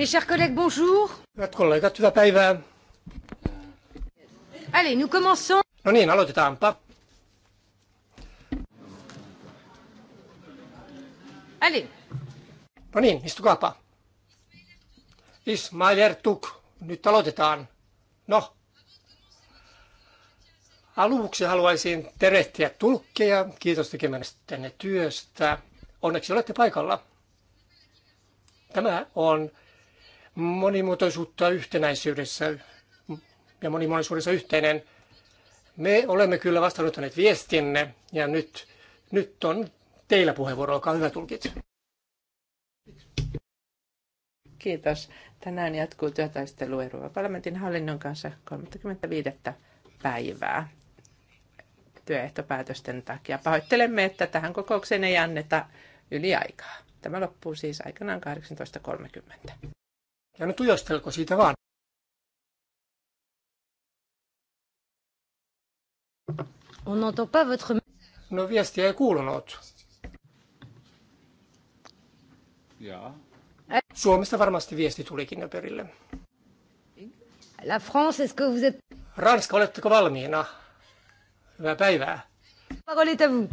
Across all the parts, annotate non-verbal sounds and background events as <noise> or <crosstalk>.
Mes chers collègues, bonjour. Hyvät kollegat, hyvää päivää. Allez, nous commençons. No niin, aloitetaanpa. Allez. No niin, istukaapa. Ismail Ertuk, nyt aloitetaan. No. Aluksi haluaisin terehtiä tulkkeja. Kiitos tekemästänne työstä. Onneksi olette paikalla. Tämä on monimuotoisuutta yhtenäisyydessä ja monimuotoisuudessa yhteinen. Me olemme kyllä vastaanottaneet viestinne ja nyt, nyt on teillä puheenvuoro. Olkaa hyvä tulkit. Kiitos. Tänään jatkuu työtaistelu Euroopan parlamentin hallinnon kanssa 35. päivää työehtopäätösten takia. Pahoittelemme, että tähän kokoukseen ei anneta yliaikaa. Tämä loppuu siis aikanaan 18.30. Ja no tujostelko siitä vaan. On n'entend pas votre... No viestiä ei kuulunut. Ja. Suomesta varmasti viesti tulikin jo perille. La France, est-ce que vous êtes... Ranska, oletteko valmiina? Hyvää päivää. Parole est à vous.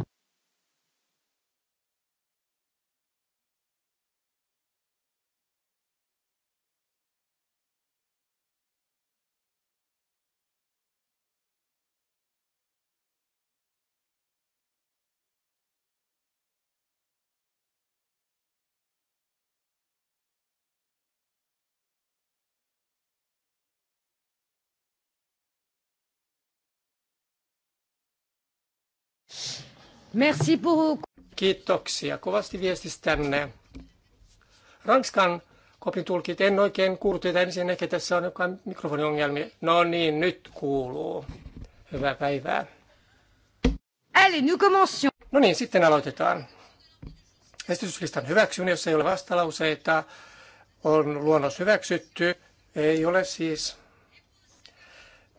Merci beaucoup. Kiitoksia kovasti viestistänne. Ranskan kopin tulkit, en oikein kuullut teitä ensin, ehkä tässä on jotain mikrofoniongelmia. No niin, nyt kuuluu. Hyvää päivää. Allez, nous commencions. No niin, sitten aloitetaan. Esityslistan hyväksyminen, jos ei ole vastalauseita, on luonnos hyväksytty. Ei ole siis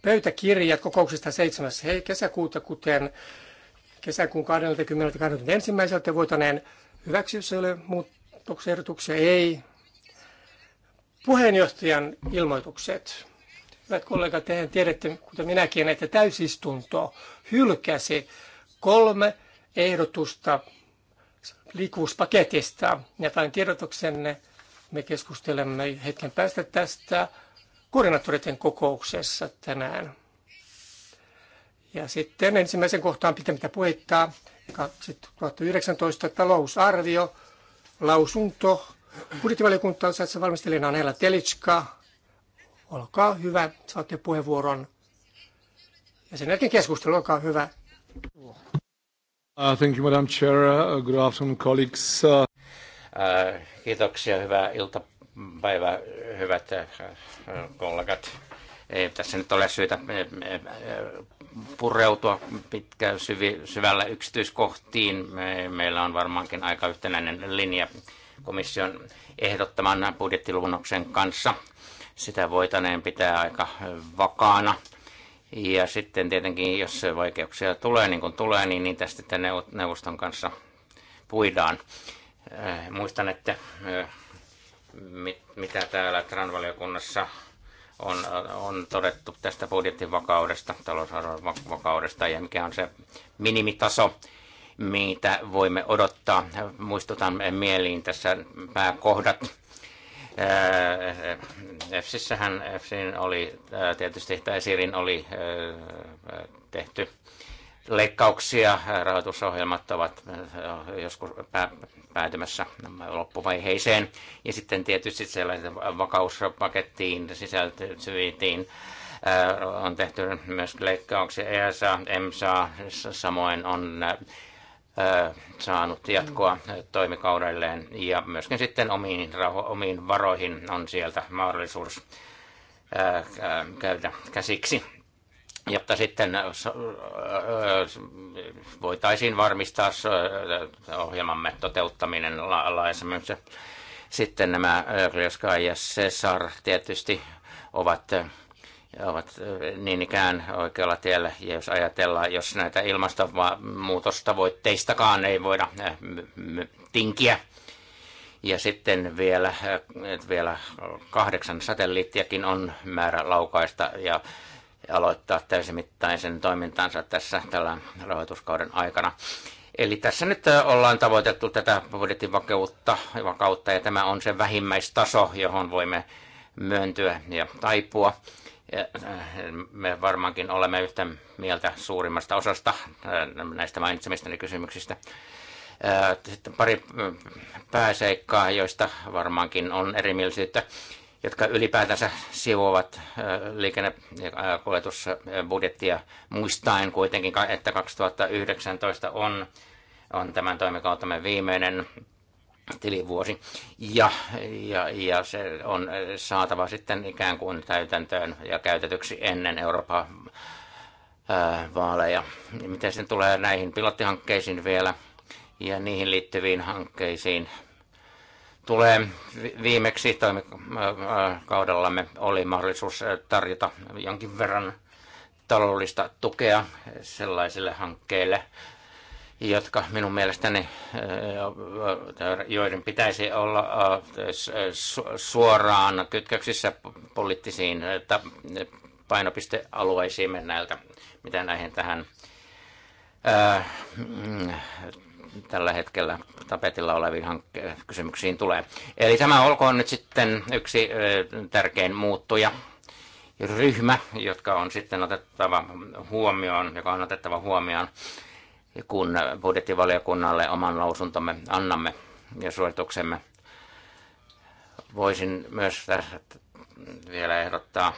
pöytäkirjat kokouksista 7. kesäkuuta, kuten kesäkuun 21. voitaneen voi tänään ei ole muutoksen ei. Puheenjohtajan ilmoitukset. Hyvät kollegat, tehän tiedätte, kuten minäkin, että täysistunto hylkäsi kolme ehdotusta liikkuvuuspaketista. Ja tain tiedotuksenne me keskustelemme hetken päästä tästä koordinaattoreiden kokouksessa tänään. Ja sitten ensimmäisen kohtaan pitämättä sitten 2019 talousarvio, lausunto. Budjettivaliokunta on saatsa valmistelijana Anela Telitska. Olkaa hyvä, saatte puheenvuoron. Ja sen jälkeen keskustelu, olkaa hyvä. Uh, thank you, Madam Chair. Uh, good afternoon, colleagues. Uh... Uh, kiitoksia, hyvää iltapäivää, hyvät uh, kollegat. Ei tässä nyt ole syytä uh, uh, pureutua pitkään syvi, syvällä yksityiskohtiin. Me, meillä on varmaankin aika yhtenäinen linja komission ehdottaman budjettiluonnoksen kanssa. Sitä voitaneen pitää aika vakaana. Ja sitten tietenkin, jos vaikeuksia tulee, niin kuin tulee, niin niitä sitten neuvoston kanssa puidaan. Äh, muistan, että äh, mitä täällä Tran-valiokunnassa on, on todettu tästä budjetin vakaudesta, talousarvon vakaudesta ja mikä on se minimitaso, mitä voimme odottaa. Muistutan mieliin tässä pääkohdat. Äh, EFSissähän EFSin oli äh, tietysti, tai Sirin oli äh, tehty leikkauksia. Rahoitusohjelmat ovat joskus päätymässä loppuvaiheeseen. Ja sitten tietysti sellaisen vakauspakettiin sisältyviin on tehty myös leikkauksia. ESA, EMSA samoin on saanut jatkoa toimikaudelleen ja myöskin sitten omiin, omiin varoihin on sieltä mahdollisuus käydä käsiksi jotta sitten äh, äh, voitaisiin varmistaa äh, ohjelmamme toteuttaminen laajassa Sitten nämä Glioska ja Cesar tietysti ovat ovat niin ikään oikealla tiellä. Ja jos ajatellaan, jos näitä ilmastonmuutostavoitteistakaan ei voida tinkiä, ja sitten vielä, vielä kahdeksan satelliittiakin on määrä laukaista ja aloittaa täysimittaisen toimintansa tässä tällä rahoituskauden aikana. Eli tässä nyt ollaan tavoitettu tätä budjetin vakeutta, vakautta ja tämä on se vähimmäistaso, johon voimme myöntyä ja taipua. Ja me varmaankin olemme yhtä mieltä suurimmasta osasta näistä mainitsemistani kysymyksistä. Sitten pari pääseikkaa, joista varmaankin on erimielisyyttä jotka ylipäätänsä sivuovat äh, liikennekuljetusbudjettia äh, muistaen kuitenkin, että 2019 on, on tämän toimikautamme viimeinen tilivuosi. Ja, ja, ja se on saatava sitten ikään kuin täytäntöön ja käytetyksi ennen Euroopan äh, vaaleja. Miten sen tulee näihin pilottihankkeisiin vielä ja niihin liittyviin hankkeisiin? tulee viimeksi toimikaudellamme oli mahdollisuus tarjota jonkin verran taloudellista tukea sellaisille hankkeille, jotka minun mielestäni, joiden pitäisi olla suoraan kytköksissä poliittisiin painopistealueisiin näiltä, mitä näihin tähän tällä hetkellä tapetilla oleviin hankke- kysymyksiin tulee. Eli tämä olkoon nyt sitten yksi tärkein muuttuja ryhmä, jotka on sitten otettava huomioon, joka on otettava huomioon, kun budjettivaliokunnalle oman lausuntomme annamme ja suorituksemme. Voisin myös tässä vielä ehdottaa,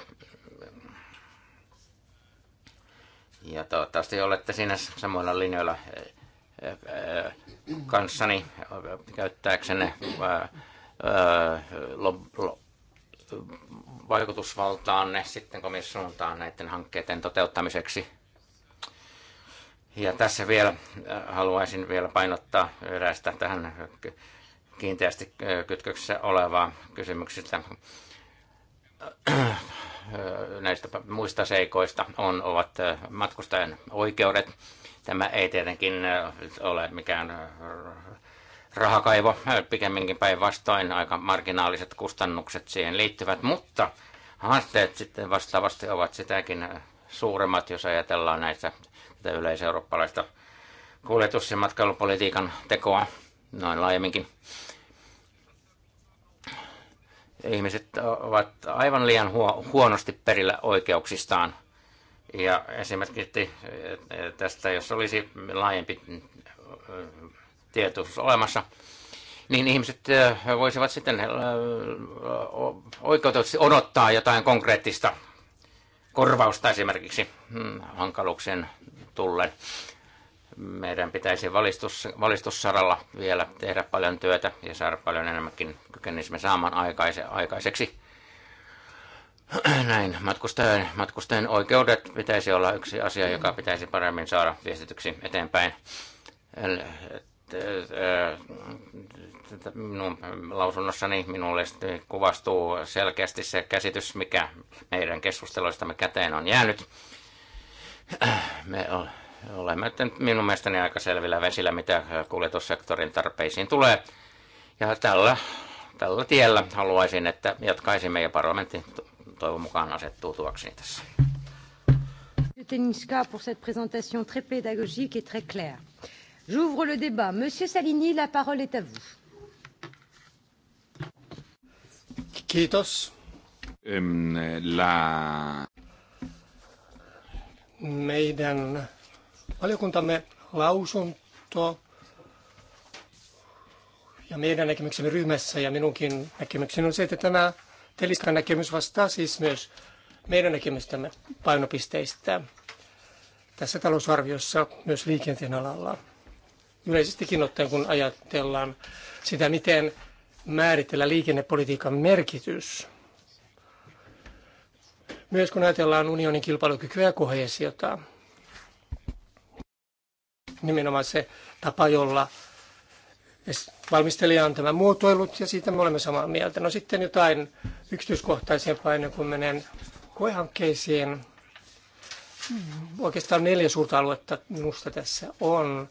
ja toivottavasti olette siinä samoilla linjoilla kanssani käyttääkseni vaikutusvaltaanne sitten komission näiden hankkeiden toteuttamiseksi. Ja tässä vielä haluaisin vielä painottaa erästä tähän kiinteästi kytköksessä olevaa kysymyksistä näistä muista seikoista on, ovat matkustajan oikeudet Tämä ei tietenkin äh, ole mikään äh, rahakaivo, äh, pikemminkin päinvastoin aika marginaaliset kustannukset siihen liittyvät, mutta haasteet sitten vastaavasti ovat sitäkin suuremmat, jos ajatellaan näitä tätä yleiseurooppalaista kuljetus- ja matkailupolitiikan tekoa noin laajemminkin. Ihmiset ovat aivan liian huonosti perillä oikeuksistaan – ja esimerkiksi tästä, jos olisi laajempi mm, tietoisuus olemassa, niin ihmiset voisivat sitten oikeutuksi odottaa jotain konkreettista korvausta esimerkiksi mm, hankaluuksien tullen. Meidän pitäisi valistus, valistussaralla vielä tehdä paljon työtä ja saada paljon enemmänkin kykenisimme saamaan aikaiseksi <clears throat> Näin, matkustajien, matkustajan oikeudet pitäisi olla yksi asia, joka pitäisi paremmin saada viestityksi eteenpäin. Minun lausunnossani minulle kuvastuu selkeästi se käsitys, mikä meidän keskusteluistamme käteen on jäänyt. <clears throat> Me olemme minun mielestäni aika selvillä vesillä, mitä kuljetussektorin tarpeisiin tulee. Ja tällä tällä tiellä haluaisin, että jatkaisimme ja parlamentti toivon mukaan asettuu tuokseni tässä. Teniska pour cette présentation très pédagogique et très claire. J'ouvre le débat. Monsieur Salini, la parole est à vous. Kiitos. La... Meidän valiokuntamme lausunto ja meidän näkemyksemme ryhmässä ja minunkin näkemykseni on se, että tämä Teliskan näkemys vastaa siis myös meidän näkemystämme painopisteistä tässä talousarviossa myös liikenteen alalla. Yleisestikin ottaen, kun ajatellaan sitä, miten määritellä liikennepolitiikan merkitys. Myös kun ajatellaan unionin kilpailukykyä ja kohesiota, nimenomaan se tapa, jolla valmistelija on tämä muotoilut ja siitä me olemme samaa mieltä. No sitten jotain yksityiskohtaisempaa ennen kuin menen koehankkeisiin. Oikeastaan neljä suurta aluetta minusta tässä on.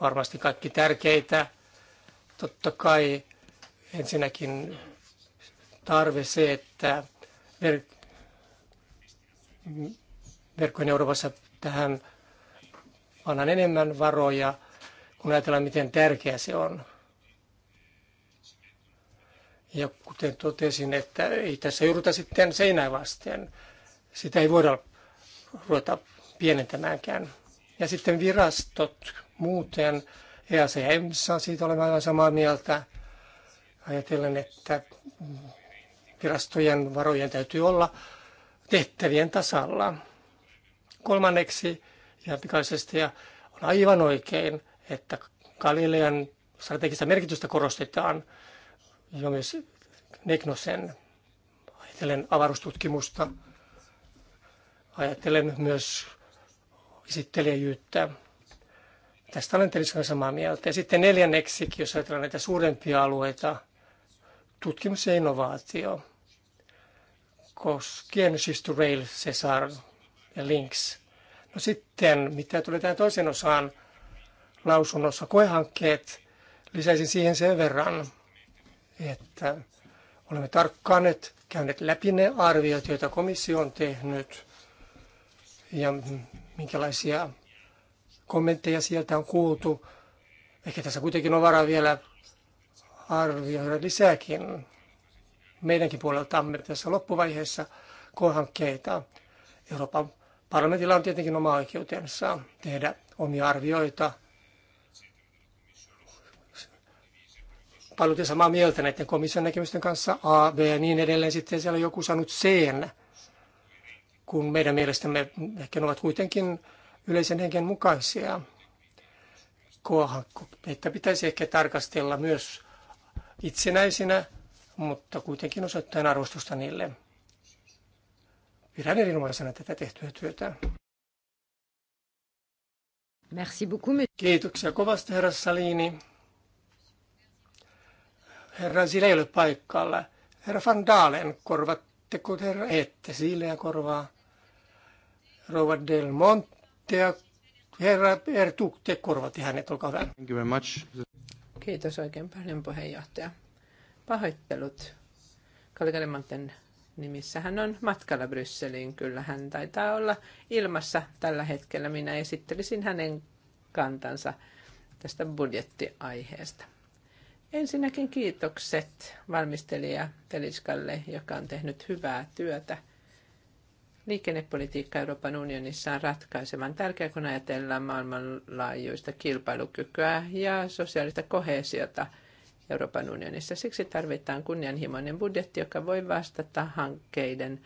Varmasti kaikki tärkeitä. Totta kai ensinnäkin tarve se, että ver- verkkojen Euroopassa tähän annan enemmän varoja, kun ajatellaan, miten tärkeä se on. Ja kuten totesin, että ei tässä jouduta sitten seinää vasten. Sitä ei voida ruveta pienentämäänkään. Ja sitten virastot muuten, EAC ja EMSA, siitä olen aivan samaa mieltä. Ajatellen, että virastojen varojen täytyy olla tehtävien tasalla. Kolmanneksi, ja pikaisesti, ja on aivan oikein, että Galilean strategista merkitystä korostetaan – jo myös Neknosen. Ajattelen avaruustutkimusta, ajattelen myös esittelijäjyyttä. Tästä olen tietysti samaa mieltä. Ja sitten neljänneksi, jos ajatellaan näitä suurempia alueita, tutkimus ja innovaatio koskien Shift siis to Rail, Cesar ja Links. No sitten, mitä tulee tähän toisen osaan lausunnossa, koehankkeet, lisäisin siihen sen verran, että olemme tarkkaanneet, käyneet läpi ne arviot, joita komissio on tehnyt ja minkälaisia kommentteja sieltä on kuultu. Ehkä tässä kuitenkin on varaa vielä arvioida lisääkin meidänkin puoleltamme tässä loppuvaiheessa kohankkeita. Euroopan parlamentilla on tietenkin oma oikeutensa tehdä omia arvioita – paljon samaa mieltä näiden komission näkemysten kanssa, A, B ja niin edelleen. Sitten siellä on joku saanut C, kun meidän mielestämme ehkä ne ovat kuitenkin yleisen henken mukaisia. Kohan, että pitäisi ehkä tarkastella myös itsenäisinä, mutta kuitenkin osoittain arvostusta niille. Pidän erinomaisena tätä tehtyä työtä. Merci beaucoup. Kiitoksia kovasti, herra Salini. Herra Sile ei ole paikalla. Herra Van Dalen, korvatteko herra ette Sileä korvaa? Rouva Del ja herra Ertuk, te korvatti hänet, olkaa hyvä. Thank you very much. Kiitos oikein paljon puheenjohtaja. Pahoittelut. Kalkarimanten nimissä. Hän on matkalla Brysseliin, kyllä hän taitaa olla ilmassa tällä hetkellä. Minä esittelisin hänen kantansa tästä budjettiaiheesta. Ensinnäkin kiitokset valmistelija Teliskalle, joka on tehnyt hyvää työtä. Liikennepolitiikka Euroopan unionissa on ratkaisevan tärkeä, kun ajatellaan maailmanlaajuista kilpailukykyä ja sosiaalista kohesiota Euroopan unionissa. Siksi tarvitaan kunnianhimoinen budjetti, joka voi vastata hankkeiden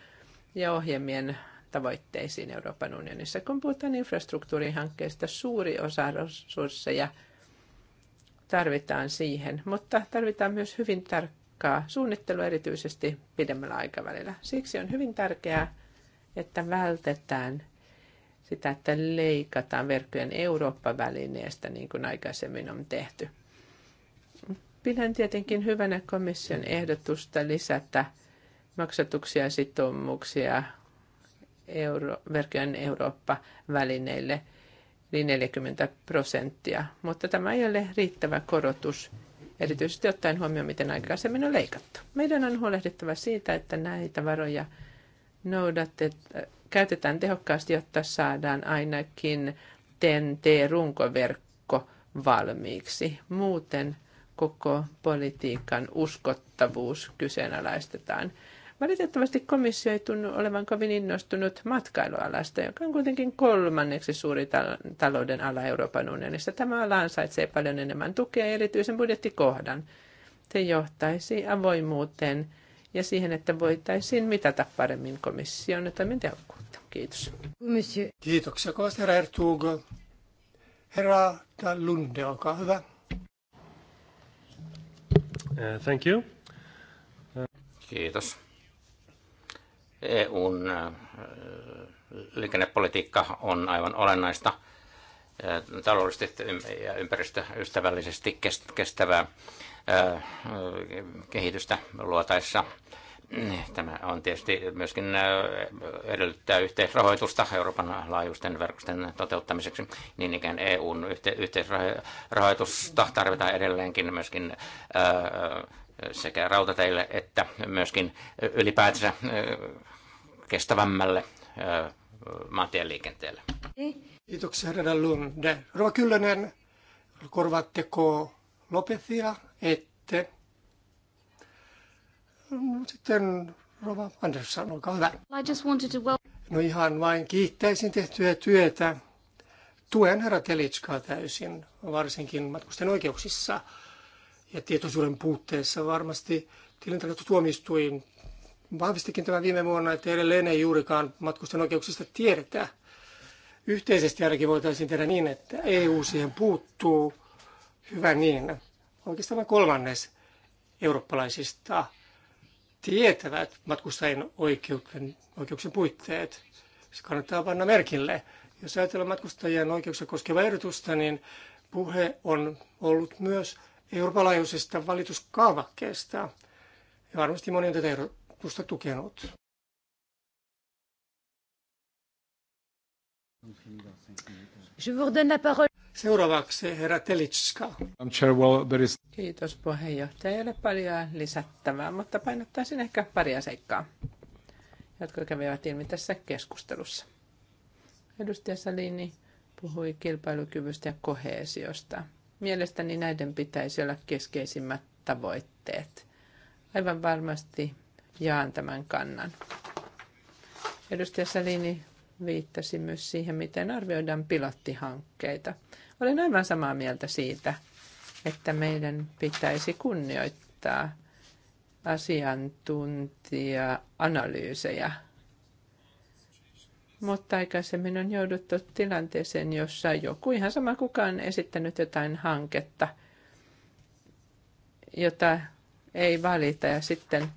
ja ohjelmien tavoitteisiin Euroopan unionissa. Kun puhutaan infrastruktuurihankkeista, suuri osa resursseja – tarvitaan siihen, mutta tarvitaan myös hyvin tarkkaa suunnittelua erityisesti pidemmällä aikavälillä. Siksi on hyvin tärkeää, että vältetään sitä, että leikataan verkkojen Eurooppa-välineestä, niin kuin aikaisemmin on tehty. Pidän tietenkin hyvänä komission ehdotusta lisätä maksatuksia ja sitoumuksia euro, verkkojen Eurooppa-välineille – yli 40 prosenttia, mutta tämä ei ole riittävä korotus, erityisesti ottaen huomioon, miten aikaisemmin on leikattu. Meidän on huolehdittava siitä, että näitä varoja käytetään tehokkaasti, jotta saadaan ainakin TNT-runkoverkko valmiiksi. Muuten koko politiikan uskottavuus kyseenalaistetaan. Valitettavasti komissio ei tunnu olevan kovin innostunut matkailualasta, joka on kuitenkin kolmanneksi suuri talouden ala Euroopan unionissa. Tämä ala ansaitsee paljon enemmän tukea ja erityisen budjettikohdan. Se johtaisi avoimuuteen ja siihen, että voitaisiin mitata paremmin komission toimin tehokkuutta. Kiitos. Monsieur. Kiitoksia kovasti, herra Ertug. Herra Lunde, olkaa hyvä. Uh, thank you. Uh... Kiitos. EUn äh, liikennepolitiikka on aivan olennaista äh, taloudellisesti ja ympäristöystävällisesti kestävää äh, kehitystä luotaessa. Tämä on tietysti myöskin edellyttää yhteisrahoitusta Euroopan laajuisten verkosten toteuttamiseksi. Niin ikään EUn yhteisrahoitusta tarvitaan edelleenkin myöskin sekä rautateille että myöskin ylipäätänsä kestävämmälle liikenteelle. Kiitoksia herra Lunde. Rova Kyllönen, korvaatteko Lopetia, ette? Mm, sitten Rova Andersson, olkaa hyvä. I just wanted to well... No ihan vain kiittäisin tehtyä työtä. Tuen herra Telitskaa täysin, varsinkin matkusten oikeuksissa ja tietoisuuden puutteessa varmasti tilintarkastustuomistuin vahvistikin tämä viime vuonna, että edelleen ei juurikaan matkustajan oikeuksista tiedetä. Yhteisesti ainakin voitaisiin tehdä niin, että EU siihen puuttuu. Hyvä niin. Oikeastaan kolmannes eurooppalaisista tietävät matkustajien oikeuden, oikeuksien puitteet. Se kannattaa panna merkille. Jos ajatellaan matkustajien oikeuksia koskevaa ehdotusta, niin puhe on ollut myös Euroopan laajuisesta valituskaavakkeesta. Ja varmasti moni on tätä ehdotusta tukenut. Seuraavaksi herra Telitska. Kiitos puheenjohtaja. Ei ole paljon lisättävää, mutta painottaisin ehkä pari seikkaa, jotka kävivät ilmi tässä keskustelussa. Edustaja Salini puhui kilpailukyvystä ja koheesiosta. Mielestäni näiden pitäisi olla keskeisimmät tavoitteet. Aivan varmasti jaan tämän kannan. Edustaja Salini viittasi myös siihen, miten arvioidaan pilottihankkeita. Olen aivan samaa mieltä siitä, että meidän pitäisi kunnioittaa asiantuntija-analyysejä – mutta aikaisemmin on jouduttu tilanteeseen, jossa joku ihan sama kukaan on esittänyt jotain hanketta, jota ei valita ja sitten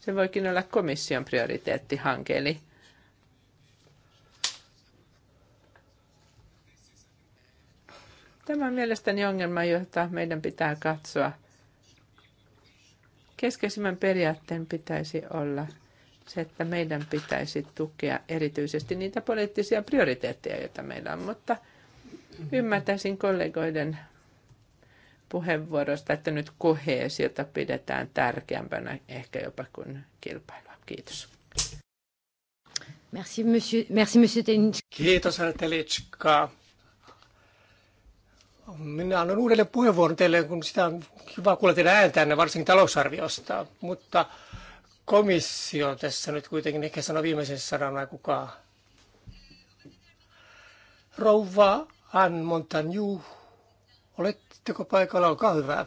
se voikin olla komission prioriteettihanke. Eli Tämä on mielestäni ongelma, jota meidän pitää katsoa. Keskeisimmän periaatteen pitäisi olla se, että meidän pitäisi tukea erityisesti niitä poliittisia prioriteetteja, joita meillä on, mutta ymmärtäisin kollegoiden puheenvuorosta, että nyt koheesiota pidetään tärkeämpänä ehkä jopa kuin kilpailua. Kiitos. Merci, monsieur, merci, monsieur Kiitos, herra Telitska. Minä annan uudelleen puheenvuoron teille, kun sitä on kiva kuulla teidän ääntänne, varsinkin talousarviosta. Mutta komissio tässä nyt kuitenkin ehkä sanoi viimeisen sanan vai kuka? Rouva Anne Montagnou, oletteko paikalla? Olkaa hyvä.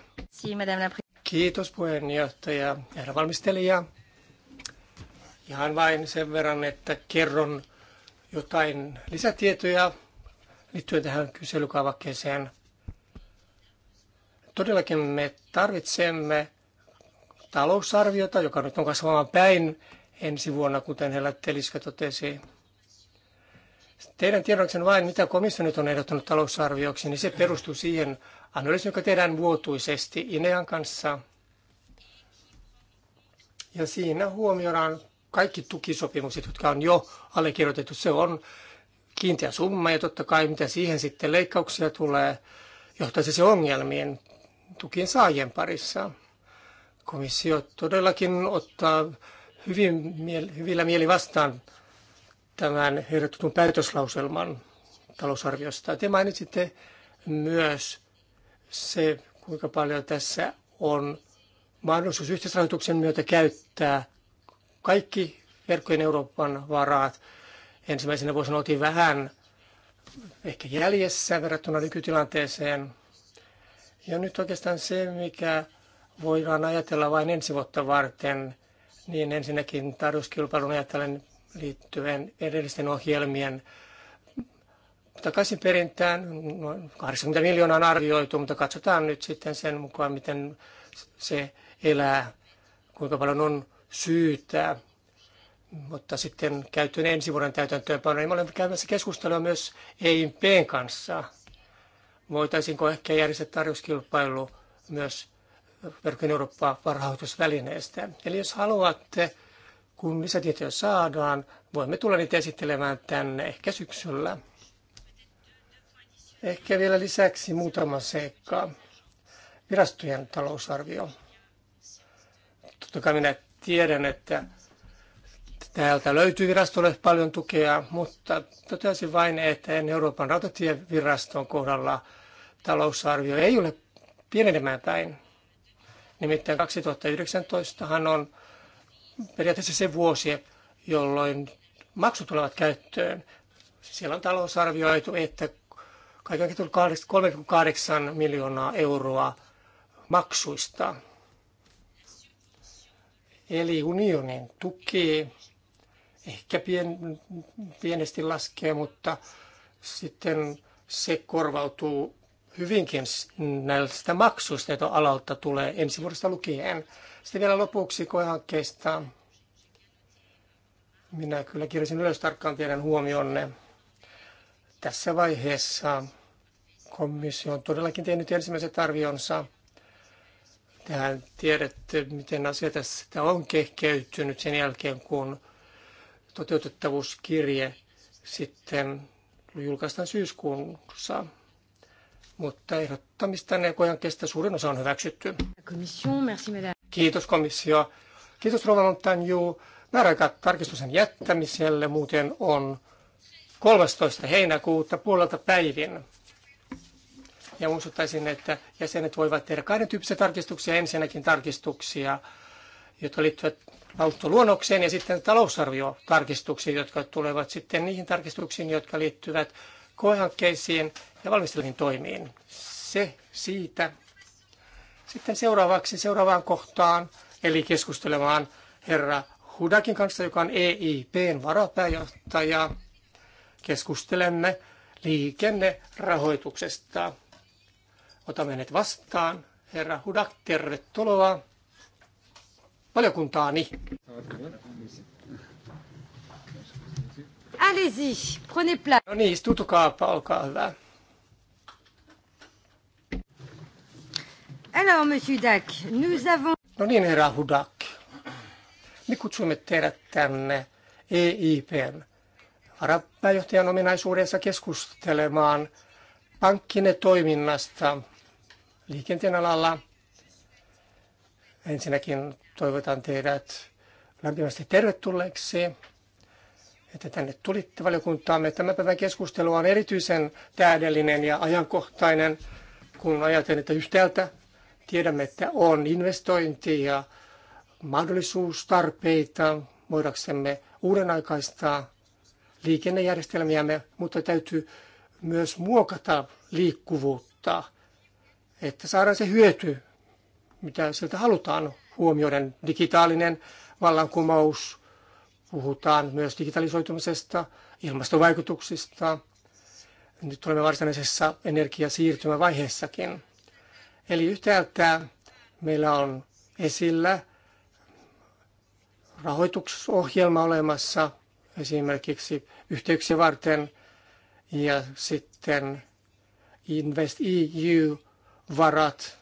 Kiitos puheenjohtaja, herra valmistelija. Ihan vain sen verran, että kerron jotain lisätietoja liittyen tähän kyselykaavakkeeseen. Todellakin me tarvitsemme talousarviota, joka nyt on kasvamaan päin ensi vuonna, kuten Hella Teliska totesi. Teidän tiedoksen vain, mitä komissio nyt on ehdottanut talousarvioksi, niin se perustuu siihen analyysiin, joka tehdään vuotuisesti INEAN kanssa. Ja siinä huomioidaan kaikki tukisopimukset, jotka on jo allekirjoitettu. Se on kiinteä summa ja totta kai mitä siihen sitten leikkauksia tulee, johtaisi se ongelmien tukien saajien parissa. Komissio todellakin ottaa hyvin, hyvillä mieli vastaan tämän ehdotetun päätöslauselman talousarviosta. Te mainitsitte myös se, kuinka paljon tässä on mahdollisuus yhteisrahoituksen myötä käyttää kaikki verkkojen Euroopan varat. Ensimmäisenä vuosina oltiin vähän ehkä jäljessä verrattuna nykytilanteeseen. Ja nyt oikeastaan se, mikä voidaan ajatella vain ensi vuotta varten, niin ensinnäkin tarjouskilpailun ajatellen liittyen edellisten ohjelmien takaisin perintään. Noin 80 miljoonaa on arvioitu, mutta katsotaan nyt sitten sen mukaan, miten se elää, kuinka paljon on syytä. Mutta sitten käyttöön ensi vuoden täytäntöönpano. Niin olemme käymässä keskustelua myös EIMPn kanssa. Voitaisiinko ehkä järjestää tarjouskilpailu myös Verkon Eurooppaa varhautusvälineestä. Eli jos haluatte, kun lisätietoja saadaan, voimme tulla niitä esittelemään tänne ehkä syksyllä. Ehkä vielä lisäksi muutama seikka. Virastojen talousarvio. Totta kai minä tiedän, että täältä löytyy virastolle paljon tukea, mutta toteaisin vain, että Euroopan rautatieviraston kohdalla talousarvio ei ole pienenemään päin. Nimittäin 2019 on periaatteessa se vuosi, jolloin maksut tulevat käyttöön. Siellä on talousarvioitu, että kaiken tuli 3,8 miljoonaa euroa maksuista. Eli unionin tuki ehkä pien, pienesti laskee, mutta sitten se korvautuu hyvinkin näistä maksuista, joita alalta tulee ensi vuodesta lukien. Sitten vielä lopuksi koehankkeista. Minä kyllä kirjasin ylös tarkkaan teidän huomionne. Tässä vaiheessa komissio on todellakin tehnyt ensimmäiset arvionsa. Tähän tiedätte, miten asia tässä on kehkeytynyt sen jälkeen, kun toteutettavuuskirje sitten julkaistaan syyskuussa mutta ehdottamista ekojan kestä suurin osa on hyväksytty. Kiitos komissio. Kiitos Rova Tanju. Määräaika tarkistuksen jättämiselle muuten on 13. heinäkuuta puolelta päivin. Ja muistuttaisin, että jäsenet voivat tehdä kahden tyyppisiä tarkistuksia. Ensinnäkin tarkistuksia, jotka liittyvät lausuntoluonnokseen ja sitten talousarviotarkistuksiin, jotka tulevat sitten niihin tarkistuksiin, jotka liittyvät koehankkeisiin ja valmisteleviin toimiin. Se siitä. Sitten seuraavaksi seuraavaan kohtaan, eli keskustelemaan herra Hudakin kanssa, joka on EIPn varapääjohtaja. Keskustelemme liikennerahoituksesta. Otamme hänet vastaan. Herra Hudak, tervetuloa valiokuntaani. Allez-y, prenez place. No niin, istutukaapa, olkaa hyvä. Alors, monsieur Dac, nous avons... No niin, herra Hudak. Me kutsumme teidät tänne EIPn varapääjohtajan ominaisuudessa keskustelemaan pankkine toiminnasta liikenteen alalla. Ensinnäkin toivotan teidät lämpimästi tervetulleeksi, että tänne tulitte valiokuntaamme. Tämä päivän keskustelu on erityisen täydellinen ja ajankohtainen, kun ajatellaan, että yhtäältä Tiedämme, että on ja mahdollisuustarpeita, voidaksemme uudenaikaistaa liikennejärjestelmiämme, mutta täytyy myös muokata liikkuvuutta, että saadaan se hyöty, mitä sieltä halutaan huomioiden. Digitaalinen vallankumous, puhutaan myös digitalisoitumisesta, ilmastovaikutuksista. Nyt olemme varsinaisessa energiasiirtymävaiheessakin. Eli yhtäältä meillä on esillä rahoituksohjelma olemassa esimerkiksi yhteyksiä varten ja sitten Invest EU-varat.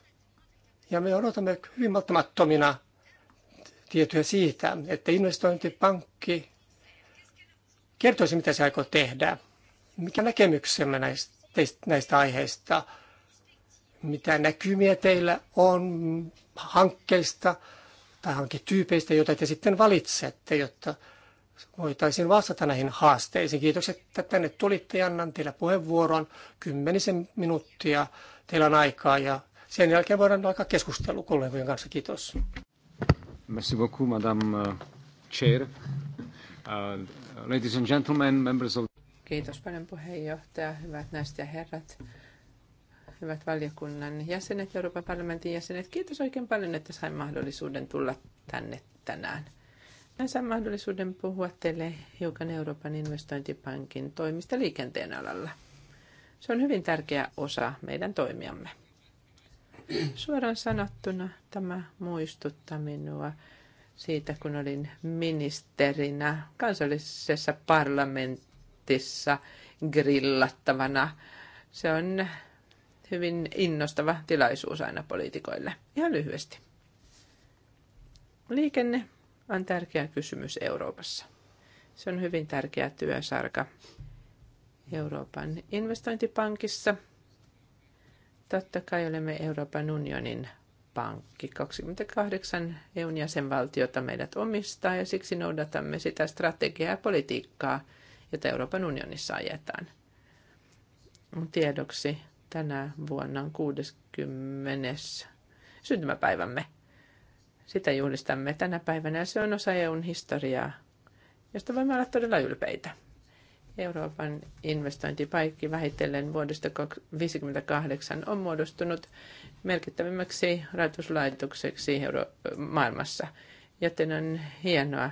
Ja me odotamme hyvin malttamattomina tietoja siitä, että investointipankki kertoisi, mitä se aikoo tehdä. Mikä näkemyksemme näistä, näistä aiheista? mitä näkymiä teillä on hankkeista tai hanketyypeistä, joita te sitten valitsette, jotta voitaisiin vastata näihin haasteisiin. Kiitos, että tänne tulitte ja annan teille puheenvuoron. Kymmenisen minuuttia teillä on aikaa ja sen jälkeen voidaan alkaa keskustelu kollegojen kanssa. Kiitos. Merci beaucoup, Madame euh, Chair. Uh, ladies and gentlemen, members of... Kiitos paljon puheenjohtaja, hyvät naiset ja herrat hyvät valiokunnan jäsenet, Euroopan parlamentin jäsenet. Kiitos oikein paljon, että sain mahdollisuuden tulla tänne tänään. Mä sain mahdollisuuden puhua teille hiukan Euroopan investointipankin toimista liikenteen alalla. Se on hyvin tärkeä osa meidän toimiamme. Suoraan sanottuna tämä muistuttaa minua siitä, kun olin ministerinä kansallisessa parlamentissa grillattavana. Se on hyvin innostava tilaisuus aina poliitikoille. Ihan lyhyesti. Liikenne on tärkeä kysymys Euroopassa. Se on hyvin tärkeä työsarka Euroopan investointipankissa. Totta kai olemme Euroopan unionin pankki. 28 EUn jäsenvaltiota meidät omistaa ja siksi noudatamme sitä strategiaa ja politiikkaa, jota Euroopan unionissa ajetaan. Tiedoksi tänä vuonna on 60. syntymäpäivämme. Sitä juhlistamme tänä päivänä ja se on osa EUn historiaa, josta voimme olla todella ylpeitä. Euroopan investointipaikki vähitellen vuodesta 1958 on muodostunut merkittävimmäksi rahoituslaitokseksi Euro- maailmassa, joten on hienoa,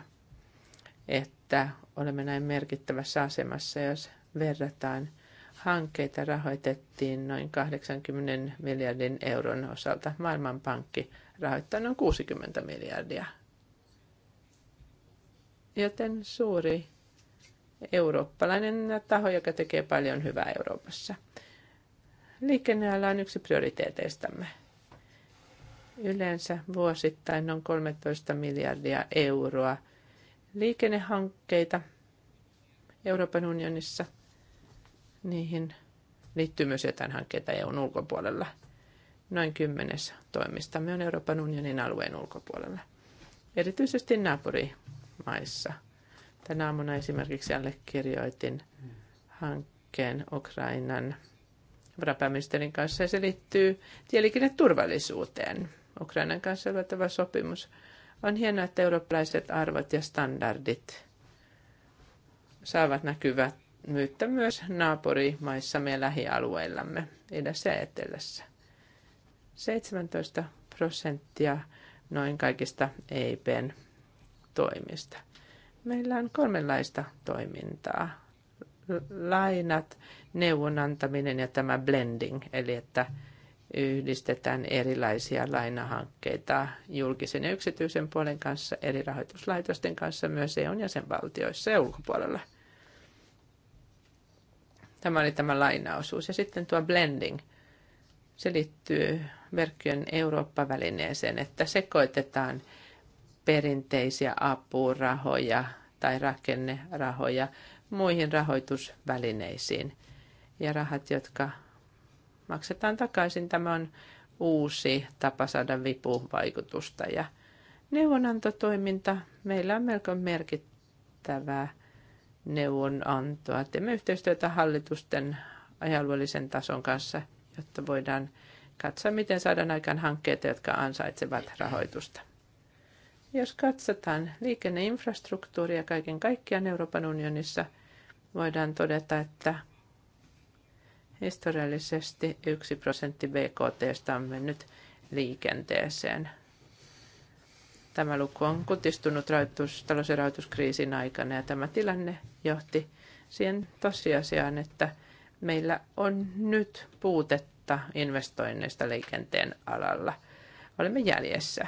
että olemme näin merkittävässä asemassa, jos verrataan – hankkeita rahoitettiin noin 80 miljardin euron osalta. Maailmanpankki rahoittaa noin 60 miljardia. Joten suuri eurooppalainen taho, joka tekee paljon hyvää Euroopassa. Liikenneala on yksi prioriteeteistamme. Yleensä vuosittain noin 13 miljardia euroa liikennehankkeita Euroopan unionissa – Niihin liittyy myös jotain hankkeita EUn ulkopuolella. Noin kymmenes toimistamme on Euroopan unionin alueen ulkopuolella. Erityisesti naapurimaissa. Tänä aamuna esimerkiksi allekirjoitin hankkeen Ukrainan varapääministerin kanssa ja se liittyy tieliikenneturvallisuuteen. Ukrainan kanssa luotava sopimus. On hienoa, että eurooppalaiset arvot ja standardit saavat näkyvät mutta myös naapurimaissamme ja lähialueillamme edessä ja etelässä. 17 prosenttia noin kaikista EIPn toimista. Meillä on kolmenlaista toimintaa. Lainat, neuvonantaminen ja tämä blending, eli että yhdistetään erilaisia lainahankkeita julkisen ja yksityisen puolen kanssa, eri rahoituslaitosten kanssa, myös EUn jäsenvaltioissa ja ulkopuolella. Tämä oli tämä lainaosuus. Ja sitten tuo blending, se liittyy verkkojen Eurooppa-välineeseen, että sekoitetaan perinteisiä apurahoja tai rakennerahoja muihin rahoitusvälineisiin. Ja rahat, jotka maksetaan takaisin, tämä on uusi tapa saada vipuvaikutusta. Ja neuvonantotoiminta, meillä on melko merkittävää neuvonantoa. Teemme yhteistyötä hallitusten ajallisen tason kanssa, jotta voidaan katsoa, miten saadaan aikaan hankkeita, jotka ansaitsevat rahoitusta. Jos katsotaan liikenneinfrastruktuuria kaiken kaikkiaan Euroopan unionissa, voidaan todeta, että historiallisesti yksi prosentti BKTstä on mennyt liikenteeseen – Tämä luku on kutistunut rahoitus, talous- rahoituskriisin aikana ja tämä tilanne johti siihen tosiasiaan, että meillä on nyt puutetta investoinneista liikenteen alalla. Olemme jäljessä.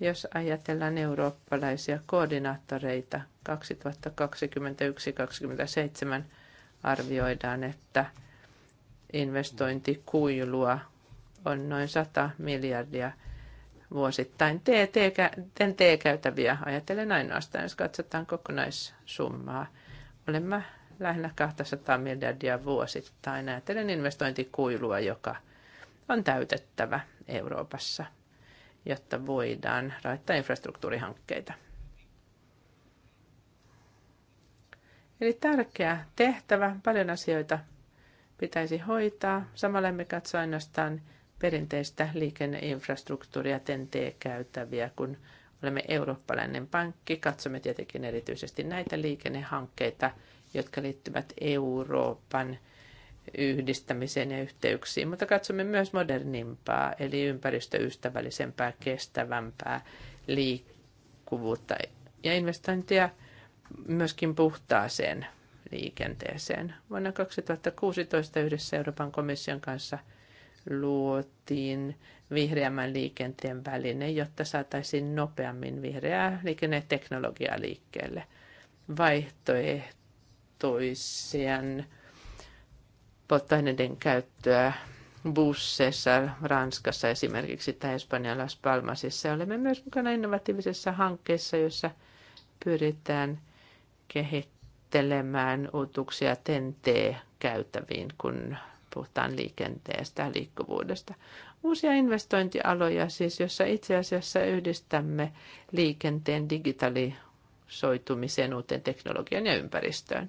Jos ajatellaan eurooppalaisia koordinaattoreita 2021-2027 arvioidaan, että investointikuilua on noin 100 miljardia – vuosittain TNT-käytäviä. Ajattelen ainoastaan, jos katsotaan kokonaissummaa. Olemme lähinnä 200 miljardia vuosittain. Ajattelen investointikuilua, joka on täytettävä Euroopassa, jotta voidaan rahoittaa infrastruktuurihankkeita. Eli tärkeä tehtävä, paljon asioita pitäisi hoitaa. Samalla me katso ainoastaan perinteistä liikenneinfrastruktuuria, TEN-T-käytäviä, kun olemme eurooppalainen pankki. Katsomme tietenkin erityisesti näitä liikennehankkeita, jotka liittyvät Euroopan yhdistämiseen ja yhteyksiin, mutta katsomme myös modernimpaa, eli ympäristöystävällisempää, kestävämpää liikkuvuutta ja investointia myöskin puhtaaseen liikenteeseen. Vuonna 2016 yhdessä Euroopan komission kanssa – luotiin vihreämmän liikenteen väline, jotta saataisiin nopeammin vihreää liikenneteknologiaa liikkeelle. Vaihtoehtoisen polttoaineiden käyttöä busseissa Ranskassa esimerkiksi tai Espanjan Las Palmasissa. Olemme myös mukana innovatiivisessa hankkeessa, jossa pyritään kehittämään uutuksia TNT-käytäviin, kun puhutaan liikenteestä, liikkuvuudesta. Uusia investointialoja siis, jossa itse asiassa yhdistämme liikenteen digitalisoitumiseen, uuteen teknologian ja ympäristöön.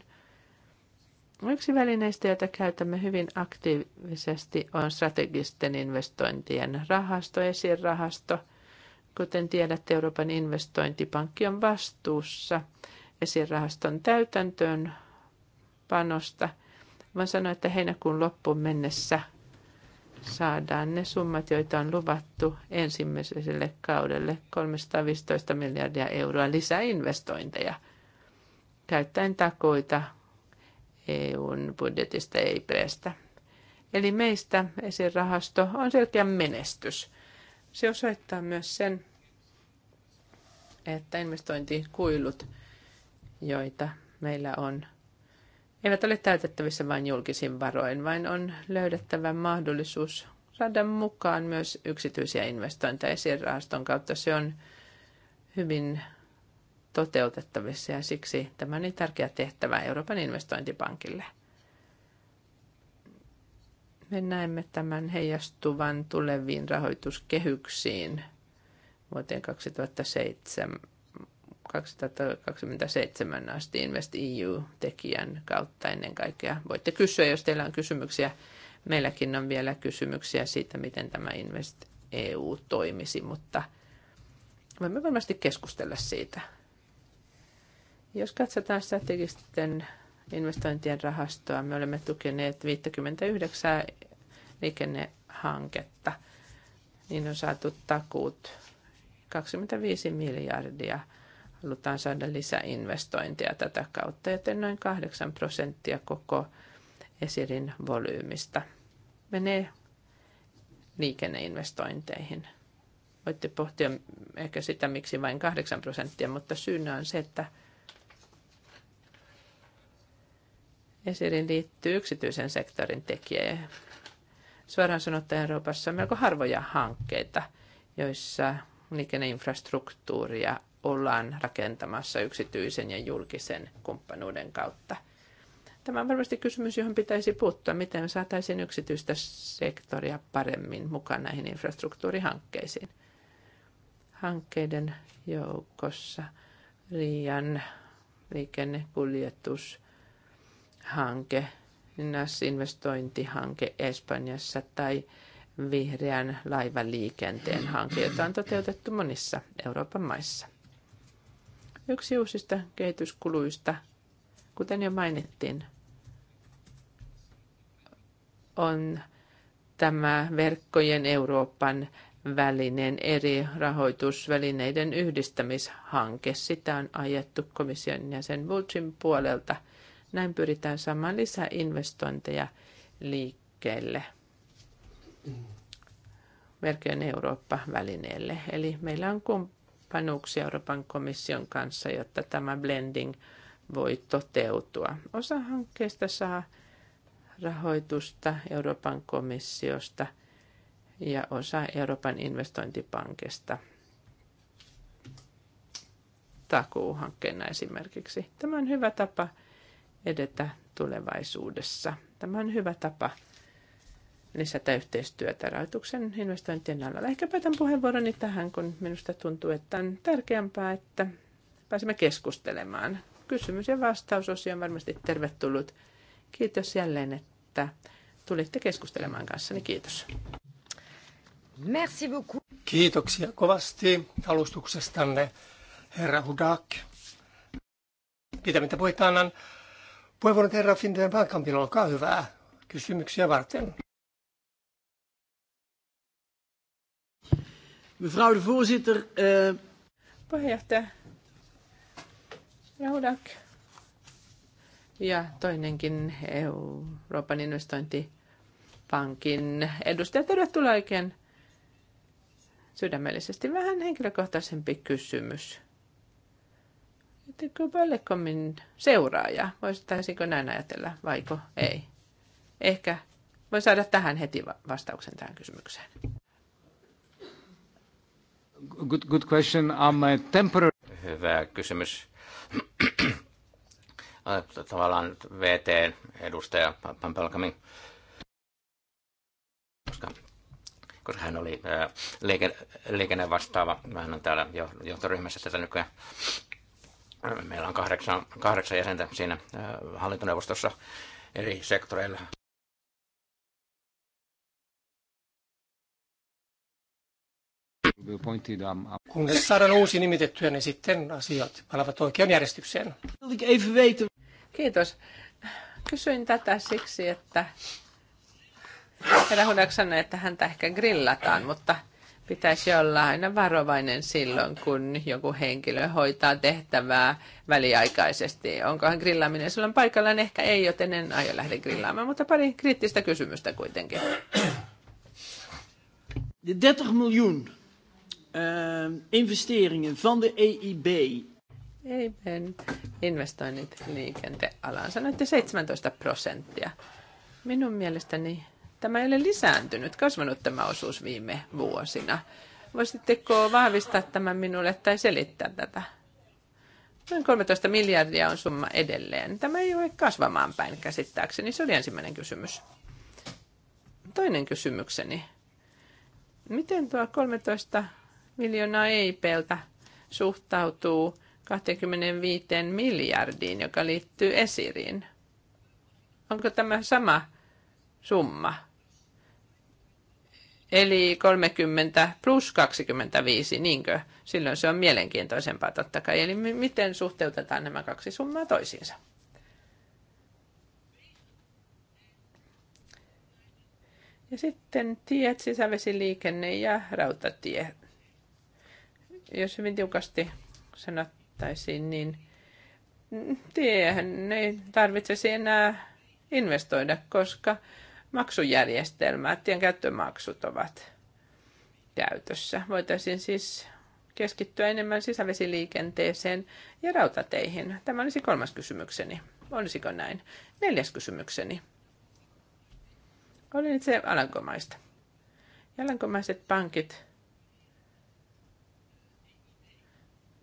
Yksi välineistä, jota käytämme hyvin aktiivisesti, on strategisten investointien rahasto, esirahasto. Kuten tiedätte, Euroopan investointipankki on vastuussa esirahaston täytäntöön panosta – vaan sanoin, että heinäkuun loppuun mennessä saadaan ne summat, joita on luvattu ensimmäiselle kaudelle, 315 miljardia euroa lisää investointeja, käyttäen takuita EUn budjetista EIPstä. Eli meistä esirahasto on selkeä menestys. Se osoittaa myös sen, että investointikuilut, joita meillä on eivät ole täytettävissä vain julkisin varoin, vaan on löydettävä mahdollisuus saada mukaan myös yksityisiä investointeja rahaston kautta. Se on hyvin toteutettavissa ja siksi tämä on niin tärkeä tehtävä Euroopan investointipankille. Me näemme tämän heijastuvan tuleviin rahoituskehyksiin vuoteen 2007 2027 asti Invest EU-tekijän kautta ennen kaikkea. Voitte kysyä, jos teillä on kysymyksiä. Meilläkin on vielä kysymyksiä siitä, miten tämä Invest EU toimisi, mutta voimme varmasti keskustella siitä. Jos katsotaan strategisten investointien rahastoa, me olemme tukeneet 59 liikennehanketta. Niin on saatu takuut 25 miljardia – halutaan saada lisäinvestointia tätä kautta, joten noin 8 prosenttia koko esirin volyymista menee liikenneinvestointeihin. Voitte pohtia ehkä sitä, miksi vain 8 prosenttia, mutta syynä on se, että esirin liittyy yksityisen sektorin tekijä. Suoraan sanottuna Euroopassa on melko harvoja hankkeita, joissa liikenneinfrastruktuuria ollaan rakentamassa yksityisen ja julkisen kumppanuuden kautta. Tämä on varmasti kysymys, johon pitäisi puuttua, miten saataisiin yksityistä sektoria paremmin mukaan näihin infrastruktuurihankkeisiin. Hankkeiden joukossa Riian liikennekuljetushanke, NAS-investointihanke Espanjassa tai vihreän laivaliikenteen hanke, jota on toteutettu monissa Euroopan maissa. Yksi uusista kehityskuluista, kuten jo mainittiin, on tämä verkkojen Euroopan välinen eri rahoitusvälineiden yhdistämishanke. Sitä on ajettu komission jäsen Vultsin puolelta. Näin pyritään saamaan lisää investointeja liikkeelle verkkojen Eurooppa-välineelle. Eli meillä on kumppanuuksia Euroopan komission kanssa, jotta tämä blending voi toteutua. Osa hankkeesta saa rahoitusta Euroopan komissiosta ja osa Euroopan investointipankista takuuhankkeena esimerkiksi. Tämä on hyvä tapa edetä tulevaisuudessa. Tämä on hyvä tapa lisätä yhteistyötä rahoituksen investointien alalla. Ehkä päätän puheenvuoroni tähän, kun minusta tuntuu, että on tärkeämpää, että pääsemme keskustelemaan. Kysymys- ja vastausosio on varmasti tervetullut. Kiitos jälleen, että tulitte keskustelemaan kanssani. Kiitos. Merci beaucoup. Kiitoksia kovasti alustuksestanne, herra Hudak. Pitämättä puhetta annan puheenvuoron herra Finden Vankampin, olkaa hyvää kysymyksiä varten. Mevrouw de voorzitter. Uh... Puheenjohtaja. Raudak. Ja toinenkin Euroopan investointipankin edustaja. Tervetuloa oikein sydämellisesti. Vähän henkilökohtaisempi kysymys. Ettekö Ballekomin seuraaja? Voisitaisinko näin ajatella, vaiko ei? Ehkä voi saada tähän heti vastauksen tähän kysymykseen. Good, good question. Um, temporary... Hyvä kysymys. <clears throat> Tavallaan vt edustaja Pampelkamin, koska, koska hän oli ää, liike, liikennevastaava. Hän on täällä jo, johtoryhmässä tätä nykyään. Meillä on kahdeksan, kahdeksan jäsentä siinä ää, hallintoneuvostossa eri sektoreilla. Um, um, kun um, Kunnes saadaan uusi nimitettyä, niin sitten asiat palavat oikean järjestykseen. Kiitos. Kysyin tätä siksi, että herra sanoi, että häntä ehkä grillataan, mutta pitäisi olla aina varovainen silloin, kun joku henkilö hoitaa tehtävää väliaikaisesti. Onkohan grillaaminen silloin paikallaan? Ehkä ei, joten en aio lähde grillaamaan, mutta pari kriittistä kysymystä kuitenkin. 30 miljoonaa uh, investeringen van de EIB. EIBn investoinnit liikentealaan. Sanoitte 17 prosenttia. Minun mielestäni tämä ei ole lisääntynyt, kasvanut tämä osuus viime vuosina. Voisitteko vahvistaa tämän minulle tai selittää tätä? Noin 13 miljardia on summa edelleen. Tämä ei ole kasvamaan päin käsittääkseni. Se oli ensimmäinen kysymys. Toinen kysymykseni. Miten tuo 13 miljoonaa eipeltä suhtautuu 25 miljardiin, joka liittyy esiriin. Onko tämä sama summa? Eli 30 plus 25, niinkö? Silloin se on mielenkiintoisempaa totta kai. Eli miten suhteutetaan nämä kaksi summaa toisiinsa? Ja sitten tiet, sisävesiliikenne ja rautatie jos hyvin tiukasti sanottaisiin, niin tiehän ei tarvitsisi enää investoida, koska maksujärjestelmää, tien käyttömaksut ovat käytössä. Voitaisiin siis keskittyä enemmän sisävesiliikenteeseen ja rautateihin. Tämä olisi kolmas kysymykseni. Olisiko näin? Neljäs kysymykseni. Olin itse Alankomaista. Alankomaiset pankit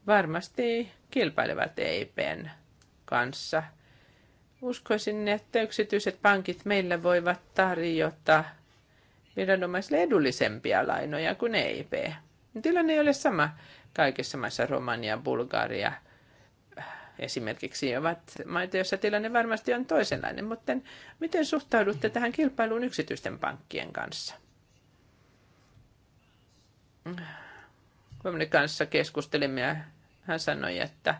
varmasti kilpailevat EIPn kanssa. Uskoisin, että yksityiset pankit meillä voivat tarjota viranomaisille edullisempia lainoja kuin EIP. Tilanne ei ole sama kaikissa maissa, Romania, Bulgaria äh, esimerkiksi ovat maita, joissa tilanne varmasti on toisenlainen, mutta miten suhtaudutte tähän kilpailuun yksityisten pankkien kanssa? Huomenna äh, kanssa keskustelimme ja hän sanoi, että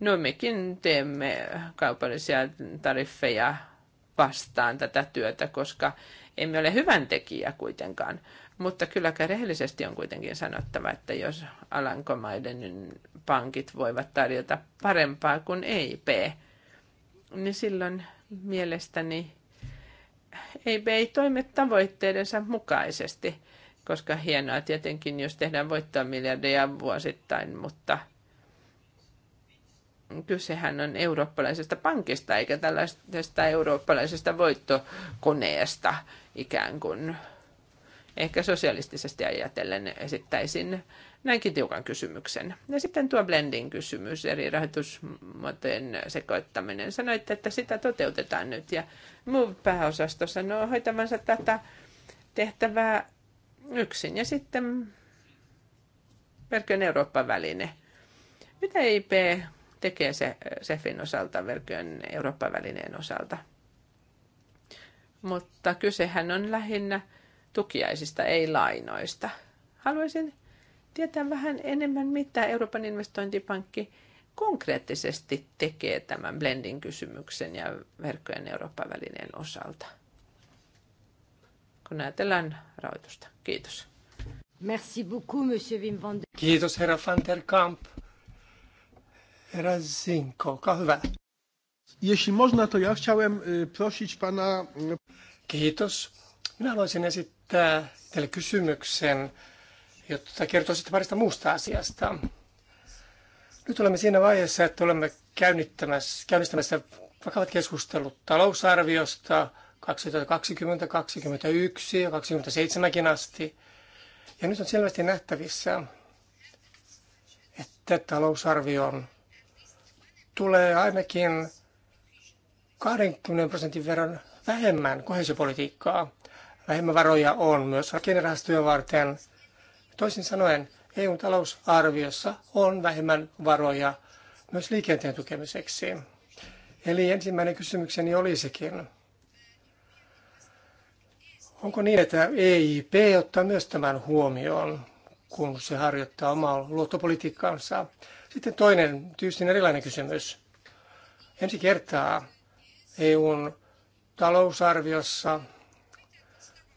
no mekin teemme kaupallisia tariffeja vastaan tätä työtä, koska emme ole hyvän tekijä kuitenkaan. Mutta kylläkään rehellisesti on kuitenkin sanottava, että jos Alankomaiden pankit voivat tarjota parempaa kuin EIP, niin silloin mielestäni EIP ei toime tavoitteidensa mukaisesti, koska hienoa tietenkin, jos tehdään voittoa miljardeja vuosittain, mutta – kysehän on eurooppalaisesta pankista eikä tällaisesta eurooppalaisesta voittokoneesta ikään kuin. Ehkä sosialistisesti ajatellen esittäisin näinkin tiukan kysymyksen. Ja sitten tuo blending kysymys, eri rahoitusmuotojen sekoittaminen. Sanoitte, että sitä toteutetaan nyt ja muu pääosasto sanoo hoitamansa tätä tehtävää yksin. Ja sitten Verkön Eurooppa-väline. Mitä IP tekee se SEFin osalta, Verkön Eurooppa-välineen osalta. Mutta kysehän on lähinnä tukiaisista, ei lainoista. Haluaisin tietää vähän enemmän, mitä Euroopan investointipankki konkreettisesti tekee tämän blendin kysymyksen ja verkkojen Euroopan välineen osalta, kun ajatellaan rahoitusta. Kiitos. Merci beaucoup, monsieur Wim van de... Kiitos, herra van der Kamp. Herra hyvä. Jeśli można, to ja chciałem prosić pana... Kiitos. Minä haluaisin esittää teille kysymyksen, jotta kertoisitte parista muusta asiasta. Nyt olemme siinä vaiheessa, että olemme käynnistämässä, käynnistämässä vakavat keskustelut talousarviosta 2020, 2021 ja 2027 asti. Ja nyt on selvästi nähtävissä, että talousarvio on tulee ainakin 20 prosentin verran vähemmän kohesiopolitiikkaa. Vähemmän varoja on myös rakennerahastoja varten. Toisin sanoen, EUn talousarviossa on vähemmän varoja myös liikenteen tukemiseksi. Eli ensimmäinen kysymykseni olisikin, onko niin, että EIP ottaa myös tämän huomioon, kun se harjoittaa omaa luottopolitiikkaansa? Sitten toinen tyystin erilainen kysymys. Ensi kertaa EUn talousarviossa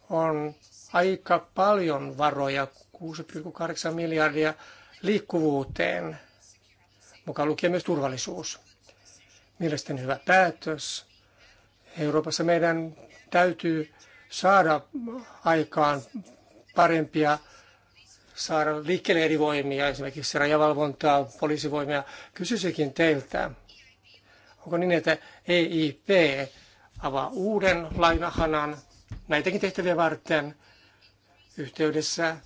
on aika paljon varoja, 6,8 miljardia liikkuvuuteen, mukaan lukien myös turvallisuus. Mielestäni hyvä päätös. Euroopassa meidän täytyy saada aikaan parempia saada liikkeelle eri voimia, esimerkiksi rajavalvontaa, poliisivoimia. Kysyisikin teiltä, onko niin, että EIP avaa uuden lainahanan näitäkin tehtäviä varten yhteydessä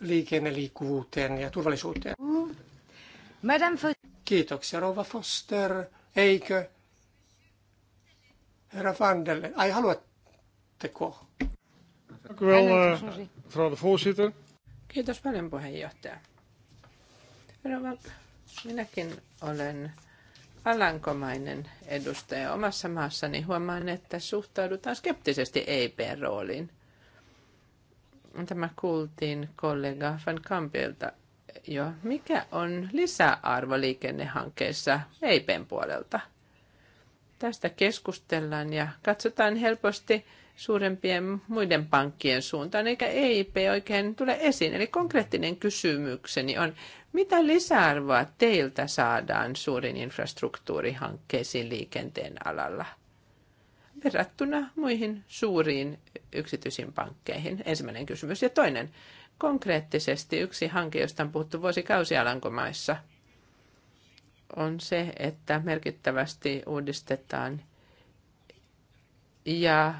liikenneliikkuvuuteen ja turvallisuuteen? Madame Kiitoksia, Rova Foster. Eikö? Herra Van Ai, haluatteko? Dank u wel, eh, mevrouw de voorzitter. Kiitos paljon puheenjohtaja. Rova, minäkin olen alankomainen edustaja omassa maassani. Huomaan, että suhtaudutaan skeptisesti eip rooliin. Tämä kuultiin kollega Van Kampilta jo. Mikä on lisäarvo liikennehankkeessa EIPn puolelta? Tästä keskustellaan ja katsotaan helposti suurempien muiden pankkien suuntaan, eikä EIP oikein tule esiin. Eli konkreettinen kysymykseni on, mitä lisäarvoa teiltä saadaan suurin infrastruktuurihankkeisiin liikenteen alalla verrattuna muihin suuriin yksityisiin pankkeihin? Ensimmäinen kysymys. Ja toinen, konkreettisesti yksi hanke, josta on puhuttu vuosikausia Alankomaissa, on se, että merkittävästi uudistetaan ja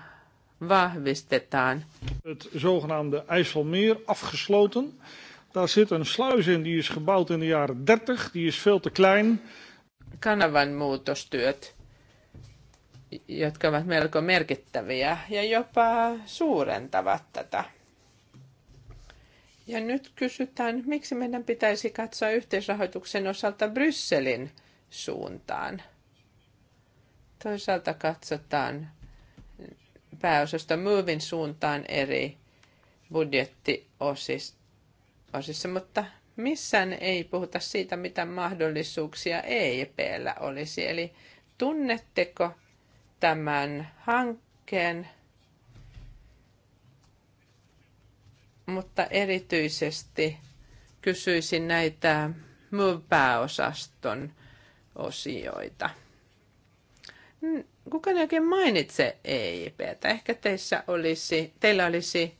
vahvistetaan. Het zogenaamde IJsselmeer afgesloten. Daar zit een sluis in, die is gebouwd in de jaren 30. Die is veel te klein. Kanavan muutostyöt, jotka ovat melko merkittäviä ja jopa suurentavat tätä. Ja nyt kysytään, miksi meidän pitäisi katsoa yhteisrahoituksen osalta Brysselin suuntaan. Toisaalta katsotaan pääosasta Movin suuntaan eri budjettiosissa, mutta missään ei puhuta siitä, mitä mahdollisuuksia EIPllä olisi. Eli tunnetteko tämän hankkeen, mutta erityisesti kysyisin näitä MOVE-pääosaston osioita kukaan ei oikein mainitse EIPtä. Ehkä teissä olisi, teillä olisi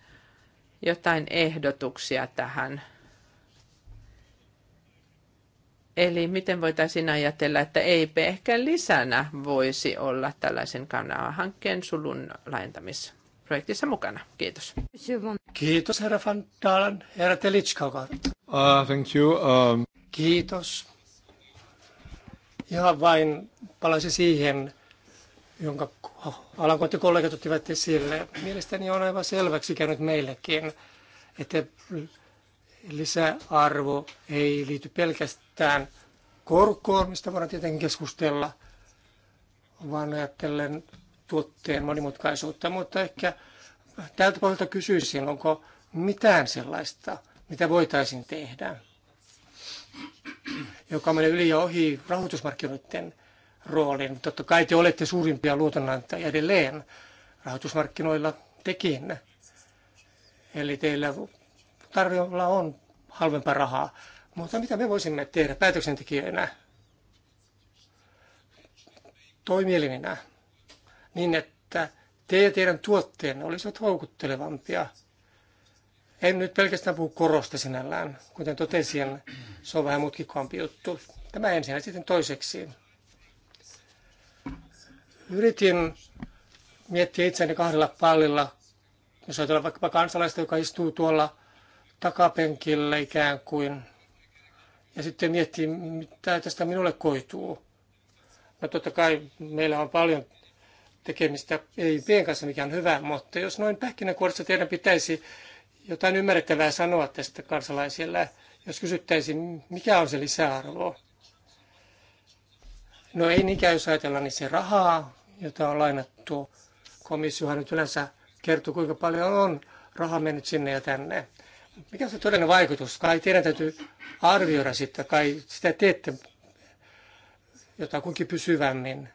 jotain ehdotuksia tähän. Eli miten voitaisiin ajatella, että EIP ehkä lisänä voisi olla tällaisen kanavahankkeen sulun laajentamisprojektissa mukana. Kiitos. Kiitos herra Van Dalen. Herra Telitska, uh, Thank you. Um... Kiitos. Ihan vain palaisin siihen, jonka kollegat ottivat esille. Mielestäni on aivan selväksi käynyt meillekin, että lisäarvo ei liity pelkästään korkoon, mistä voidaan tietenkin keskustella, vaan ajattelen tuotteen monimutkaisuutta, mutta ehkä tältä pohjalta kysyisin, onko mitään sellaista, mitä voitaisiin tehdä, joka menee yli ja ohi rahoitusmarkkinoiden roolin. Totta kai te olette suurimpia luotonantajia edelleen rahoitusmarkkinoilla tekin. Eli teillä tarjolla on halvempaa rahaa. Mutta mitä me voisimme tehdä päätöksentekijöinä, toimieliminä, niin että te ja teidän tuotteenne olisivat houkuttelevampia. En nyt pelkästään puhu korosta sinällään. Kuten totesin, se on vähän mutkikkaampi juttu. Tämä ensin ja sitten toiseksi Yritin miettiä itseäni kahdella pallilla. Jos ajatellaan vaikkapa kansalaista, joka istuu tuolla takapenkillä ikään kuin, ja sitten miettii, mitä tästä minulle koituu. No totta kai meillä on paljon tekemistä EIPn kanssa, mikään hyvä, mutta jos noin pähkinänkuoressa teidän pitäisi jotain ymmärrettävää sanoa tästä kansalaisille, jos kysyttäisiin, mikä on se lisäarvo? No ei niinkään, jos ajatellaan niin se rahaa, jota on lainattu. Komissiohan nyt yleensä kertoo, kuinka paljon on rahaa mennyt sinne ja tänne. Mikä on se todellinen vaikutus? Kai teidän täytyy arvioida sitä, kai sitä teette kuinkin pysyvämmin.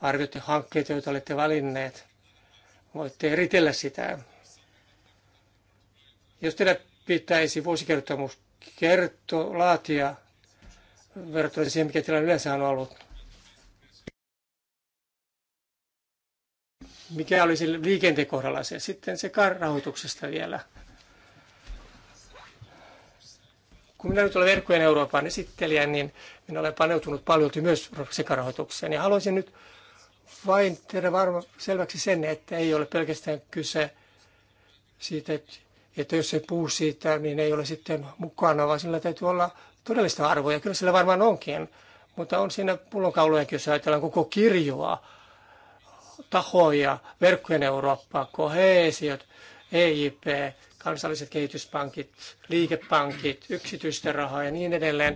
Arvioitte hankkeita, joita olette valinneet. Voitte eritellä sitä. Jos teidän pitäisi vuosikertomus kertoa, laatia verrattuna siihen, mikä tilanne yleensä on ollut, mikä olisi liikenteen kohdalla se. Sitten se rahoituksesta vielä. Kun minä nyt olen verkkojen Euroopan esittelijä, niin minä olen paneutunut paljon myös sekarahoitukseen. Ja haluaisin nyt vain tehdä varma selväksi sen, että ei ole pelkästään kyse siitä, että, että jos ei puhu siitä, niin ei ole sitten mukana, vaan sillä täytyy olla todellista arvoa. Ja kyllä sillä varmaan onkin, mutta on siinä pullonkaulujakin, jos ajatellaan koko kirjoa tahoja, verkkojen Eurooppaa, koheesiot, EIP, kansalliset kehityspankit, liikepankit, yksityisten rahaa ja niin edelleen,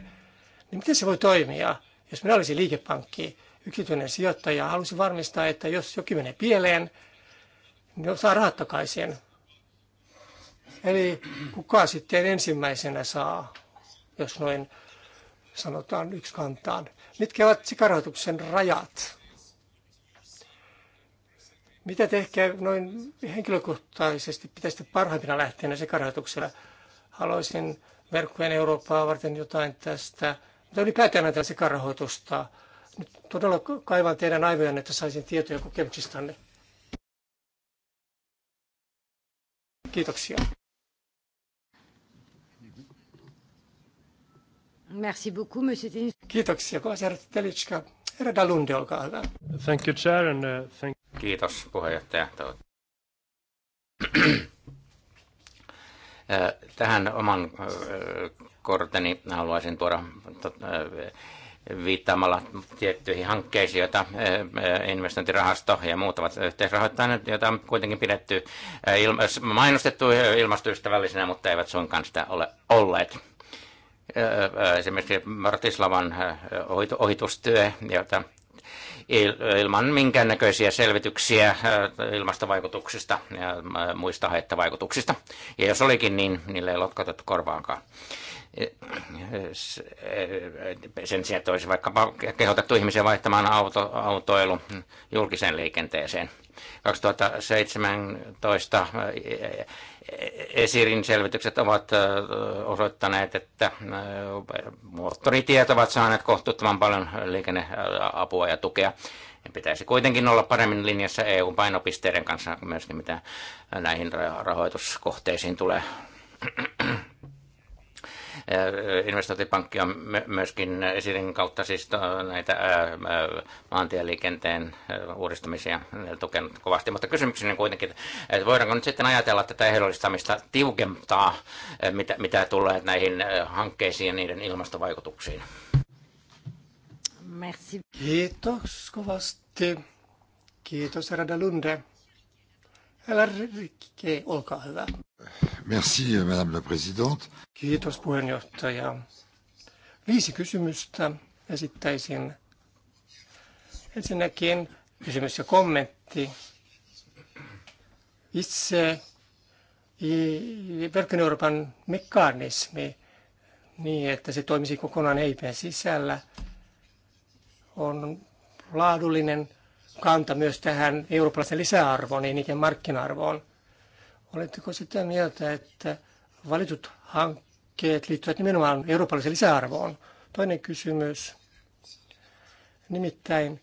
niin miten se voi toimia? Jos minä olisin liikepankki, yksityinen sijoittaja, halusin varmistaa, että jos jokin menee pieleen, niin saa rahat takaisin. Eli kuka sitten ensimmäisenä saa, jos noin sanotaan yksi kantaan. Mitkä ovat sikarahoituksen rajat? Mitä te ehkä noin henkilökohtaisesti pitäisitte parhaimpina lähteenä sekarahoituksella? Haluaisin verkkojen Eurooppaa varten jotain tästä. Mutta ylipäätään näitä sekarahoitusta. Nyt todella kaivan teidän aivojanne, että saisin tietoja kokemuksistanne. Kiitoksia. Merci beaucoup, monsieur Kiitoksia, kovasti herra Telitska. Herra Dalunde, olkaa hyvä. Thank you, Chair, and, uh, thank Kiitos puheenjohtaja. Äh, tähän oman äh, korteni haluaisin tuoda äh, viittaamalla tiettyihin hankkeisiin, joita investointirahasto ja muut ovat yhteisrahoittaneet, joita on kuitenkin pidetty mainostettu ilmastoystävällisenä, mutta eivät suinkaan sitä ole olleet. Esimerkiksi Martislavan ohitustyö, jota ilman minkäännäköisiä selvityksiä äh, ilmastovaikutuksista ja äh, muista haittavaikutuksista. Ja jos olikin, niin niille ei lotkotettu korvaankaan äh, sen sijaan, että olisi vaikkapa kehotettu ihmisiä vaihtamaan auto, autoilu julkiseen liikenteeseen. 2017 Esirin selvitykset ovat osoittaneet, että moottoritiet ovat saaneet kohtuuttoman paljon liikenneapua ja tukea. Ne pitäisi kuitenkin olla paremmin linjassa EU-painopisteiden kanssa myöskin mitä näihin rahoituskohteisiin tulee. Investointipankki on myöskin esiden kautta siis näitä maantieliikenteen uudistamisia tukenut kovasti. Mutta kysymykseni kuitenkin, että voidaanko nyt sitten ajatella tätä ehdollistamista tiukentaa, mitä, mitä tulee näihin hankkeisiin ja niiden ilmastovaikutuksiin? Merci. Kiitos kovasti. Kiitos, Rada Lunde olkaa hyvä. Merci, madame la présidente. Kiitos puheenjohtaja. Viisi kysymystä esittäisin. Ensinnäkin kysymys ja kommentti. Itse verkon Euroopan mekanismi niin, että se toimisi kokonaan EIPn sisällä, on laadullinen kanta myös tähän eurooppalaisen lisäarvoon, ei niinkään markkina-arvoon. Oletteko sitä mieltä, että valitut hankkeet liittyvät nimenomaan eurooppalaisen lisäarvoon? Toinen kysymys, nimittäin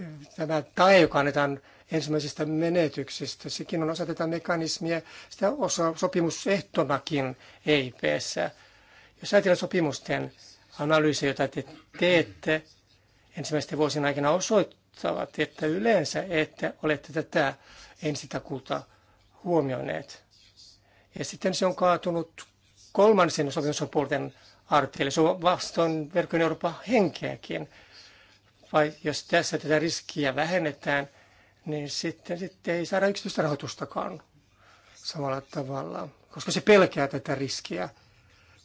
eh, tämä tae, joka annetaan ensimmäisistä menetyksistä, sekin on osa tätä mekanismia, sitä osa sopimusehtonakin EIP-ssä. Jos ajatellaan sopimusten analyysiä, jota te teette, ensimmäisten vuosien aikana osoittavat, että yleensä että olette tätä ensitakuuta huomioineet. Ja sitten se on kaatunut kolmansien sopimusopuolten arteille. Se on vastoin verkon Euroopan henkeäkin. Vai jos tässä tätä riskiä vähennetään, niin sitten, sitten ei saada yksityistä rahoitustakaan samalla tavalla, koska se pelkää tätä riskiä,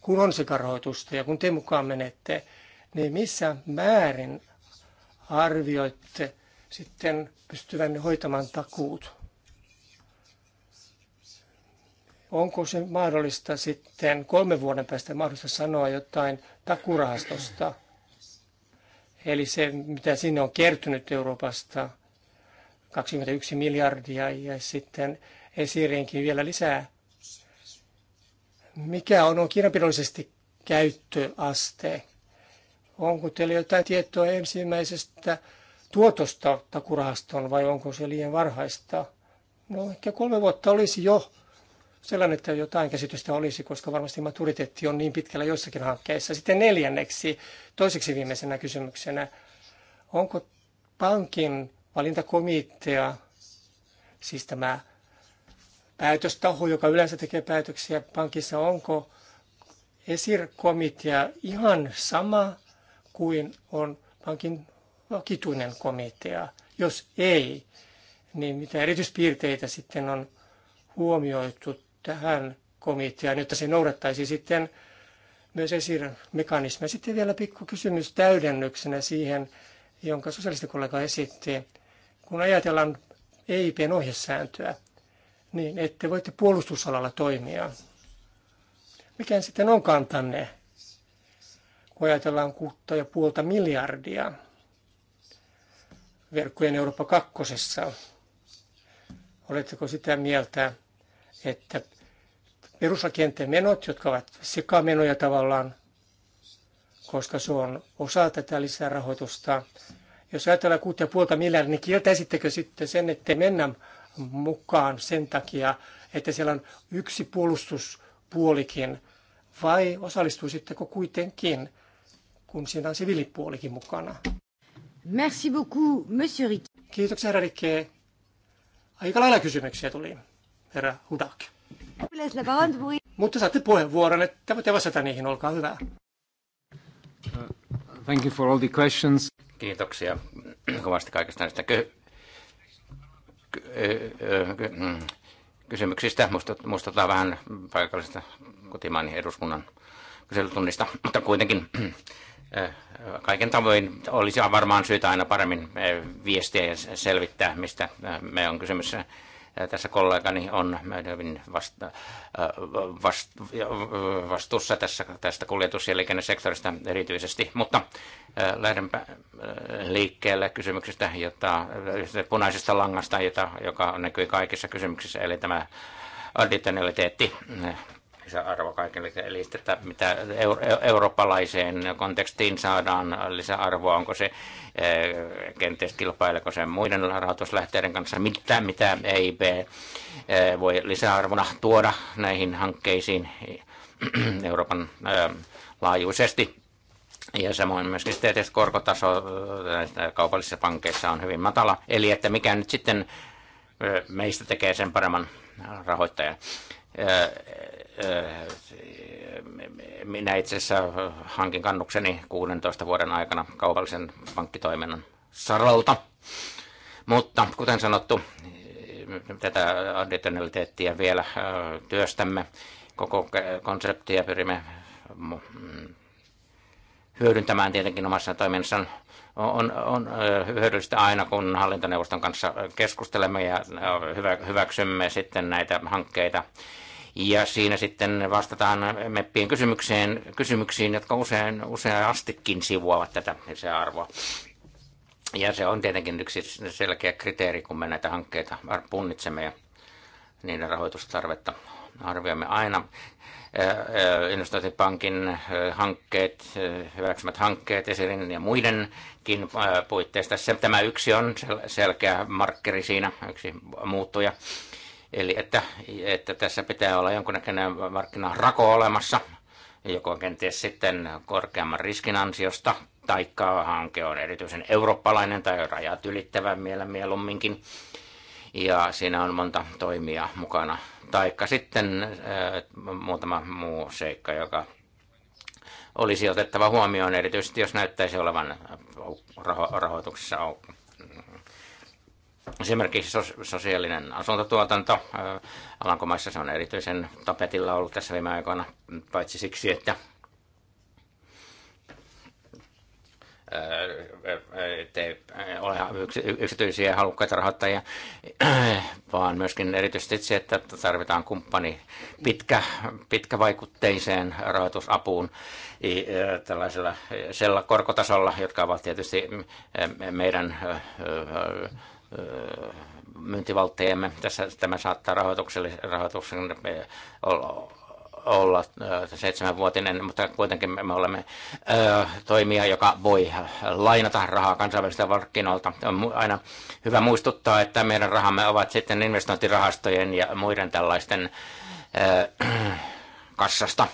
kun on sekä rahoitusta ja kun te mukaan menette, niin missä määrin arvioitte sitten pystyvän hoitamaan takuut? Onko se mahdollista sitten kolme vuoden päästä mahdollista sanoa jotain takurahastosta? Eli se, mitä sinne on kertynyt Euroopasta, 21 miljardia ja sitten esiriinkin vielä lisää. Mikä on, on kirjanpidollisesti käyttöaste? Onko teillä jotain tietoa ensimmäisestä tuotosta takurahastoon vai onko se liian varhaista? No ehkä kolme vuotta olisi jo sellainen, että jotain käsitystä olisi, koska varmasti maturiteetti on niin pitkällä joissakin hankkeissa. Sitten neljänneksi, toiseksi viimeisenä kysymyksenä, onko pankin valintakomitea, siis tämä päätöstaho, joka yleensä tekee päätöksiä pankissa, onko esirkomitea ihan sama kuin on pankin vakituinen komitea. Jos ei, niin mitä erityispiirteitä sitten on huomioitu tähän komiteaan, jotta se noudattaisi sitten myös esirin mekanismeja. Sitten vielä pikku kysymys täydennyksenä siihen, jonka sosiaalisten kollega esitti. Kun ajatellaan EIPn ohjesääntöä, niin ette voitte puolustusalalla toimia. Mikä sitten on kantanne kun ajatellaan puolta miljardia verkkojen Eurooppa kakkosessa. Oletteko sitä mieltä, että perusrakenteen menot, jotka ovat sekamenoja tavallaan, koska se on osa tätä lisärahoitusta. Jos ajatellaan puolta miljardia, niin kieltäisittekö sitten sen, että mennä mukaan sen takia, että siellä on yksi puolustuspuolikin, vai osallistuisitteko kuitenkin kun siinä on siviilipuolikin mukana. Merci beaucoup, monsieur Rick. Kiitoksia, herra Rikke. Aika lailla kysymyksiä tuli, herra Hudak. Mutta saatte puheenvuoron, että voitte vastata niihin, olkaa hyvä. Uh, thank you for all the questions. Kiitoksia kovasti kaikista näistä ky- ky- mm, kysymyksistä. Muistutaan vähän paikallista kotimaan eduskunnan kyselytunnista, mutta kuitenkin Eh, kaiken tavoin olisi varmaan syytä aina paremmin eh, viestiä ja selvittää, mistä eh, me on kysymys. Tässä kollegani on hyvin vasta, vast, vastuussa tässä, tästä kuljetus- ja liikennesektorista erityisesti, mutta lähdenpä liikkeelle kysymyksestä, jota, punaisesta langasta, jota, joka näkyy kaikissa kysymyksissä, eli tämä additionaliteetti lisäarvo kaikille. Eli että mitä euro, eurooppalaiseen kontekstiin saadaan lisäarvoa, onko se eh, kenties kilpaileeko sen muiden rahoituslähteiden kanssa, mitä, mitä EIB eh, voi lisäarvona tuoda näihin hankkeisiin eh, Euroopan laajuisesti. Ja samoin myöskin tietysti korkotaso kaupallisissa pankeissa on hyvin matala. Eli että mikä nyt sitten meistä tekee sen paremman rahoittajan. Öö, minä itse asiassa hankin kannukseni 16 vuoden aikana kaupallisen pankkitoiminnan saralta. Mutta kuten sanottu, tätä additionaliteettia vielä öö, työstämme. Koko konseptia pyrimme mm, hyödyntämään tietenkin omassa toiminnassaan on, on öö, hyödyllistä aina, kun hallintoneuvoston kanssa keskustelemme ja hyväksymme sitten näitä hankkeita ja siinä sitten vastataan meppien kysymykseen, kysymyksiin, jotka usein, usein astikin sivuavat tätä se arvoa. Ja se on tietenkin yksi siis selkeä kriteeri, kun me näitä hankkeita punnitsemme ja niiden rahoitustarvetta arvioimme aina. Investointipankin hankkeet, hyväksymät hankkeet esirin ja muidenkin puitteista. tämä yksi on selkeä markkeri siinä, yksi muuttuja. Eli että, että tässä pitää olla jonkunnäköinen markkinarako olemassa, joko kenties sitten korkeamman riskin ansiosta, taikka hanke on erityisen eurooppalainen tai rajat ylittävä mieluumminkin. Ja siinä on monta toimia mukana. Taikka sitten äh, muutama muu seikka, joka olisi otettava huomioon, erityisesti jos näyttäisi olevan raho- rahoituksessa aukko. Esimerkiksi sosiaalinen asuntotuotanto äh, Alankomaissa se on erityisen tapetilla ollut tässä viime aikoina, paitsi siksi, että äh, ei äh, ole yksityisiä halukkaita rahoittajia, <clears throat> vaan myöskin erityisesti se, että tarvitaan kumppani pitkä, pitkävaikutteiseen rahoitusapuun tällaisella sella korkotasolla, jotka ovat tietysti meidän myyntivaltteemme. Tässä tämä saattaa rahoituksen olla, olla seitsemänvuotinen, mutta kuitenkin me olemme ö, toimija, joka voi lainata rahaa kansainvälisestä markkinoilta. On aina hyvä muistuttaa, että meidän rahamme ovat sitten investointirahastojen ja muiden tällaisten ö, <clears throat> kassasta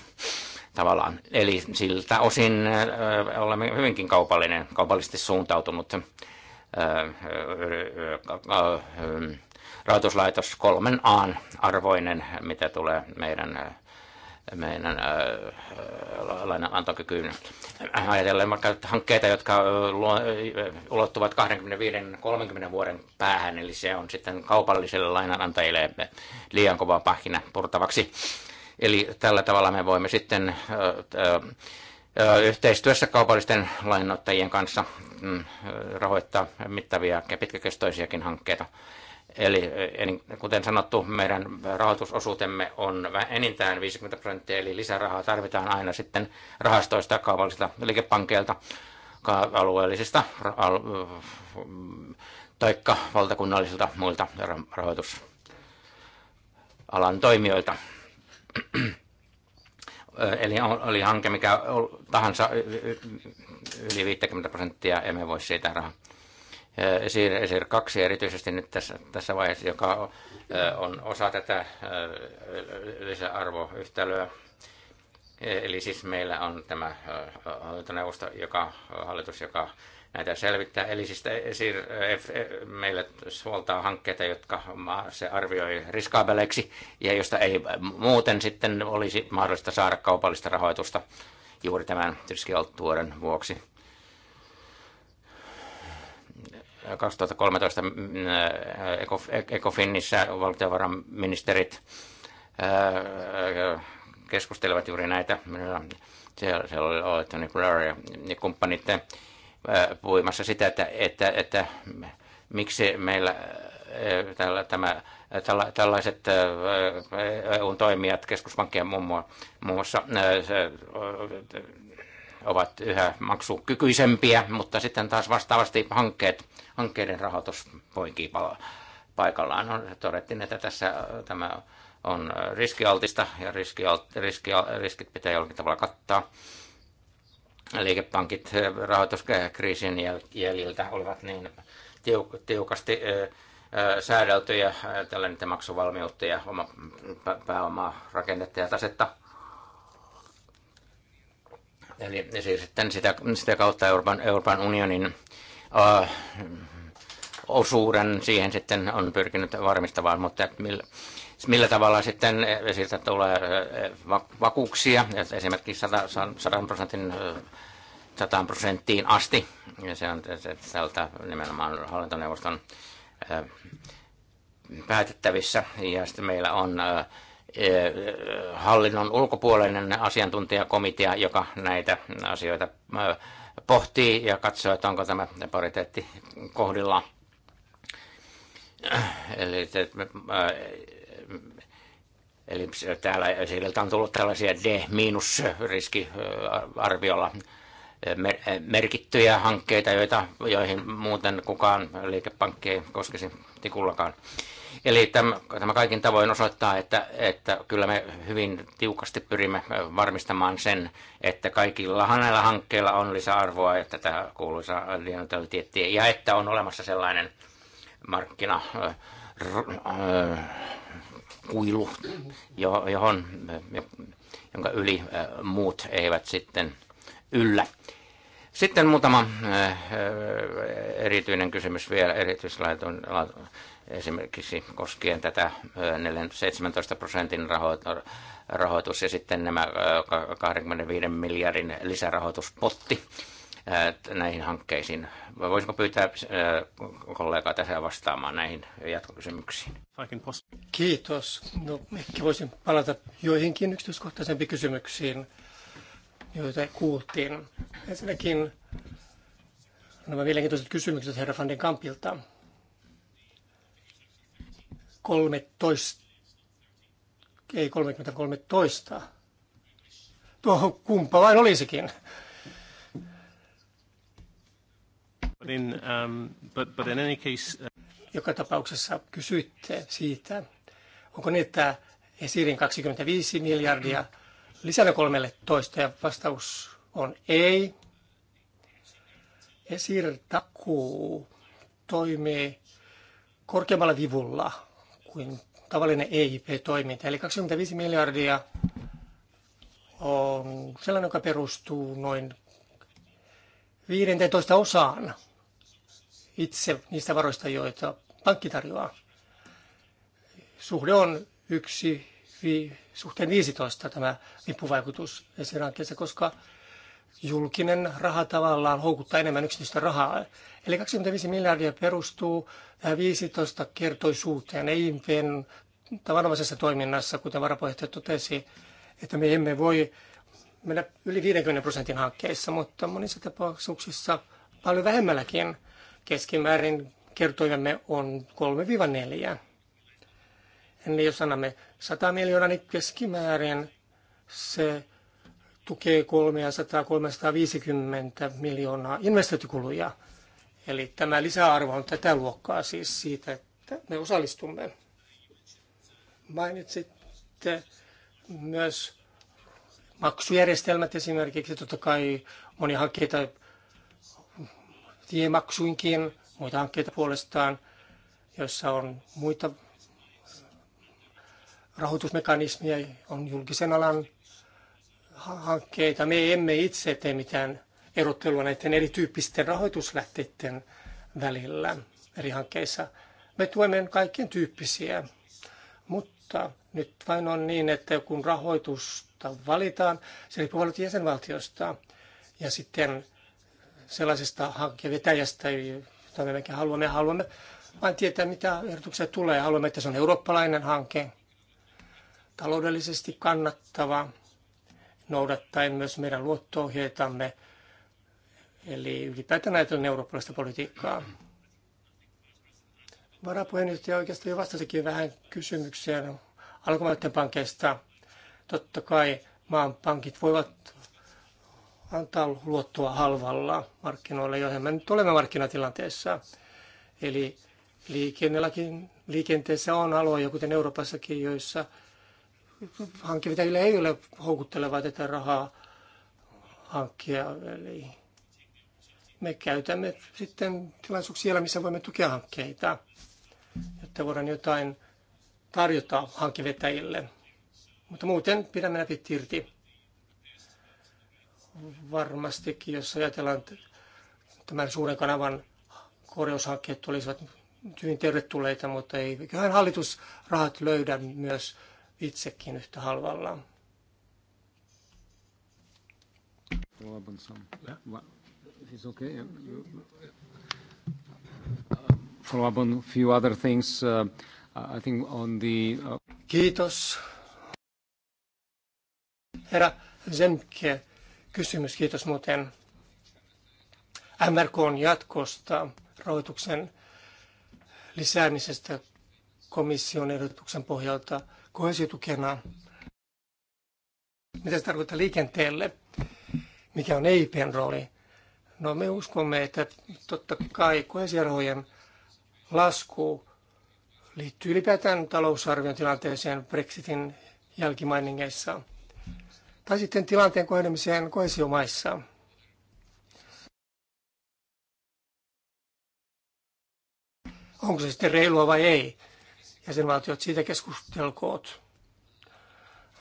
tavallaan. Eli siltä osin ö, olemme hyvinkin kaupallinen, kaupallisesti suuntautunut rahoituslaitos äh, äh, äh, kolmen a arvoinen, mitä tulee meidän meidän lainanantokykyyn ajatellen vaikka hankkeita, jotka luo, ulottuvat 25-30 vuoden päähän, eli se on sitten kaupallisille lainanantajille liian kova pahkina purtavaksi. Eli tällä tavalla me voimme sitten yhteistyössä kaupallisten lainottajien kanssa mm, rahoittaa mittavia ja pitkäkestoisiakin hankkeita. Eli, kuten sanottu, meidän rahoitusosuutemme on enintään 50 prosenttia, eli lisärahaa tarvitaan aina sitten rahastoista, kaupallisilta liikepankeilta, alueellisista mm, tai valtakunnallisilta muilta rahoitusalan toimijoilta. Eli oli hanke mikä tahansa yli 50 prosenttia, emme voi siitä rahaa. Esir 2 erityisesti nyt tässä, tässä vaiheessa, joka on osa tätä lisäarvoyhtälöä. E, eli siis meillä on tämä hallintoneuvosto, joka, hallitus, joka näitä selvittää. Eli siis ESIR meille huoltaa hankkeita, jotka se arvioi riskaabeleiksi ja josta ei muuten sitten olisi mahdollista saada kaupallista rahoitusta juuri tämän riskialttuuden vuoksi. 2013 Ecofinissä valtiovarainministerit keskustelevat juuri näitä. Siellä, oli Oletoni Blair ja kumppanit puimassa sitä, että, että, että miksi meillä tällä, tämä, tällä, tällaiset eu toimijat, keskuspankkien muun muassa, ovat yhä maksukykyisempiä, mutta sitten taas vastaavasti hankkeet, hankkeiden rahoitus poikii paikallaan. No, todettiin, että tässä tämä on riskialtista ja riskialt, riski, riskit pitää jollakin tavalla kattaa liikepankit eh, rahoituskriisin jäljiltä olivat niin tiukasti eh, eh, säädeltyjä, tällainen maksuvalmiutta ja oma pääomaa rakennetta ja tasetta. Eli siis sitten sitä, sitä kautta Euroopan, Euroopan unionin uh, osuuden siihen sitten on pyrkinyt varmistamaan, mutta millä, Siis millä tavalla sitten eh, sieltä tulee eh, vakuuksia, esimerkiksi 100, 100 prosentin 100 eh, prosenttiin asti. Ja se on tältä nimenomaan hallintoneuvoston päätettävissä. Ja sitten meillä on hallinnon ulkopuolinen asiantuntijakomitea, joka näitä asioita pohtii ja katsoo, että onko tämä pariteetti kohdillaan. Eli Eli täällä sieltä on tullut tällaisia D-riskiarviolla merkittyjä hankkeita, joita, joihin muuten kukaan liikepankki ei koskisi tikullakaan. Eli tämä, tämä kaikin tavoin osoittaa, että, että kyllä me hyvin tiukasti pyrimme varmistamaan sen, että kaikilla näillä hankkeilla on lisäarvoa, että tämä kuuluisa tiettiä, ja että on olemassa sellainen markkina kuilu, johon, eh, jonka yli eh, muut eivät sitten yllä. Sitten muutama eh, erityinen kysymys vielä erityislaitun esimerkiksi koskien tätä 17 prosentin rahoitus ja sitten nämä 25 miljardin lisärahoituspotti näihin hankkeisiin. Voisiko pyytää kollegaa tässä vastaamaan näihin jatkokysymyksiin? Kiitos. No, ehkä voisin palata joihinkin yksityiskohtaisempiin kysymyksiin, joita kuultiin. Ensinnäkin nämä mielenkiintoiset kysymykset herra Fanden Kampilta. 13, ei 30, 13. Tuo kumpa vain olisikin. Niin, ähm, äh, joka tapauksessa kysytte siitä, onko niin, että Esirin 25 miljardia lisänä 13 ja vastaus on ei. Esir takuu toimii korkeammalla vivulla kuin tavallinen EIP-toiminta. Eli 25 miljardia on sellainen, joka perustuu noin 15 osaan itse niistä varoista, joita pankki tarjoaa. Suhde on yksi vi, suhteen 15 tämä vipuvaikutus esirankkeessa, koska julkinen raha tavallaan houkuttaa enemmän yksityistä rahaa. Eli 25 miljardia perustuu 15 kertoisuuteen EIMPn tavanomaisessa toiminnassa, kuten varapuheenjohtaja totesi, että me emme voi mennä yli 50 prosentin hankkeissa, mutta monissa tapauksissa paljon vähemmälläkin – Keskimäärin kertojamme on 3-4. Eli jos annamme 100 miljoonaa, niin keskimäärin se tukee 300-350 miljoonaa investointikuluja. Eli tämä lisäarvo on tätä luokkaa siis siitä, että me osallistumme. Mainitsitte myös maksujärjestelmät esimerkiksi. Totta kai moni hankkeita tiemaksuinkin, muita hankkeita puolestaan, joissa on muita rahoitusmekanismia, on julkisen alan hankkeita. Me emme itse tee mitään erottelua näiden erityyppisten rahoituslähteiden välillä eri hankkeissa. Me tuemme kaikkien tyyppisiä, mutta nyt vain on niin, että kun rahoitusta valitaan, se riippuu jäsenvaltiosta. Ja sitten sellaisesta hankkeen vetäjästä, jota me haluamme. Haluamme vain tietää, mitä ehdotuksia tulee. Haluamme, että se on eurooppalainen hanke, taloudellisesti kannattava, noudattaen myös meidän luotto-ohjeitamme, eli ylipäätään ajatellen eurooppalaista politiikkaa. Varapuheenjohtaja oikeastaan jo vastasikin vähän kysymykseen alkumaiden pankeista. Totta kai maan pankit voivat antaa luottoa halvalla markkinoille, joihin me nyt olemme markkinatilanteessa. Eli liikennelläkin, liikenteessä on aloja, kuten Euroopassakin, joissa hankkivitajille ei ole houkuttelevaa tätä rahaa hankkia. Eli me käytämme sitten tilaisuuksia siellä, missä voimme tukea hankkeita, jotta voidaan jotain tarjota hankkivetäjille. Mutta muuten pidämme näpit irti varmastikin, jos ajatellaan että tämän suuren kanavan korjaushankkeet olisivat hyvin tervetulleita, mutta ei hallitus rahat löydä myös itsekin yhtä halvallaan. It's okay. a few other things. Uh, I think on the... Uh Kiitos. Herra Zemke kysymys. Kiitos muuten MRK jatkosta, rahoituksen lisäämisestä komission ehdotuksen pohjalta kohesiotukena. Mitä se tarkoittaa liikenteelle? Mikä on EIPn rooli? No me uskomme, että totta kai kohesiorahojen lasku liittyy ylipäätään talousarvion tilanteeseen Brexitin jälkimainingeissa – tai sitten tilanteen kohdemiseen koesiomaissa. Onko se sitten reilua vai ei? Jäsenvaltiot siitä keskustelkoot.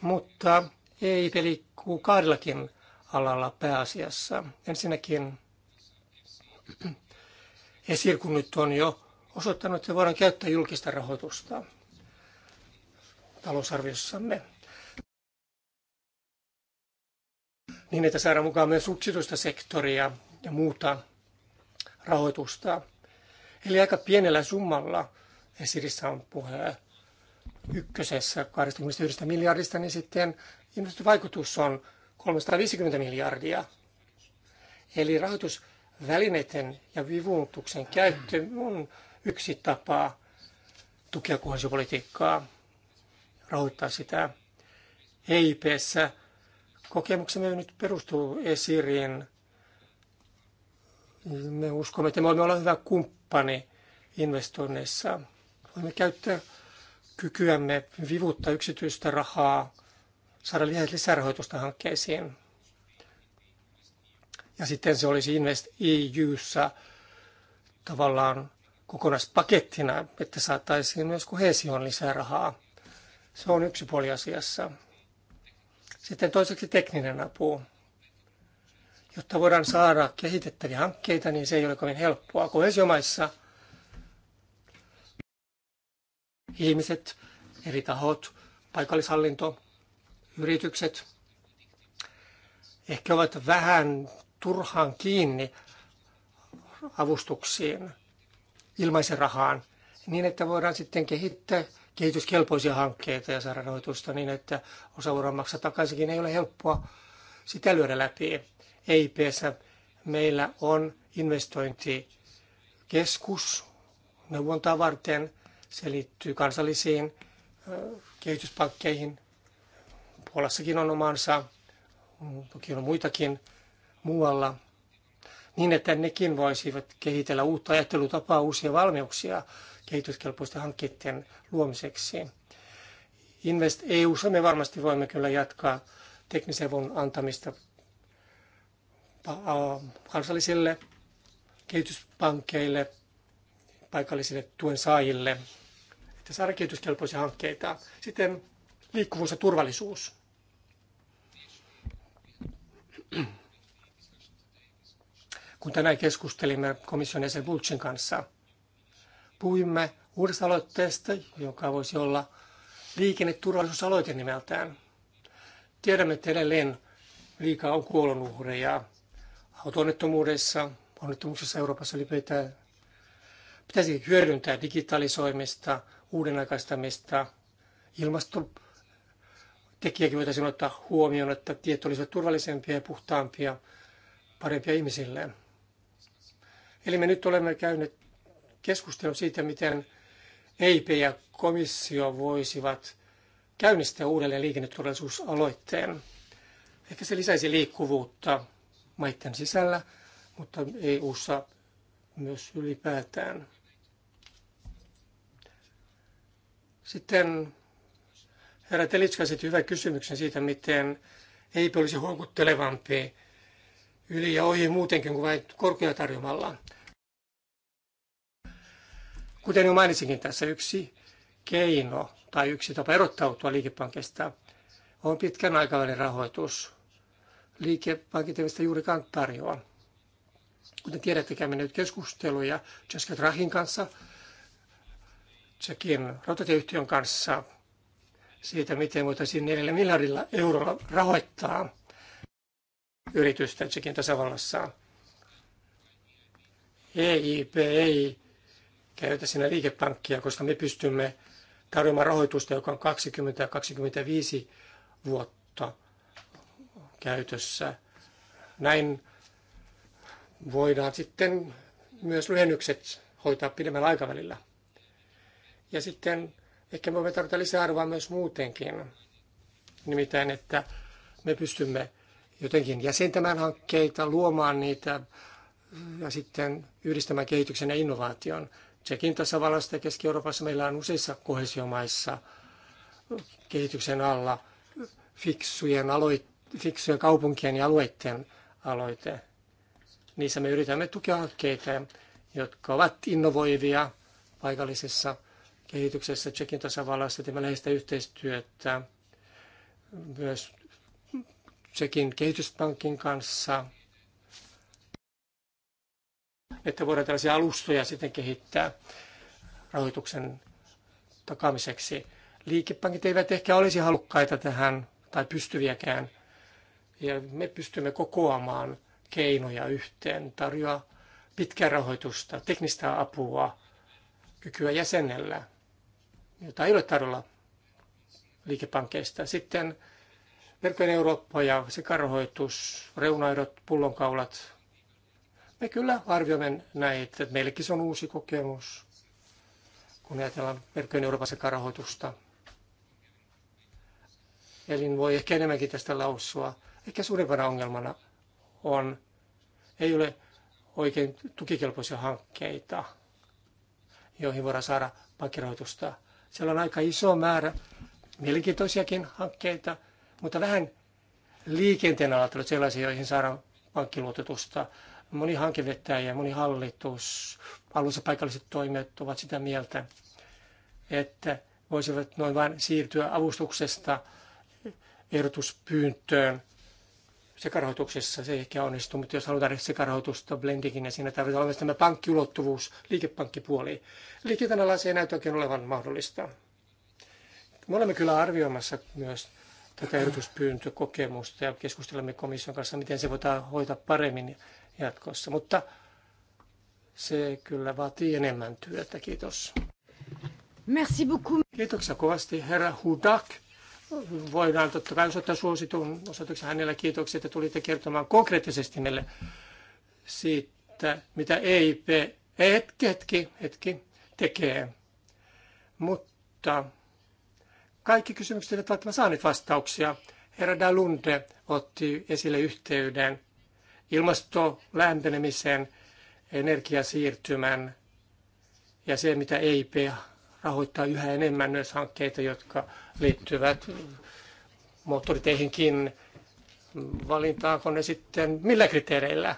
Mutta ei pelikkuu kahdellakin alalla pääasiassa. Ensinnäkin <clears throat> esir, kun nyt on jo osoittanut, että voidaan käyttää julkista rahoitusta talousarviossamme. niin, että saadaan mukaan myös yksityistä sektoria ja muuta rahoitusta. Eli aika pienellä summalla esirissä on puhe ykkösessä 21 miljardista, niin sitten investointivaikutus on 350 miljardia. Eli rahoitusvälineiden ja vivuutuksen käyttö on yksi tapa tukea kohdallisuuspolitiikkaa, rahoittaa sitä. EIPssä Kokemuksemme nyt perustuu esiriin. Me uskomme, että me voimme olla hyvä kumppani investoinneissa. Voimme käyttää kykyämme vivuttaa yksityistä rahaa, saada lisärahoitusta hankkeisiin. Ja sitten se olisi Invest EUssa tavallaan kokonaispakettina, että saataisiin myös kohesioon lisää rahaa. Se on yksi puoli asiassa. Sitten toiseksi tekninen apu. Jotta voidaan saada kehitettäviä hankkeita, niin se ei ole kovin helppoa. Kohesiomaissa ihmiset, eri tahot, paikallishallinto, yritykset ehkä ovat vähän turhaan kiinni avustuksiin, ilmaisen rahaan, niin että voidaan sitten kehittää kehityskelpoisia hankkeita ja saada rahoitusta niin, että osa voidaan maksaa takaisinkin. Ei ole helppoa sitä lyödä läpi. EIPssä meillä on investointikeskus neuvontaa varten. Se liittyy kansallisiin kehityspankkeihin. Puolassakin on omansa, toki on muitakin muualla, niin että nekin voisivat kehitellä uutta ajattelutapaa, uusia valmiuksia kehityskelpoisten hankkeiden luomiseksi. Invest eu me varmasti voimme kyllä jatkaa teknisen avun antamista kansallisille kehityspankkeille, paikallisille tuen saajille, että saada kehityskelpoisia hankkeita. Sitten liikkuvuus ja turvallisuus. Kun tänään keskustelimme komission jäsen Bulcin kanssa – Puhuimme uudesta aloitteesta, joka voisi olla liikenneturvallisuusaloite nimeltään. Tiedämme, että edelleen liikaa on kuolonuhreja autonnettomuudessa, onnettomuuksissa Euroopassa ylipäätään. Pitäisi hyödyntää digitalisoimista, uudenaikaistamista, ilmastotekijäkin voitaisiin ottaa huomioon, että tiet olisivat turvallisempia ja puhtaampia, parempia ihmisille. Eli me nyt olemme käyneet keskustelu siitä, miten EIP ja komissio voisivat käynnistää uudelleen liikenneturvallisuusaloitteen. Ehkä se lisäisi liikkuvuutta maiden sisällä, mutta EU-ssa myös ylipäätään. Sitten herra Telitska esitti hyvän kysymyksen siitä, miten EIP olisi houkuttelevampi yli ja ohi muutenkin kuin vain korkeatarjomalla. tarjomalla Kuten jo mainitsinkin tässä, yksi keino tai yksi tapa erottautua liikepankista on pitkän aikavälin rahoitus. Liikepankit eivät sitä juurikaan tarjoa. Kuten tiedätte, käymme nyt keskusteluja Jessica Drahin kanssa, Tsekin rautatieyhtiön kanssa siitä, miten voitaisiin 4 miljardilla eurolla rahoittaa yritystä Tsekin tasavallassa. EIP ei käytä siinä liikepankkia, koska me pystymme tarjoamaan rahoitusta, joka on 20-25 vuotta käytössä. Näin voidaan sitten myös lyhennykset hoitaa pidemmällä aikavälillä. Ja sitten ehkä me voimme tarjota lisäarvoa myös muutenkin. Nimittäin, että me pystymme jotenkin jäsentämään hankkeita, luomaan niitä ja sitten yhdistämään kehityksen ja innovaation. Tsekin tasavallasta ja Keski-Euroopassa meillä on useissa kohesiomaissa kehityksen alla fiksujen, aloit- fiksujen kaupunkien ja alueiden aloite. Niissä me yritämme tukea hankkeita, jotka ovat innovoivia paikallisessa kehityksessä Tsekin tasavallassa. Teemme läheistä yhteistyötä myös Tsekin kehityspankin kanssa – että voidaan tällaisia alustoja sitten kehittää rahoituksen takaamiseksi. Liikepankit eivät ehkä olisi halukkaita tähän tai pystyviäkään. Ja me pystymme kokoamaan keinoja yhteen, tarjoa pitkää rahoitusta, teknistä apua, kykyä jäsenellä, jota ei ole tarjolla liikepankkeista. Sitten verkkojen Eurooppa ja sekarahoitus, reunaidot pullonkaulat, me kyllä arvioimme näitä. Meillekin se on uusi kokemus, kun ajatellaan Merkkojen Euroopan sekarahoitusta. Elin voi ehkä enemmänkin tästä lausua. Ehkä suurimpana ongelmana on, ei ole oikein tukikelpoisia hankkeita, joihin voidaan saada pankkirahoitusta. Siellä on aika iso määrä mielenkiintoisiakin hankkeita, mutta vähän liikenteen alat sellaisia, joihin saadaan pankkiluototusta. Moni hankevettäjä, moni hallitus, alussa paikalliset toimijat ovat sitä mieltä, että voisivat noin vain siirtyä avustuksesta ehdotuspyyntöön sekarahoituksessa. Se ei ehkä onnistu, mutta jos halutaan sekarahoitusta blendikin, niin siinä tarvitaan myös tämä pankkiulottuvuus, liikepankkipuoli. Liiketanalla se ei näytä oikein olevan mahdollista. Me olemme kyllä arvioimassa myös tätä ehdotuspyyntökokemusta ja keskustelemme komission kanssa, miten se voidaan hoitaa paremmin jatkossa, mutta se kyllä vaatii enemmän työtä. Kiitos. Merci beaucoup. Kiitoksia kovasti, herra Hudak. Voidaan totta kai osoittaa suositun osoituksen hänelle kiitoksia, että tulitte kertomaan konkreettisesti meille siitä, mitä EIP hetki, hetki, hetki tekee. Mutta kaikki kysymykset eivät välttämättä saaneet vastauksia. Herra Dalunde otti esille yhteyden lämpenemisen, energiasiirtymän ja se, mitä EIP rahoittaa yhä enemmän myös hankkeita, jotka liittyvät moottoriteihinkin. Valintaako ne sitten millä kriteereillä?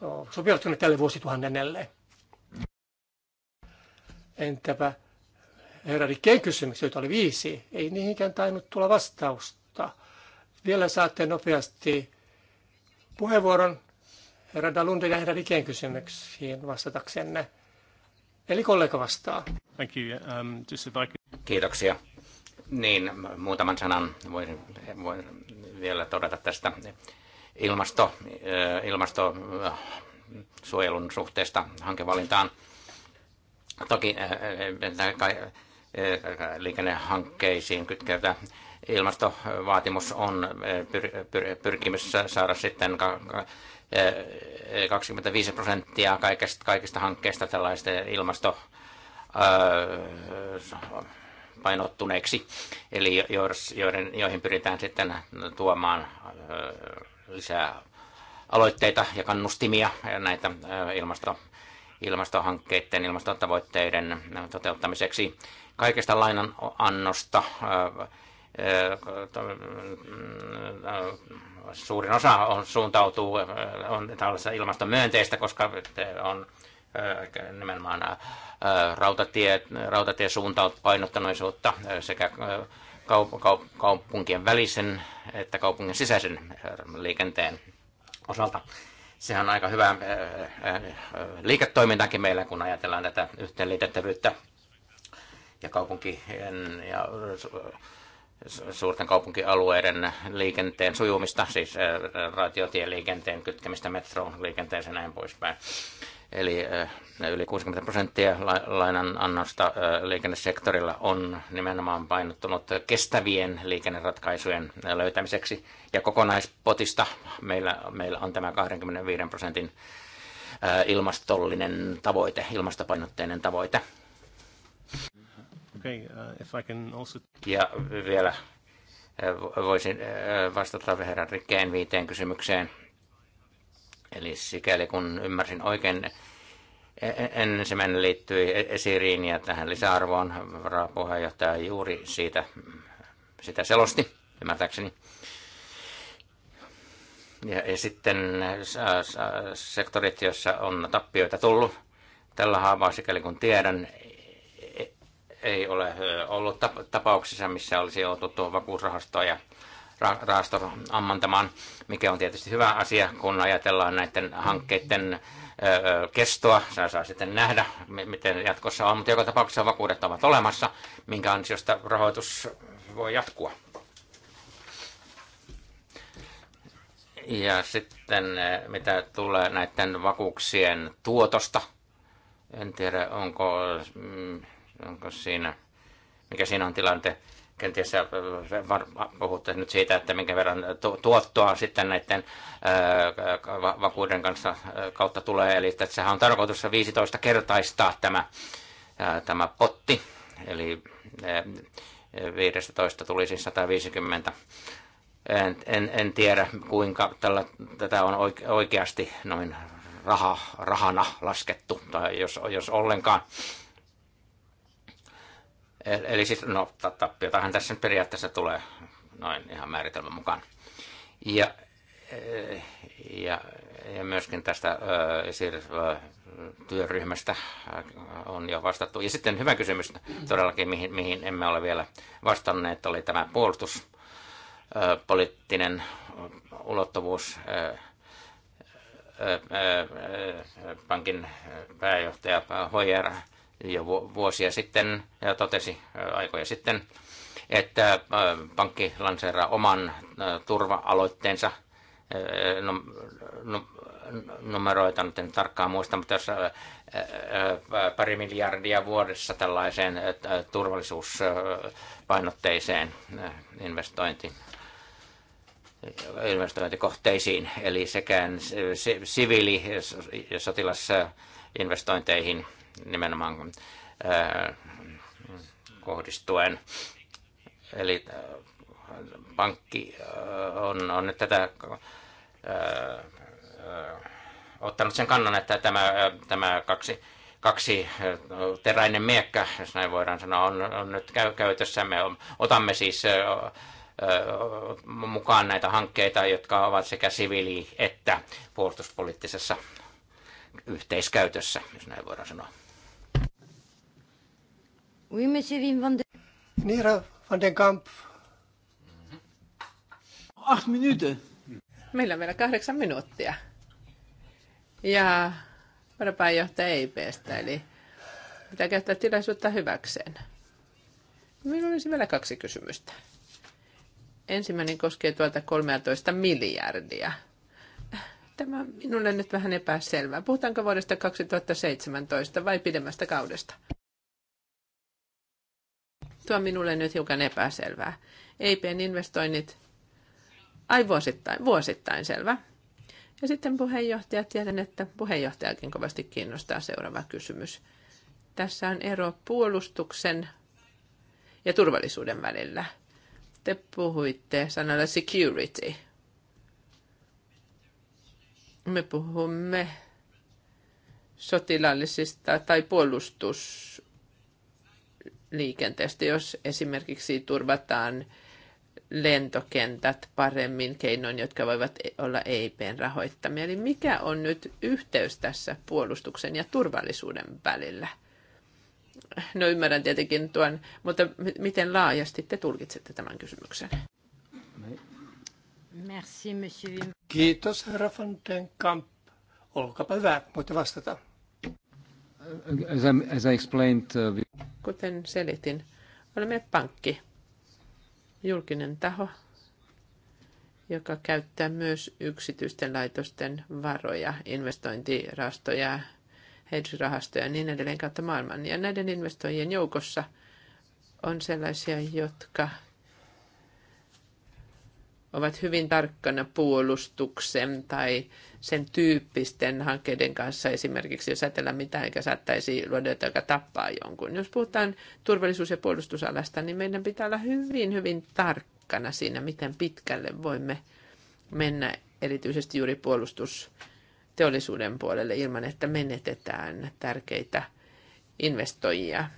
No, Sopivatko ne tälle vuosituhannelle? Entäpä herra Rikkeen kysymyksiä, joita oli viisi, ei niihinkään tainnut tulla vastausta. Vielä saatte nopeasti puheenvuoron herra Dalundin ja herra Rikeen kysymyksiin vastataksenne. Eli kollega vastaa. Thank you. Um, just if I could... Kiitoksia. Niin, muutaman sanan voin, vielä todeta tästä ilmasto, eh, ilmastosuojelun eh, suhteesta hankevalintaan. Toki eh, liikennehankkeisiin kytkeytyy ilmastovaatimus on eh, pyr- pyr- pyrkimys saada sitten 25 eh, prosenttia kaikista, kaikista hankkeista tällaista ilmasto eh, painottuneeksi, eli joiden, joihin pyritään sitten tuomaan lisää aloitteita ja kannustimia näitä ilmasto, ilmastohankkeiden, ilmastotavoitteiden toteuttamiseksi. Kaikesta lainan annosta suurin osa on, suuntautuu, on tällaista ilmastomyönteistä, koska on nimenomaan rautatie, rautatie painottanoisuutta sekä kaupunkien välisen että kaupungin sisäisen liikenteen osalta. Sehän on aika hyvä liiketoimintakin meillä, kun ajatellaan tätä yhteenliitettävyyttä ja kaupunkien ja suurten kaupunkialueiden liikenteen sujumista, siis äh, raitiotieliikenteen kytkemistä metroon liikenteeseen ja näin poispäin. Eli äh, yli 60 prosenttia lainan annosta äh, liikennesektorilla on nimenomaan painottunut kestävien liikenneratkaisujen löytämiseksi. Ja kokonaispotista meillä, meillä on tämä 25 prosentin ilmastollinen tavoite, ilmastopainotteinen tavoite. Okay, uh, if I can also... Ja vielä äh, voisin äh, vastata herran Rikkeen viiteen kysymykseen. Eli sikäli kun ymmärsin oikein, e-, e-, ensimmäinen liittyy e-, esiriin ja tähän lisäarvoon. Varapuheenjohtaja juuri siitä sitä selosti, ymmärtääkseni. Ja, ja sitten äh, sektorit, joissa on tappioita tullut, tällä haavaa sikäli kun tiedän, ei ole ollut tapauksissa, missä olisi joututtu vakuusrahastoon ja rahaston ammantamaan, mikä on tietysti hyvä asia, kun ajatellaan näiden hankkeiden kestoa. Sä saa sitten nähdä, miten jatkossa on, mutta joka tapauksessa vakuudet ovat olemassa, minkä ansiosta rahoitus voi jatkua. Ja sitten mitä tulee näiden vakuuksien tuotosta, en tiedä onko mm, Onko siinä, mikä siinä on tilante? Kenties äh, puhutte nyt siitä, että minkä verran tuottoa sitten näiden äh, vakuuden kanssa, äh, kautta tulee. Eli että sehän on tarkoitus 15 kertaistaa tämä, tämä potti. Eli 15 tuli siis 150 en, en, en tiedä kuinka tällä, tätä on oikeasti noin raha, rahana laskettu, tai jos, jos ollenkaan. E- eli siis, no, tappiotahan tässä periaatteessa tulee noin ihan määritelmän mukaan. Ja, e- ja, ja myöskin tästä työryhmästä on jo vastattu. Ja sitten hyvä kysymys todellakin, mihin, mihin emme ole vielä vastanneet, oli tämä puolustuspoliittinen ulottuvuus. Pankin pääjohtaja Hoyer jo vuosia sitten ja totesi aikoja sitten, että pankki lanseeraa oman turva-aloitteensa. No, no, numeroita nyt en tarkkaan muista, mutta jos pari miljardia vuodessa tällaiseen turvallisuuspainotteiseen investointiin investointikohteisiin, eli sekä siviili- ja sotilasinvestointeihin – nimenomaan äh, kohdistuen. Eli äh, pankki äh, on, on nyt tätä ottanut sen kannan, että tämä, tämä kaksi, kaksi teräinen miekkä, jos näin voidaan sanoa, on, on nyt käytössä. Me otamme siis mukaan näitä hankkeita, jotka ovat sekä siviili- että puolustuspoliittisessa yhteiskäytössä, jos näin voidaan sanoa. Oui, monsieur Wim van de... Meneer van den Kamp. Acht minuten. Meillä on vielä kahdeksan minuuttia. Ja varapääjohtaja EIPstä, eli pitää käyttää tilaisuutta hyväkseen. Minulla olisi vielä kaksi kysymystä. Ensimmäinen koskee tuolta 13 miljardia. Tämä minulle nyt vähän epäselvää. Puhutaanko vuodesta 2017 vai pidemmästä kaudesta? Tuo on minulle nyt hiukan epäselvää. EIPn investoinnit, ai vuosittain, vuosittain selvä. Ja sitten puheenjohtaja, tiedän, että puheenjohtajakin kovasti kiinnostaa seuraava kysymys. Tässä on ero puolustuksen ja turvallisuuden välillä. Te puhuitte sanalla security. Me puhumme sotilaallisista tai puolustus liikenteestä, jos esimerkiksi turvataan lentokentät paremmin keinoin, jotka voivat olla EIPn rahoittamia. Eli mikä on nyt yhteys tässä puolustuksen ja turvallisuuden välillä? No ymmärrän tietenkin tuon, mutta miten laajasti te tulkitsette tämän kysymyksen? Merci, monsieur. Kiitos, herra van den Kamp. Olkaapa hyvä, voitte vastata. As I, as I explained, uh... Kuten selitin, olemme pankki, julkinen taho, joka käyttää myös yksityisten laitosten varoja, investointirahastoja, hedge-rahastoja ja niin edelleen kautta maailman. Ja näiden investoijien joukossa on sellaisia, jotka ovat hyvin tarkkana puolustuksen tai sen tyyppisten hankkeiden kanssa, esimerkiksi jos ajatellaan mitään, eikä saattaisi luoda, joka tappaa jonkun. Jos puhutaan turvallisuus- ja puolustusalasta, niin meidän pitää olla hyvin, hyvin tarkkana siinä, miten pitkälle voimme mennä erityisesti juuri puolustusteollisuuden puolelle ilman, että menetetään tärkeitä investoijia.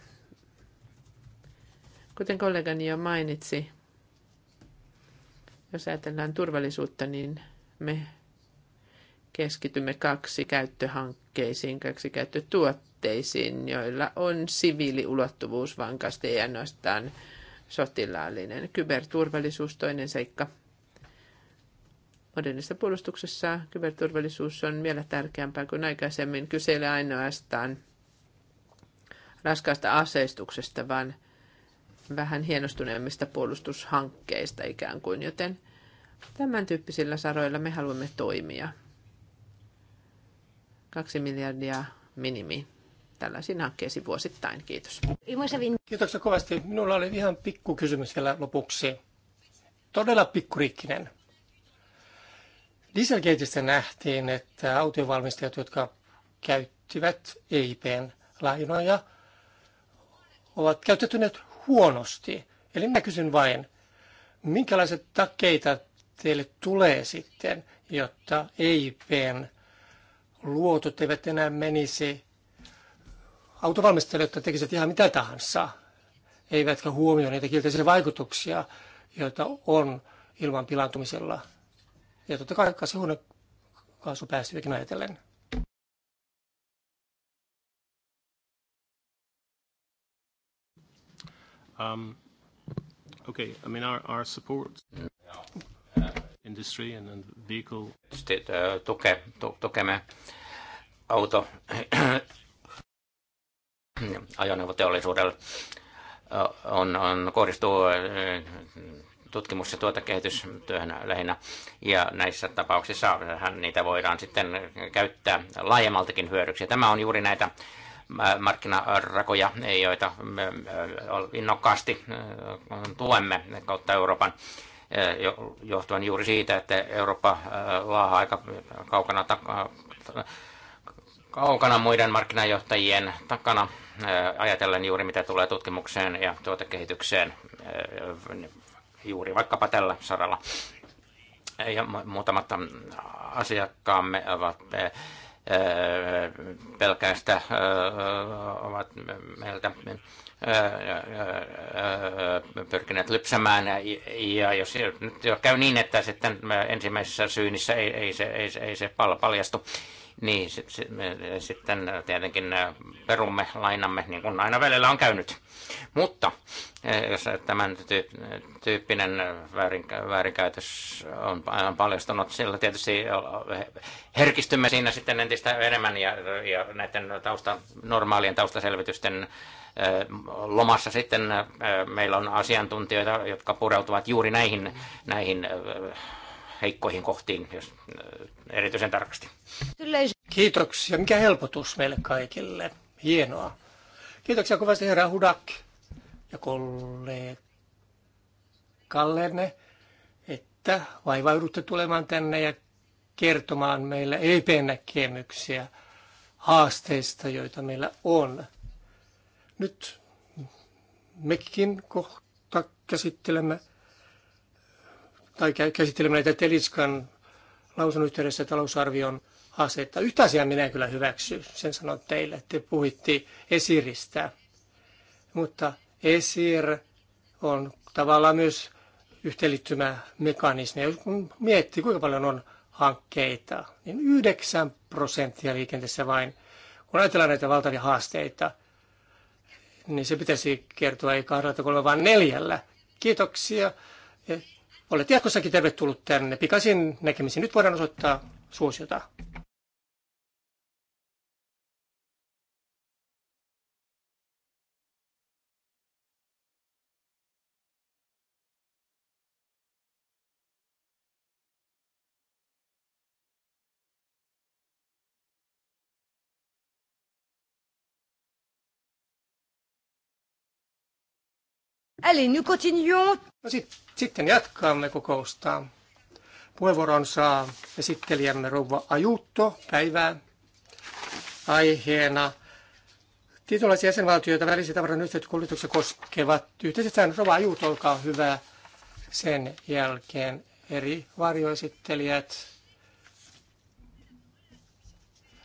Kuten kollegani jo mainitsi, jos ajatellaan turvallisuutta, niin me keskitymme kaksi käyttöhankkeisiin, kaksi käyttötuotteisiin, joilla on siviiliulottuvuus vankasti ja ainoastaan sotilaallinen. Kyberturvallisuus toinen seikka. Modernissa puolustuksessa kyberturvallisuus on vielä tärkeämpää kuin aikaisemmin. Kyse ei ainoastaan raskaasta aseistuksesta, vaan – vähän hienostuneemmista puolustushankkeista ikään kuin, joten tämän tyyppisillä saroilla me haluamme toimia. Kaksi miljardia minimi tällaisiin hankkeisiin vuosittain. Kiitos. Kiitoksia kovasti. Minulla oli ihan pikku kysymys vielä lopuksi. Todella pikkurikkinen. Dieselgateista nähtiin, että autovalmistajat, jotka käyttivät EIPn lainoja, ovat käytettyneet huonosti. Eli minä kysyn vain, minkälaiset takeita teille tulee sitten, jotta EIPn luotot eivät enää menisi autovalmistajille, jotka tekisivät ihan mitä tahansa, eivätkä huomioi niitä kielteisiä vaikutuksia, joita on ilman pilaantumisella. Ja totta kai kasvihuonekaasupäästöjäkin ajatellen. Um, okay, I mean our, our support industry and, and vehicle... Tietysti uh, tuke, tu, tukemme auto ajoneuvoteollisuudelle uh, on, on, kohdistuu uh, tutkimus- ja tuotekehitystyöhön lähinnä. Ja näissä tapauksissa niitä voidaan sitten käyttää laajemmaltakin hyödyksi. Tämä on juuri näitä markkinarakoja, joita me innokkaasti tuemme kautta Euroopan johtuen juuri siitä, että Eurooppa laahaa aika kaukana, kaukana muiden markkinajohtajien takana ajatellen juuri mitä tulee tutkimukseen ja tuotekehitykseen juuri vaikkapa tällä saralla. Ja muutamat asiakkaamme ovat pelkästä ovat meiltä pyrkineet lypsämään. Ja jos nyt jo käy niin, että sitten ensimmäisessä syynissä ei, ei, se, ei, ei se paljastu, niin, sit, sit, me, sitten tietenkin perumme lainamme, niin kuin aina välillä on käynyt. Mutta jos tämän tyyppinen väärin, väärinkäytös on paljastunut, sillä tietysti herkistymme siinä sitten entistä enemmän ja, ja näiden tausta, normaalien taustaselvitysten lomassa sitten meillä on asiantuntijoita, jotka pureutuvat juuri näihin, näihin heikkoihin kohtiin, jos äh, erityisen tarkasti. Kiitoksia. Mikä helpotus meille kaikille. Hienoa. Kiitoksia kovasti herra Hudak ja kollegallenne, että vaivaudutte tulemaan tänne ja kertomaan meille EP-näkemyksiä haasteista, joita meillä on. Nyt mekin kohta käsittelemme tai käsittelemme näitä Teliskan lausun yhteydessä talousarvion aseita. Yhtä asiaa minä kyllä hyväksy, sen sanon teille, että te puhuitte Esiristä. Mutta Esir on tavallaan myös yhteenliittymämekanismi. Jos kun miettii, kuinka paljon on hankkeita, niin 9 prosenttia liikenteessä vain. Kun ajatellaan näitä valtavia haasteita, niin se pitäisi kertoa ei kahdella kolme, vaan neljällä. Kiitoksia. Olet jatkossakin tervetullut tänne. Pikaisin näkemisiin. Nyt voidaan osoittaa suosiota. Allez, nous continuons No sit, sitten jatkamme kokousta. Puheenvuoron saa esittelijämme rouva Ajutto päivää aiheena. Tietynlaisia jäsenvaltioita välisiä tavaran yhteyttä kuljetuksia koskevat yhteiset säännöt. Rouva Ajutto, olkaa hyvä. Sen jälkeen eri varjoesittelijät.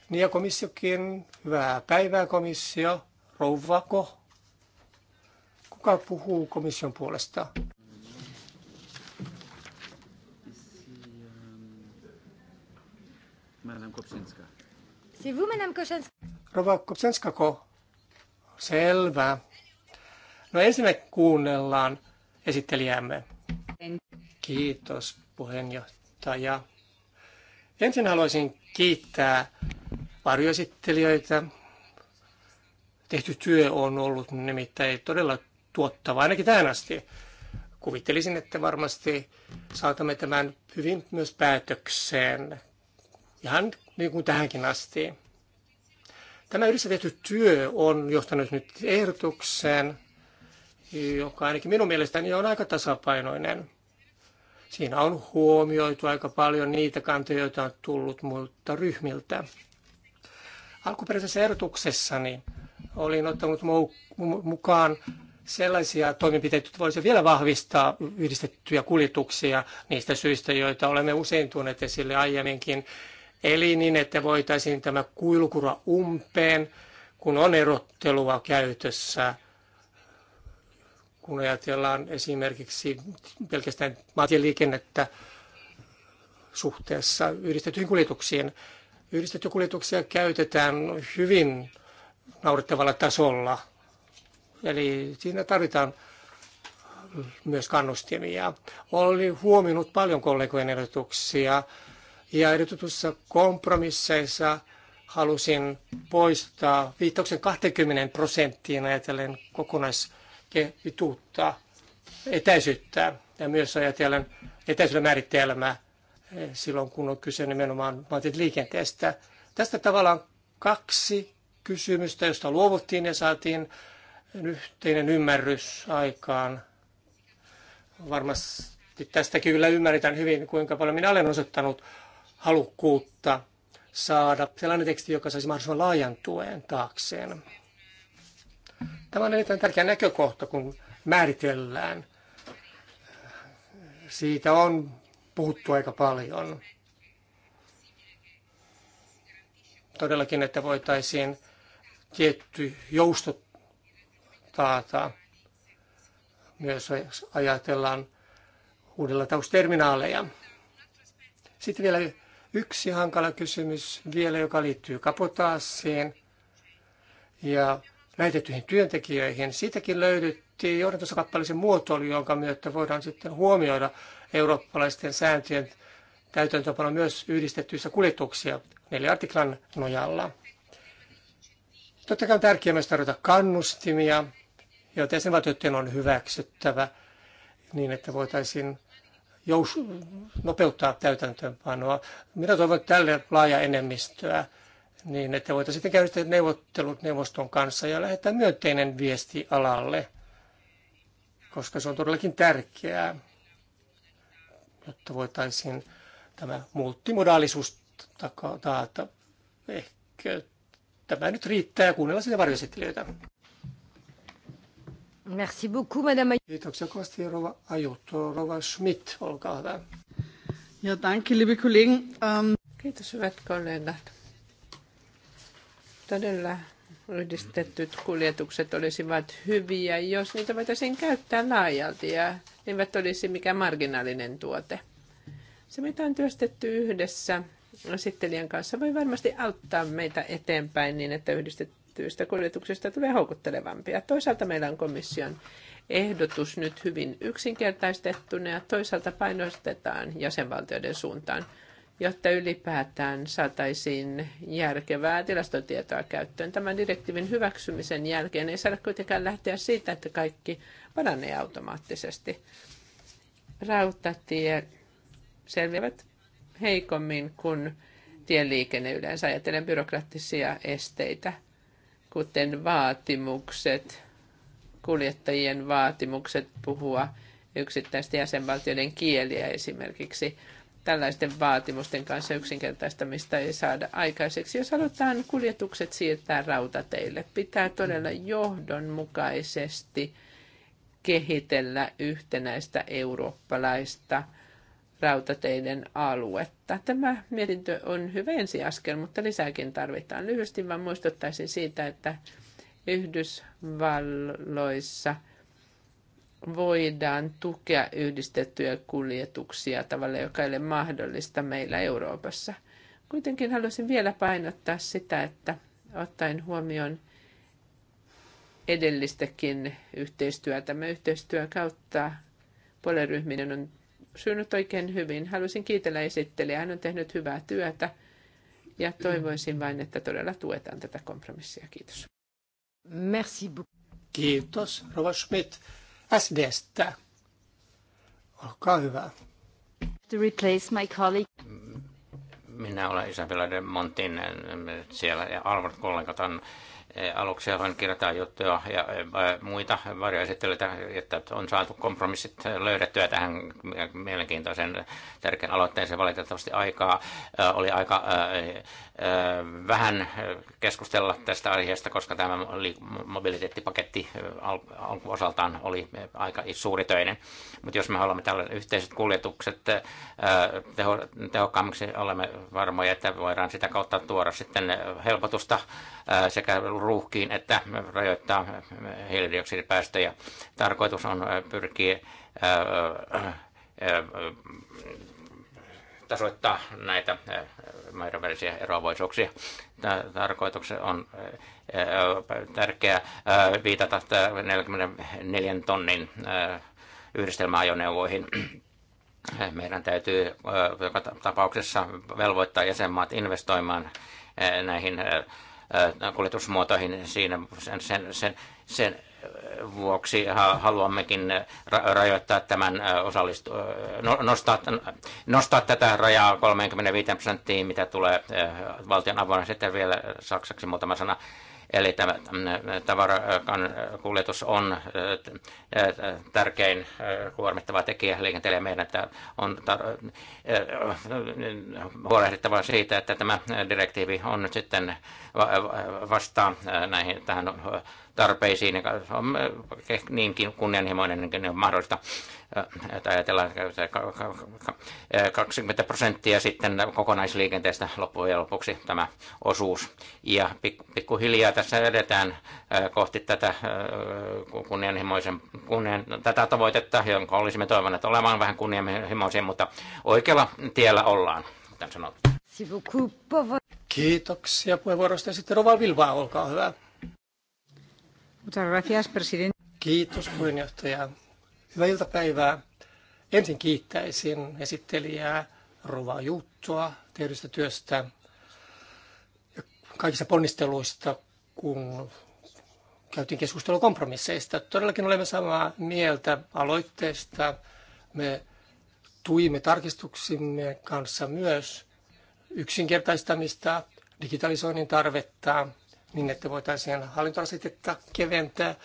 Niin ja komissiokin, hyvää päivää komissio, rouvako. Kuka puhuu komission puolesta? Madame Kopsenska. C'est vous, Madame Kopsenska. Rova ko? Selvä. No me kuunnellaan esittelijämme. Kiitos puheenjohtaja. Ensin haluaisin kiittää varjoesittelijöitä. Tehty työ on ollut nimittäin todella tuottava, ainakin tähän asti. Kuvittelisin, että varmasti saatamme tämän hyvin myös päätökseen ihan niin kuin tähänkin asti. Tämä yhdessä tehty työ on johtanut nyt ehdotukseen, joka ainakin minun mielestäni on aika tasapainoinen. Siinä on huomioitu aika paljon niitä kantoja, joita on tullut muilta ryhmiltä. Alkuperäisessä ehdotuksessani olin ottanut mukaan sellaisia toimenpiteitä, jotka voisivat vielä vahvistaa yhdistettyjä kuljetuksia niistä syistä, joita olemme usein tuoneet esille aiemminkin, Eli niin, että voitaisiin tämä kuilukura umpeen, kun on erottelua käytössä, kun ajatellaan esimerkiksi pelkästään maatieliikennettä suhteessa yhdistettyihin kuljetuksiin. Yhdistettyjä kuljetuksia käytetään hyvin naurettavalla tasolla. Eli siinä tarvitaan myös kannustimia. Oli huomioinut paljon kollegojen ehdotuksia ja ehdotetussa kompromisseissa halusin poistaa viittauksen 20 prosenttiin ajatellen kokonaispituutta etäisyyttä ja myös ajatellen etäisyyden määritelmää eh, silloin, kun on kyse nimenomaan liikenteestä. Tästä tavallaan kaksi kysymystä, josta luovuttiin ja saatiin yhteinen ymmärrys aikaan. Varmasti tästä kyllä ymmärretään hyvin, kuinka paljon minä olen osoittanut halukkuutta saada sellainen teksti, joka saisi mahdollisimman laajan tuen taakseen. Tämä on erittäin tärkeä näkökohta, kun määritellään. Siitä on puhuttu aika paljon. Todellakin, että voitaisiin tietty jousto taata. Myös ajatellaan uudella tausterminaaleja. Sitten vielä Yksi hankala kysymys vielä, joka liittyy kapotaasiin ja lähetettyihin työntekijöihin. Siitäkin löydettiin johdantossa muotoilu, jonka myötä voidaan sitten huomioida eurooppalaisten sääntöjen täytäntöpano myös yhdistettyissä kuljetuksia neljä artiklan nojalla. Totta kai on tärkeää myös tarjota kannustimia, joita sen on hyväksyttävä niin, että voitaisiin jous, nopeuttaa täytäntöönpanoa. Minä toivon tälle laaja enemmistöä, niin että voitaisiin sitten käydä neuvottelut neuvoston kanssa ja lähettää myönteinen viesti alalle, koska se on todellakin tärkeää, jotta voitaisiin tämä multimodaalisuus taata. Ehkä tämä nyt riittää kuunnella sitä varjoesittelijöitä. Merci beaucoup, madame. Kiitoksia kovasti, Rova Ajut. Rova Schmidt, olkaa hyvä. Ja danke, liebe Kollegen. Um... Kiitos, hyvät kollegat. Todella yhdistetyt kuljetukset olisivat hyviä, jos niitä voitaisiin käyttää laajalti ja eivät olisi mikään marginaalinen tuote. Se, mitä on työstetty yhdessä esittelijän kanssa, voi varmasti auttaa meitä eteenpäin niin, että yhdistetty käytetyistä kuljetuksista tulee houkuttelevampia. Toisaalta meillä on komission ehdotus nyt hyvin yksinkertaistettuna ja toisaalta painostetaan jäsenvaltioiden suuntaan, jotta ylipäätään saataisiin järkevää tilastotietoa käyttöön. Tämän direktiivin hyväksymisen jälkeen ei saada kuitenkaan lähteä siitä, että kaikki paranee automaattisesti. Rautatie selviävät heikommin kuin tieliikenne yleensä ajatellen byrokraattisia esteitä – kuten vaatimukset, kuljettajien vaatimukset puhua yksittäisten jäsenvaltioiden kieliä esimerkiksi. Tällaisten vaatimusten kanssa yksinkertaistamista ei saada aikaiseksi. Jos halutaan kuljetukset siirtää rautateille, pitää todella johdonmukaisesti kehitellä yhtenäistä eurooppalaista – rautateiden aluetta. Tämä mietintö on hyvä ensiaskel, mutta lisääkin tarvitaan. Lyhyesti vain muistuttaisin siitä, että Yhdysvalloissa voidaan tukea yhdistettyjä kuljetuksia tavalla, joka ei ole mahdollista meillä Euroopassa. Kuitenkin haluaisin vielä painottaa sitä, että ottaen huomioon edellistäkin yhteistyötä, tämä yhteistyö kautta puoliryhminen on sujunut oikein hyvin. Haluaisin kiitellä esittelijää. Hän on tehnyt hyvää työtä ja toivoisin vain, että todella tuetaan tätä kompromissia. Kiitos. Merci beaucoup. Kiitos, Rova Schmidt SDstä. Olkaa hyvä. To replace my colleague. Minä olen Isabella de Montin, siellä ja Albert kollegat on aluksi on kirjataan juttuja ja muita varjoesittelyitä, että on saatu kompromissit löydettyä tähän mielenkiintoisen tärkeän aloitteeseen. Valitettavasti aikaa oli aika vähän keskustella tästä aiheesta, koska tämä mobiliteettipaketti alkuosaltaan oli aika suuritöinen. Mutta jos me haluamme tällaiset yhteiset kuljetukset teho, tehokkaammiksi, olemme varmoja, että voidaan sitä kautta tuoda sitten helpotusta sekä ruuhkiin että rajoittaa hiilidioksidipäästöjä. Tarkoitus on äh, pyrkiä äh, äh, tasoittaa näitä meidän välisiä eroavaisuuksia. Tarkoituksena on tärkeää viitata 44 tonnin yhdistelmäajoneuvoihin. Meidän täytyy joka tapauksessa velvoittaa jäsenmaat investoimaan näihin kuljetusmuotoihin. Siinä sen, sen, sen, sen vuoksi haluammekin rajoittaa tämän osallistu- no, nostaa, nostaa tätä rajaa 35 prosenttiin, mitä tulee valtion avoinna Sitten vielä saksaksi muutama sana Eli tämä tavarakuljetus on tärkein kuormittava tekijä liikenteelle. Meidän on huolehdittava siitä, että tämä direktiivi on nyt sitten vastaa näihin tähän tarpeisiin. Se on eh, niinkin kunnianhimoinen niin kuin on mahdollista. Että ajatellaan 20 eh, prosenttia sitten kokonaisliikenteestä loppujen lopuksi tämä osuus. Ja pikkuhiljaa tässä edetään eh, kohti tätä kunnianhimoisen kunnian, tätä tavoitetta, jonka olisimme toivoneet olemaan vähän kunnianhimoisia, mutta oikealla tiellä ollaan, kuten sanottu. Kiitoksia puheenvuorosta ja sitten Rova Vilvaa, olkaa hyvä. Kiitos puheenjohtaja. Hyvää iltapäivää. Ensin kiittäisin esittelijää Rova Juttua tehdystä työstä ja kaikista ponnisteluista, kun käytiin keskustelua kompromisseista. Todellakin olemme samaa mieltä aloitteesta. Me tuimme tarkistuksimme kanssa myös yksinkertaistamista, digitalisoinnin tarvetta, niin että voitaisiin hallintoasetetta keventää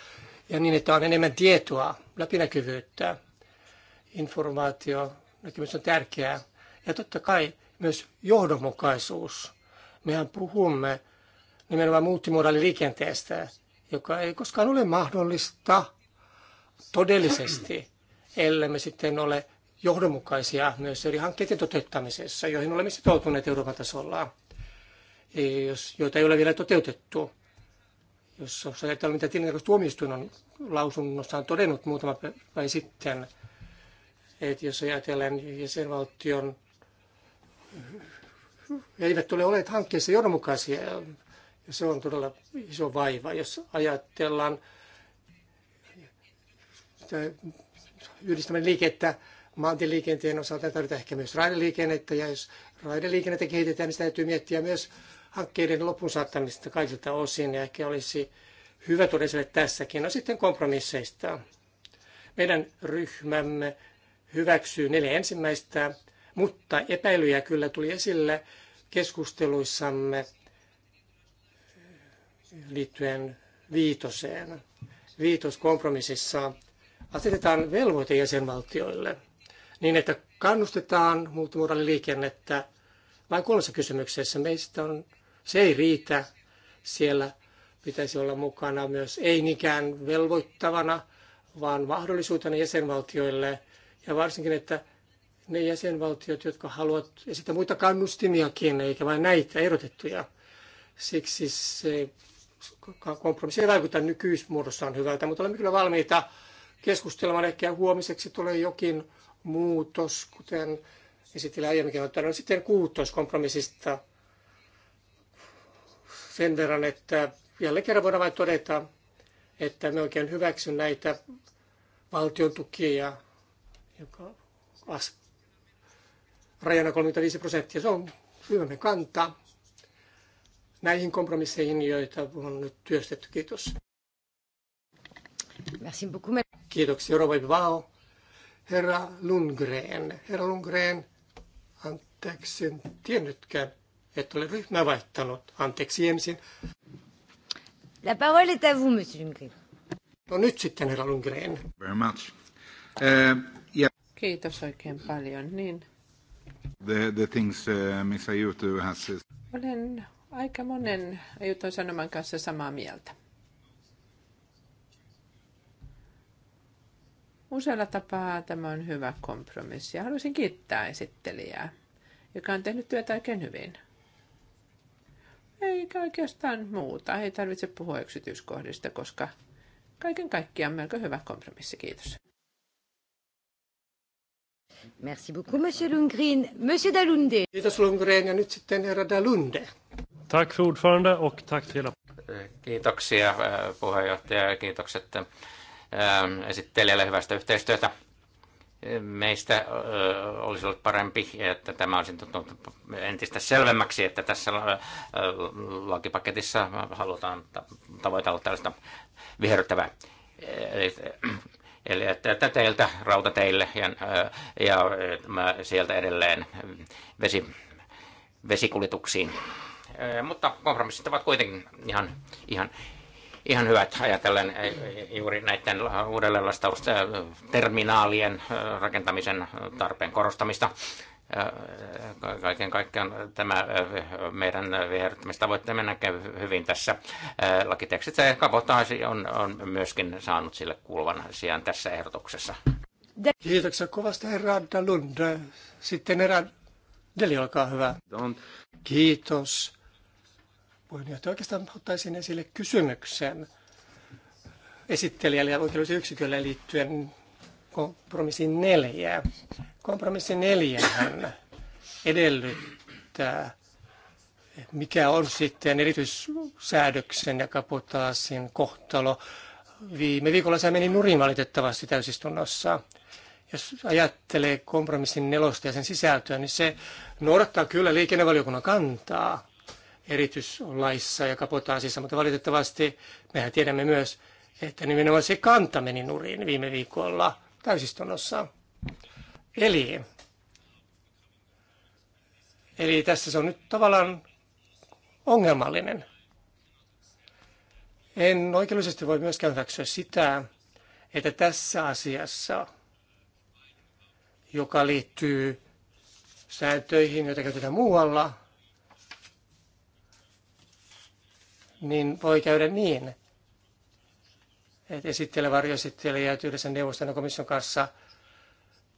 ja niin, että on enemmän tietoa, läpinäkyvyyttä. Informaatio, näkemys on tärkeää. Ja totta kai myös johdonmukaisuus. Mehän puhumme nimenomaan multimodaaliliikenteestä, joka ei koskaan ole mahdollista todellisesti, ellei me sitten ole johdonmukaisia myös eri hankkeiden toteuttamisessa, joihin olemme sitoutuneet Euroopan tasolla jos, joita ei ole vielä toteutettu. Jos ajatellaan, mitä tilintarkastustuomioistuin on lausunnossaan todennut muutama päivä sitten, että jos ajatellaan jäsenvaltion, eivät ole olleet hankkeessa johdonmukaisia, ja se on todella iso vaiva. Jos ajatellaan yhdistämään liikettä maantieliikenteen osalta, tarvitaan ehkä myös raideliikennettä, ja jos raideliikennettä kehitetään, niin sitä täytyy miettiä myös hankkeiden lopun saattamista kaikilta osin ja ehkä olisi hyvä tuoda esille tässäkin. No sitten kompromisseista. Meidän ryhmämme hyväksyy neljä ensimmäistä, mutta epäilyjä kyllä tuli esille keskusteluissamme liittyen viitoseen. Viitos kompromississa asetetaan velvoite jäsenvaltioille niin, että kannustetaan liikennettä. vain kolmessa kysymyksessä. Meistä on se ei riitä. Siellä pitäisi olla mukana myös ei niinkään velvoittavana, vaan mahdollisuutena jäsenvaltioille ja varsinkin, että ne jäsenvaltiot, jotka haluavat esittää muita kannustimiakin, eikä vain näitä erotettuja. Siksi se kompromissi ei vaikuta nykyismuodossaan hyvältä, mutta olemme kyllä valmiita keskustelemaan. Ehkä huomiseksi tulee jokin muutos, kuten esitellä aiemminkin. No, sitten kuutos kompromissista sen verran, että jälleen kerran voidaan vain todeta, että me oikein hyväksy näitä valtion tukia, joka as, rajana 35 prosenttia. Se on hyvämme kanta näihin kompromisseihin, joita on nyt työstetty. Kiitos. Merci beaucoup. Kiitoksia, Rova Vau. Herra Lundgren. Herra Lundgren, anteeksi, en tiennytkään et ole ryhmää vaihtanut. Anteeksi ensin. La parole est à vous, monsieur Lundgren. No nyt sitten, herra Lundgren. Very much. Uh, yeah. Kiitos oikein paljon. Niin. The, the things uh, Miss Ayutu has... Olen aika monen Ayutun sanoman kanssa samaa mieltä. Usealla tapaa tämä on hyvä kompromissi. Haluaisin kiittää esittelijää, joka on tehnyt työtä oikein hyvin. Eikä oikeastaan muuta. Ei tarvitse puhua yksityiskohdista, koska kaiken kaikkiaan melko hyvä kompromissi. Kiitos. Merci beaucoup, monsieur Lundgren. Monsieur Dalunde. Kiitos Lundgren ja nyt sitten herra Dalunde. Tack för ordförande och tack till Kiitoksia eh, puheenjohtaja ja kiitokset eh, esittelijälle hyvästä yhteistyötä meistä olisi ollut parempi, että tämä olisi tuntunut entistä selvemmäksi, että tässä lakipaketissa halutaan tavoitella tällaista viherryttävää. Eli, eli että teiltä, rautateille ja, ja sieltä edelleen vesi, vesikuljetuksiin. Mutta kompromissit ovat kuitenkin ihan, ihan ihan hyvät ajatellen juuri näiden uudelleenlastausterminaalien rakentamisen tarpeen korostamista. Kaiken kaikkiaan tämä meidän viherryttämistavoitteemme näkee hyvin tässä lakitekstissä. Se kabotaasi on, on myöskin saanut sille kuuluvan sijaan tässä ehdotuksessa. Kiitoksia kovasti herra Dalund. Sitten herra Deli, olkaa hyvä. Kiitos puheenjohtaja. Oikeastaan ottaisin esille kysymyksen esittelijälle ja oikeusyksikölle liittyen kompromissin neljää. Kompromissin neljähän edellyttää, mikä on sitten erityissäädöksen ja kapotaasin kohtalo. Viime viikolla se meni nurin valitettavasti täysistunnossa. Jos ajattelee kompromissin nelosta ja sen sisältöä, niin se noudattaa kyllä liikennevaliokunnan kantaa erityislaissa ja kapotaasissa, mutta valitettavasti mehän tiedämme myös, että nimenomaan se kanta meni nurin viime viikolla täysistunnossa. Eli, eli tässä se on nyt tavallaan ongelmallinen. En oikeudellisesti voi myöskään hyväksyä sitä, että tässä asiassa, joka liittyy sääntöihin, joita käytetään muualla, niin voi käydä niin, että varjoesittelijä ja yhdessä neuvoston ja komission kanssa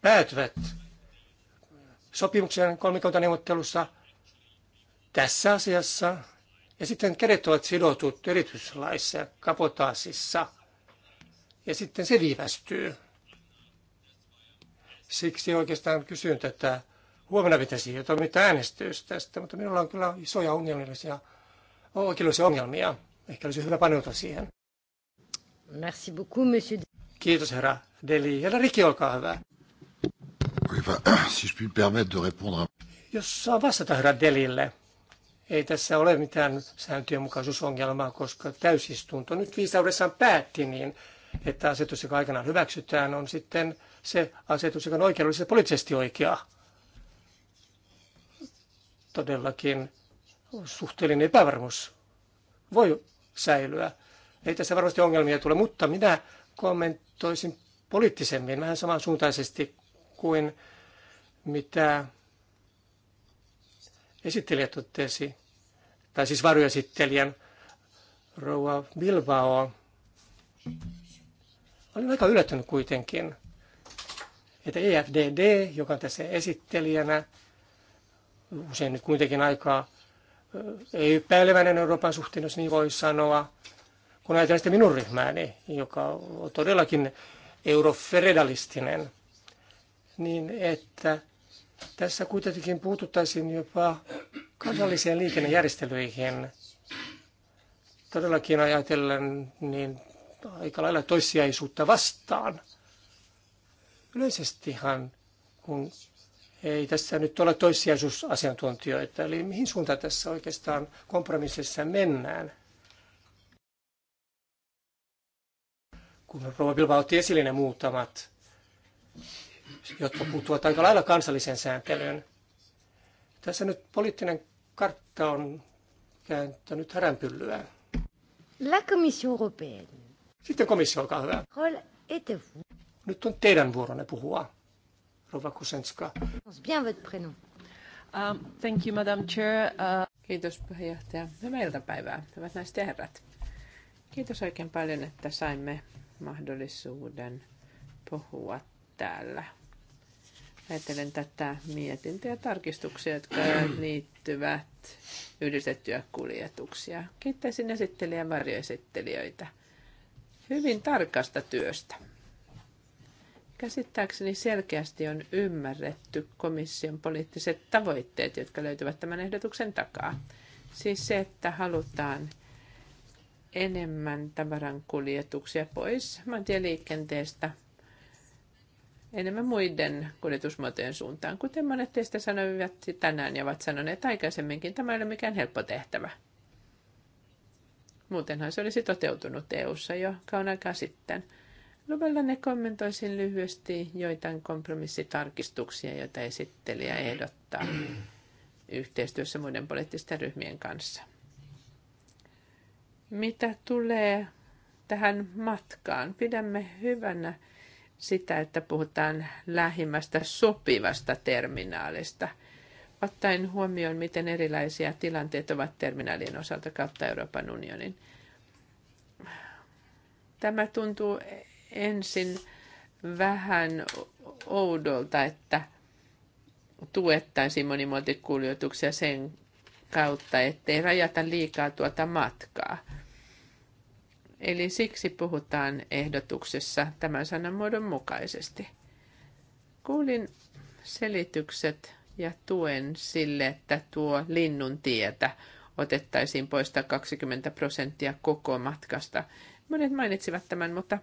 päätyvät sopimuksen kolmikantaneuvottelussa tässä asiassa, ja sitten kädet ovat sidotut yrityslaissa kapotaasissa, ja sitten se viivästyy. Siksi oikeastaan kysyn tätä. Huomenna pitäisi jo toimittaa äänestys tästä, mutta minulla on kyllä isoja ongelmallisia oikeudellisia ongelmia. Ehkä olisi hyvä paneutua siihen. Merci beaucoup, monsieur. Kiitos, herra Deli. Herra Riki, olkaa hyvä. <clears throat> si je puis permettre de répondre. Jos saa vastata herra Delille, ei tässä ole mitään sääntöjenmukaisuusongelmaa, koska täysistunto nyt viisaudessaan päätti niin, että asetus, joka aikanaan hyväksytään, on sitten se asetus, joka on oikeudellisesti poliittisesti oikea. Todellakin suhteellinen epävarmuus voi säilyä. Ei tässä varmasti ongelmia tule, mutta minä kommentoisin poliittisemmin, vähän samansuuntaisesti kuin mitä esittelijä totesi, tai siis varjoesittelijän rouva Bilbao. Olin aika yllättynyt kuitenkin, että EFDD, joka on tässä esittelijänä, usein nyt kuitenkin aika ei päileväinen Euroopan suhteen, jos niin voi sanoa, kun ajatellaan sitten minun ryhmääni, joka on todellakin eurofederalistinen, niin että tässä kuitenkin puututtaisiin jopa kansalliseen liikennejärjestelyihin. Todellakin ajatellen niin aika lailla toissijaisuutta vastaan. Yleisestihan, kun ei tässä nyt ole toissijaisuusasiantuntijoita, eli mihin suuntaan tässä oikeastaan kompromississa mennään? Kun Rova Bilba otti esille ne muutamat, jotka puuttuvat aika lailla kansalliseen sääntelyyn. Tässä nyt poliittinen kartta on kääntänyt häränpyllyä. La Commission européenne. Sitten komissio, olkaa hyvä. Nyt on teidän vuoronne puhua. Bien votre prénom. Um, thank you, Madam Chair. Uh... Kiitos puheenjohtaja. Hyvää iltapäivää, hyvät naiset ja herrat. Kiitos oikein paljon, että saimme mahdollisuuden puhua täällä. Ajattelen tätä mietintöä ja tarkistuksia, jotka <clears throat> liittyvät yhdistettyä kuljetuksia. Kiittäisin esittelijä ja varjoesittelijöitä hyvin tarkasta työstä. Käsittääkseni selkeästi on ymmärretty komission poliittiset tavoitteet, jotka löytyvät tämän ehdotuksen takaa. Siis se, että halutaan enemmän tavaran kuljetuksia pois maantieliikenteestä enemmän muiden kuljetusmuotojen suuntaan, kuten monet teistä sanoivat tänään ja ovat sanoneet aikaisemminkin, tämä ei ole mikään helppo tehtävä. Muutenhan se olisi toteutunut EU-ssa jo kauan aikaa sitten – Luvalla ne kommentoisin lyhyesti joitain kompromissitarkistuksia, joita esittelijä ehdottaa yhteistyössä muiden poliittisten ryhmien kanssa. Mitä tulee tähän matkaan, pidämme hyvänä sitä, että puhutaan lähimmästä sopivasta terminaalista, ottaen huomioon, miten erilaisia tilanteet ovat terminaalien osalta kautta Euroopan unionin. Tämä tuntuu ensin vähän oudolta, että tuettaisiin monimuotikuljetuksia sen kautta, ettei rajata liikaa tuota matkaa. Eli siksi puhutaan ehdotuksessa tämän sanamuodon mukaisesti. Kuulin selitykset ja tuen sille, että tuo linnun tietä otettaisiin poistaa 20 prosenttia koko matkasta. Monet mainitsivat tämän, mutta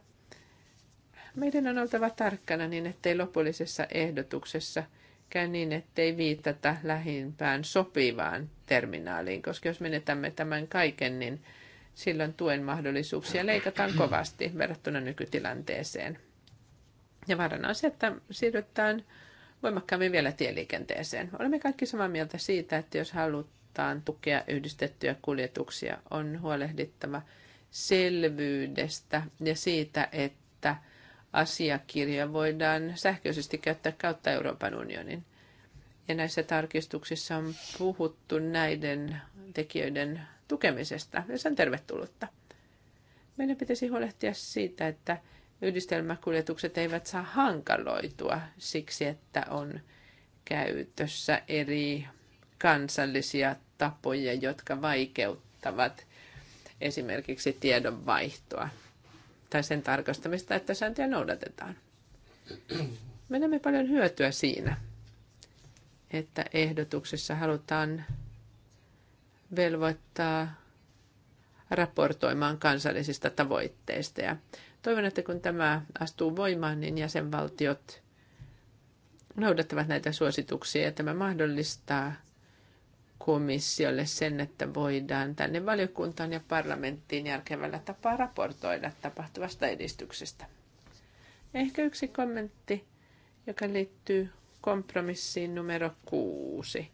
meidän on oltava tarkkana niin, ettei lopullisessa ehdotuksessa käy niin, ettei viitata lähimpään sopivaan terminaaliin, koska jos menetämme tämän kaiken, niin silloin tuen mahdollisuuksia leikataan kovasti verrattuna nykytilanteeseen. Ja vaarana on se, että siirrytään voimakkaammin vielä tieliikenteeseen. Olemme kaikki samaa mieltä siitä, että jos halutaan tukea yhdistettyjä kuljetuksia, on huolehdittava selvyydestä ja siitä, että Asiakirja voidaan sähköisesti käyttää kautta Euroopan unionin. Ja näissä tarkistuksissa on puhuttu näiden tekijöiden tukemisesta, ja se on tervetullutta. Meidän pitäisi huolehtia siitä, että yhdistelmäkuljetukset eivät saa hankaloitua siksi, että on käytössä eri kansallisia tapoja, jotka vaikeuttavat esimerkiksi tiedonvaihtoa tai sen tarkastamista, että sääntöjä noudatetaan. Me näemme paljon hyötyä siinä, että ehdotuksessa halutaan velvoittaa raportoimaan kansallisista tavoitteista. Ja toivon, että kun tämä astuu voimaan, niin jäsenvaltiot noudattavat näitä suosituksia ja tämä mahdollistaa – komissiolle sen, että voidaan tänne valiokuntaan ja parlamenttiin järkevällä tapaa raportoida tapahtuvasta edistyksestä. Ehkä yksi kommentti, joka liittyy kompromissiin numero kuusi,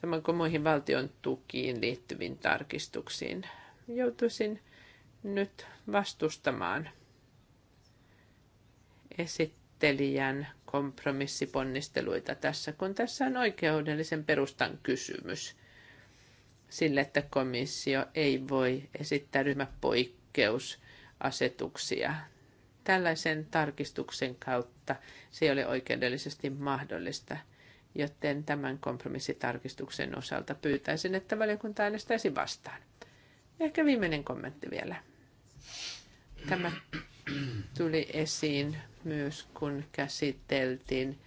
samoin kuin muihin valtion tukiin liittyviin tarkistuksiin. Joutuisin nyt vastustamaan esittelijän kompromissiponnisteluita tässä, kun tässä on oikeudellisen perustan kysymys sille, että komissio ei voi esittää ryhmäpoikkeusasetuksia. Tällaisen tarkistuksen kautta se ei ole oikeudellisesti mahdollista, joten tämän kompromissitarkistuksen osalta pyytäisin, että valiokunta äänestäisi vastaan. Ehkä viimeinen kommentti vielä. Tämä tuli esiin myös, kun käsiteltiin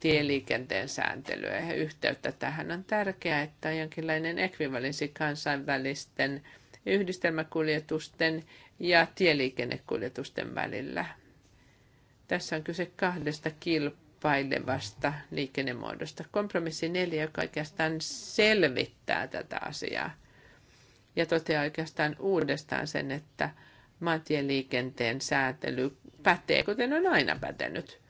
tieliikenteen sääntelyä ja yhteyttä tähän. On tärkeää, että jonkinlainen ekvivalenssi kansainvälisten yhdistelmäkuljetusten ja tieliikennekuljetusten välillä. Tässä on kyse kahdesta kilpailevasta liikennemuodosta. Kompromissi 4, joka oikeastaan selvittää tätä asiaa ja toteaa oikeastaan uudestaan sen, että maantieliikenteen säätely pätee, kuten on aina pätenyt –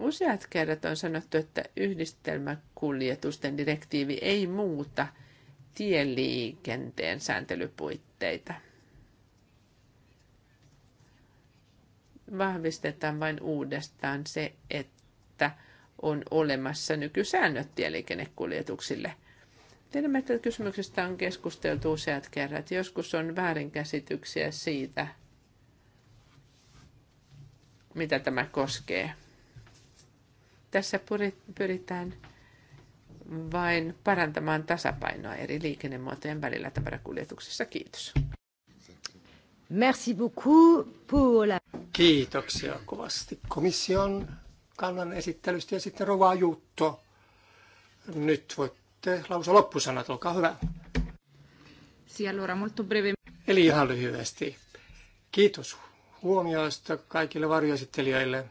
Useat kerrat on sanottu, että yhdistelmäkuljetusten direktiivi ei muuta tieliikenteen sääntelypuitteita. Vahvistetaan vain uudestaan se, että on olemassa nykysäännöt tieliikennekuljetuksille. Tiedämme, että kysymyksestä on keskusteltu useat kerrat. Joskus on väärinkäsityksiä siitä, mitä tämä koskee. Tässä pyritään vain parantamaan tasapainoa eri liikennemuotojen välillä tavarakuljetuksessa. Kiitos. Merci beaucoup pour la... Kiitoksia kovasti komission kannan esittelystä ja sitten Rova Jutto. Nyt voitte lausua loppusanat, olkaa hyvä. Sì, allora molto breve. Eli ihan lyhyesti. Kiitos huomioista kaikille varjoesittelijöille.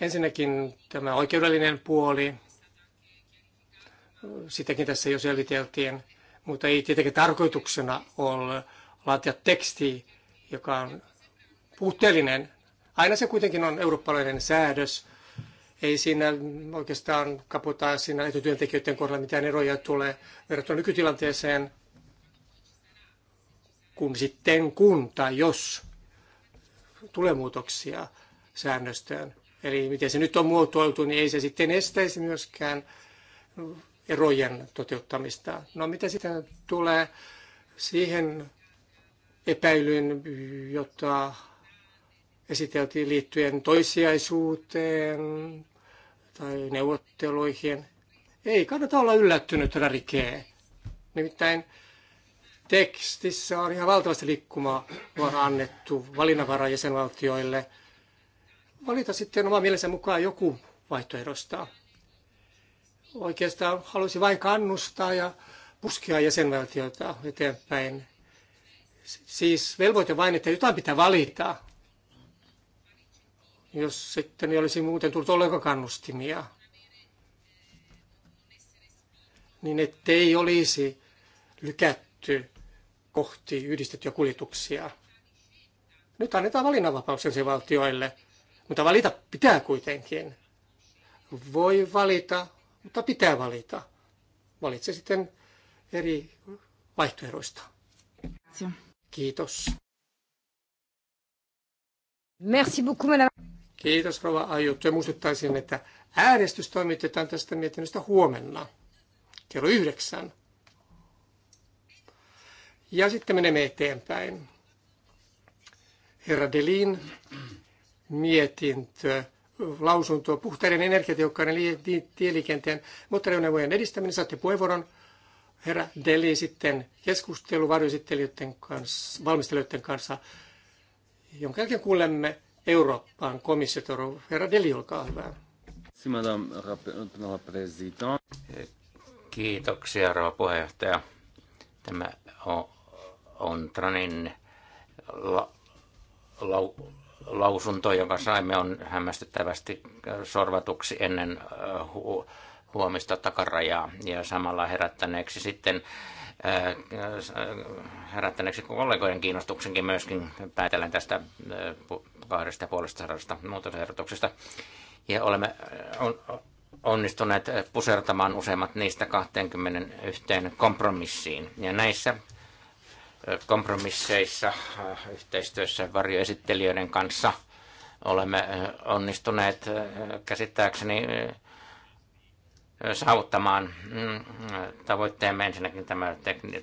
Ensinnäkin tämä oikeudellinen puoli, sitäkin tässä jo selviteltiin, mutta ei tietenkin tarkoituksena ole laatia teksti, joka on puutteellinen. Aina se kuitenkin on eurooppalainen säädös. Ei siinä oikeastaan kaputa siinä etutyöntekijöiden kohdalla mitään eroja tulee verrattuna nykytilanteeseen, kun sitten kun tai jos tulee muutoksia säännöstöön. Eli miten se nyt on muotoiltu, niin ei se sitten estäisi myöskään erojen toteuttamista. No mitä sitten tulee siihen epäilyyn, jota esiteltiin liittyen toisiaisuuteen tai neuvotteluihin. Ei kannata olla yllättynyt rarikee. Nimittäin tekstissä on ihan valtavasti liikkumavaraa annettu valinnanvaraa jäsenvaltioille – valita sitten oma mielensä mukaan joku vaihtoehdosta. Oikeastaan halusi vain kannustaa ja puskea jäsenvaltiota eteenpäin. Siis velvoite vain, että jotain pitää valita. Jos sitten ei olisi muuten tullut ollenkaan kannustimia, niin ettei olisi lykätty kohti yhdistettyjä kuljetuksia. Nyt annetaan valinnanvapaus valtioille mutta valita pitää kuitenkin. Voi valita, mutta pitää valita. Valitse sitten eri vaihtoehdoista. Kiitos. Merci beaucoup, madame. Kiitos, rouva ajuttu Ja muistuttaisin, että äänestys toimitetaan tästä mietinnöstä huomenna kello yhdeksän. Ja sitten menemme eteenpäin. Herra Delin mietintö, lausunto puhtaiden energiatehokkaiden tieliikenteen moottoriajoneuvojen edistäminen. Saatte puheenvuoron herra Deli sitten keskustelu varjoesittelijöiden kanssa, valmistelijoiden kanssa, jonka jälkeen kuulemme Eurooppaan komissiotoro. Herra Deli, olkaa hyvä. Kiitoksia, rouva puheenjohtaja. Tämä on, on Tranin la, lau, lausunto, jonka saimme, on hämmästyttävästi sorvatuksi ennen äh, huomista takarajaa ja samalla herättäneeksi sitten äh, herättäneeksi kollegojen kiinnostuksenkin myöskin päätellen tästä äh, kahdesta ja puolesta sadasta muutosehdotuksesta. Ja olemme onnistuneet pusertamaan useimmat niistä 21 kompromissiin. Ja näissä kompromisseissa yhteistyössä varjoesittelijöiden kanssa olemme onnistuneet käsittääkseni saavuttamaan mm, tavoitteemme ensinnäkin tämä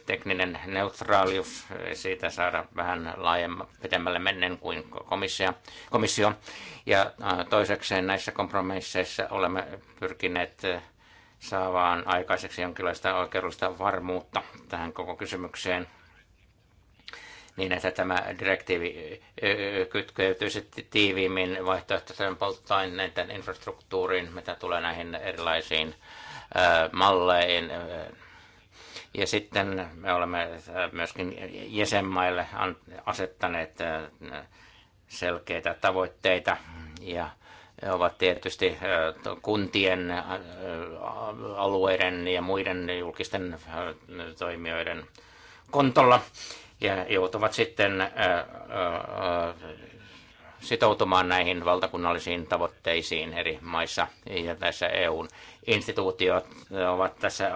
tekninen neutraalius, siitä saada vähän laajemman, pidemmälle mennen kuin komissio, komissio. Ja toisekseen näissä kompromisseissa olemme pyrkineet saavaan aikaiseksi jonkinlaista oikeudellista varmuutta tähän koko kysymykseen – niin, että tämä direktiivi kytkeytyisi tiiviimmin vaihtoehtoisen polttoaineiden infrastruktuuriin, mitä tulee näihin erilaisiin malleihin. Ja sitten me olemme myöskin jäsenmaille asettaneet selkeitä tavoitteita ja ovat tietysti kuntien, alueiden ja muiden julkisten toimijoiden kontolla ja joutuvat sitten äh, äh, sitoutumaan näihin valtakunnallisiin tavoitteisiin eri maissa ja tässä EUn instituutiot ovat tässä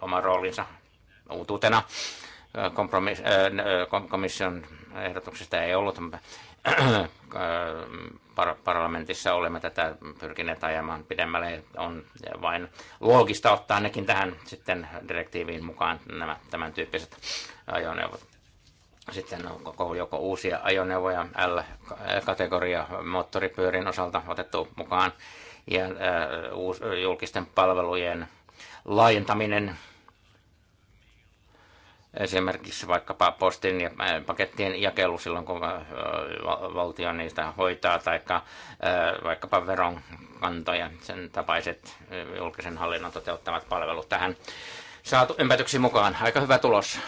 oma roolinsa uutuutena. Äh, komission ehdotuksesta ei ollut parlamentissa olemme tätä pyrkineet ajamaan pidemmälle. On vain loogista ottaa nekin tähän sitten direktiiviin mukaan nämä tämän tyyppiset ajoneuvot. Sitten on koko joko uusia ajoneuvoja L-kategoria moottoripyörin osalta otettu mukaan ja äh, julkisten palvelujen laajentaminen esimerkiksi vaikkapa postin ja äh, pakettien jakelu silloin, kun äh, valtio niistä hoitaa, tai äh, vaikkapa ja sen tapaiset julkisen hallinnon toteuttamat palvelut tähän saatu ympätyksi mukaan. Aika hyvä tulos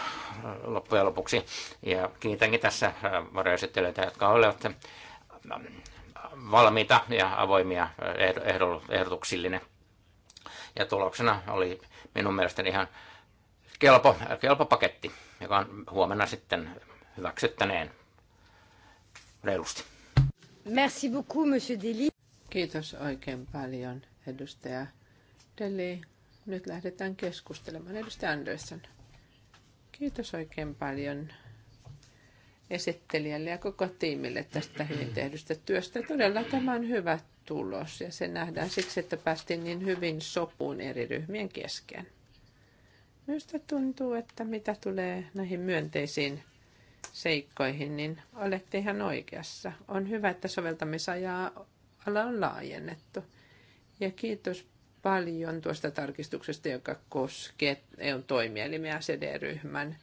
loppujen lopuksi. Ja kiitänkin tässä varjoesittelijöitä, jotka olivat valmiita ja avoimia ehdotuksillinen. Ja tuloksena oli minun mielestäni ihan kelpo, kelpo paketti, joka on huomenna sitten hyväksyttäneen reilusti. Merci beaucoup, monsieur Deli. Kiitos oikein paljon, edustaja Deli. Nyt lähdetään keskustelemaan. Edustaja Andersson. Kiitos oikein paljon esittelijälle ja koko tiimille tästä hyvin tehdystä työstä. Todella tämä on hyvä tulos ja se nähdään siksi, että päästiin niin hyvin sopuun eri ryhmien kesken. Minusta tuntuu, että mitä tulee näihin myönteisiin seikkoihin, niin olette ihan oikeassa. On hyvä, että soveltamisajaa ala on laajennettu. Ja kiitos paljon tuosta tarkistuksesta, joka koskee EUn toimielimiä CD-ryhmän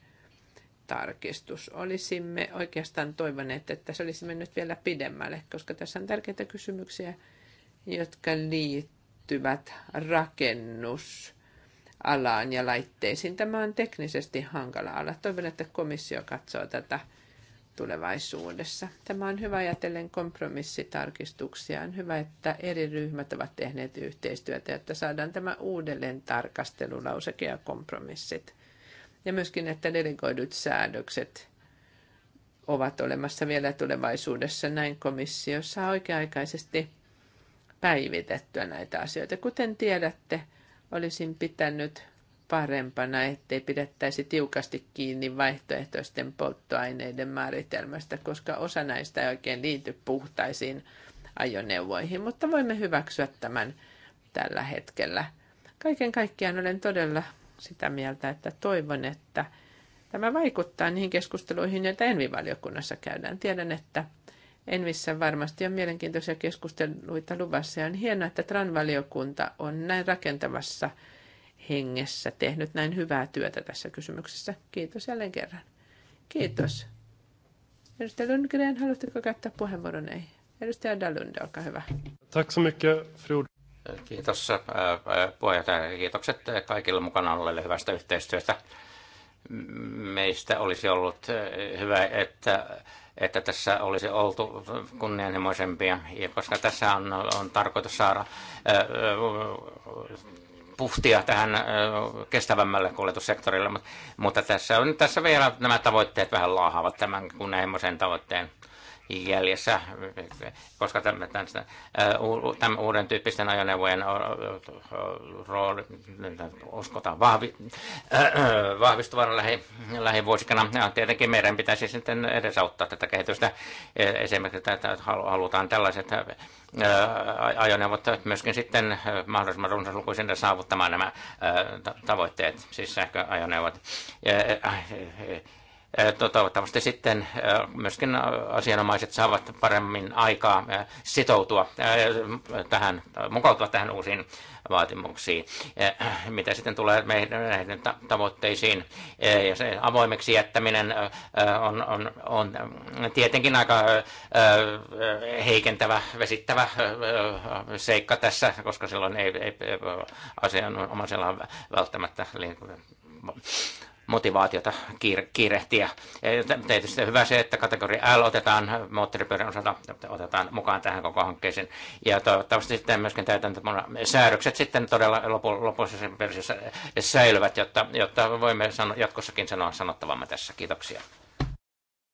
tarkistus. Olisimme oikeastaan toivoneet, että se olisi mennyt vielä pidemmälle, koska tässä on tärkeitä kysymyksiä, jotka liittyvät rakennus alaan ja laitteisiin. Tämä on teknisesti hankala ala. Toivon, että komissio katsoo tätä tulevaisuudessa. Tämä on hyvä ajatellen kompromissitarkistuksia. On hyvä, että eri ryhmät ovat tehneet yhteistyötä, että saadaan tämä uudelleen tarkastelulauseke ja kompromissit. Ja myöskin, että delegoidut säädökset ovat olemassa vielä tulevaisuudessa. Näin komissio saa oikea-aikaisesti päivitettyä näitä asioita. Kuten tiedätte, Olisin pitänyt parempana, ettei pidettäisi tiukasti kiinni vaihtoehtoisten polttoaineiden määritelmästä, koska osa näistä ei oikein liity puhtaisiin ajoneuvoihin, mutta voimme hyväksyä tämän tällä hetkellä. Kaiken kaikkiaan olen todella sitä mieltä, että toivon, että tämä vaikuttaa niihin keskusteluihin, joita Envivaliokunnassa käydään. Tiedän, että en missään varmasti on mielenkiintoisia keskusteluita luvassa ja on hienoa, että TRAN-valiokunta on näin rakentavassa hengessä tehnyt näin hyvää työtä tässä kysymyksessä. Kiitos jälleen kerran. Kiitos. Edustaja Lundgren, haluatteko käyttää puheenvuoron? Ei. Edustaja Dalunde, olkaa hyvä. Tack så mycket, fru. Kiitos puheenjohtaja. Kiitokset kaikille mukana olleille hyvästä yhteistyöstä meistä olisi ollut eh, hyvä, että, että tässä olisi oltu kunnianhimoisempia, koska tässä on, on tarkoitus saada eh, puhtia tähän eh, kestävämmälle kuljetussektorille, mutta tässä, on, tässä vielä nämä tavoitteet vähän laahaavat tämän kunnianhimoisen tavoitteen jäljessä, koska tämän, tämän uuden tyyppisten ajoneuvojen rooli uskotaan vahvi, vahvistuvan lähi, lähivuosikana. Ja tietenkin meidän pitäisi sitten edesauttaa tätä kehitystä. E, esimerkiksi että halutaan tällaiset ajoneuvot myöskin sitten mahdollisimman runsaslukuisen saavuttamaan nämä tavoitteet, siis sähköajoneuvot toivottavasti sitten myöskin asianomaiset saavat paremmin aikaa sitoutua tähän, mukautua tähän uusiin vaatimuksiin. Mitä sitten tulee meidän tavoitteisiin, ja se avoimeksi jättäminen on, on, on tietenkin aika heikentävä, vesittävä seikka tässä, koska silloin ei, ei asianomaisella välttämättä motivaatiota kiirehtiä. Tietysti hyvä se, että kategoria L otetaan moottoripyörän osalta otetaan mukaan tähän koko hankkeeseen. Ja toivottavasti sitten myöskin täytäntöpana säädökset sitten todella lopu, lopullisessa versiossa säilyvät, jotta, jotta voimme sano, jatkossakin sanoa sanottavamme tässä. Kiitoksia.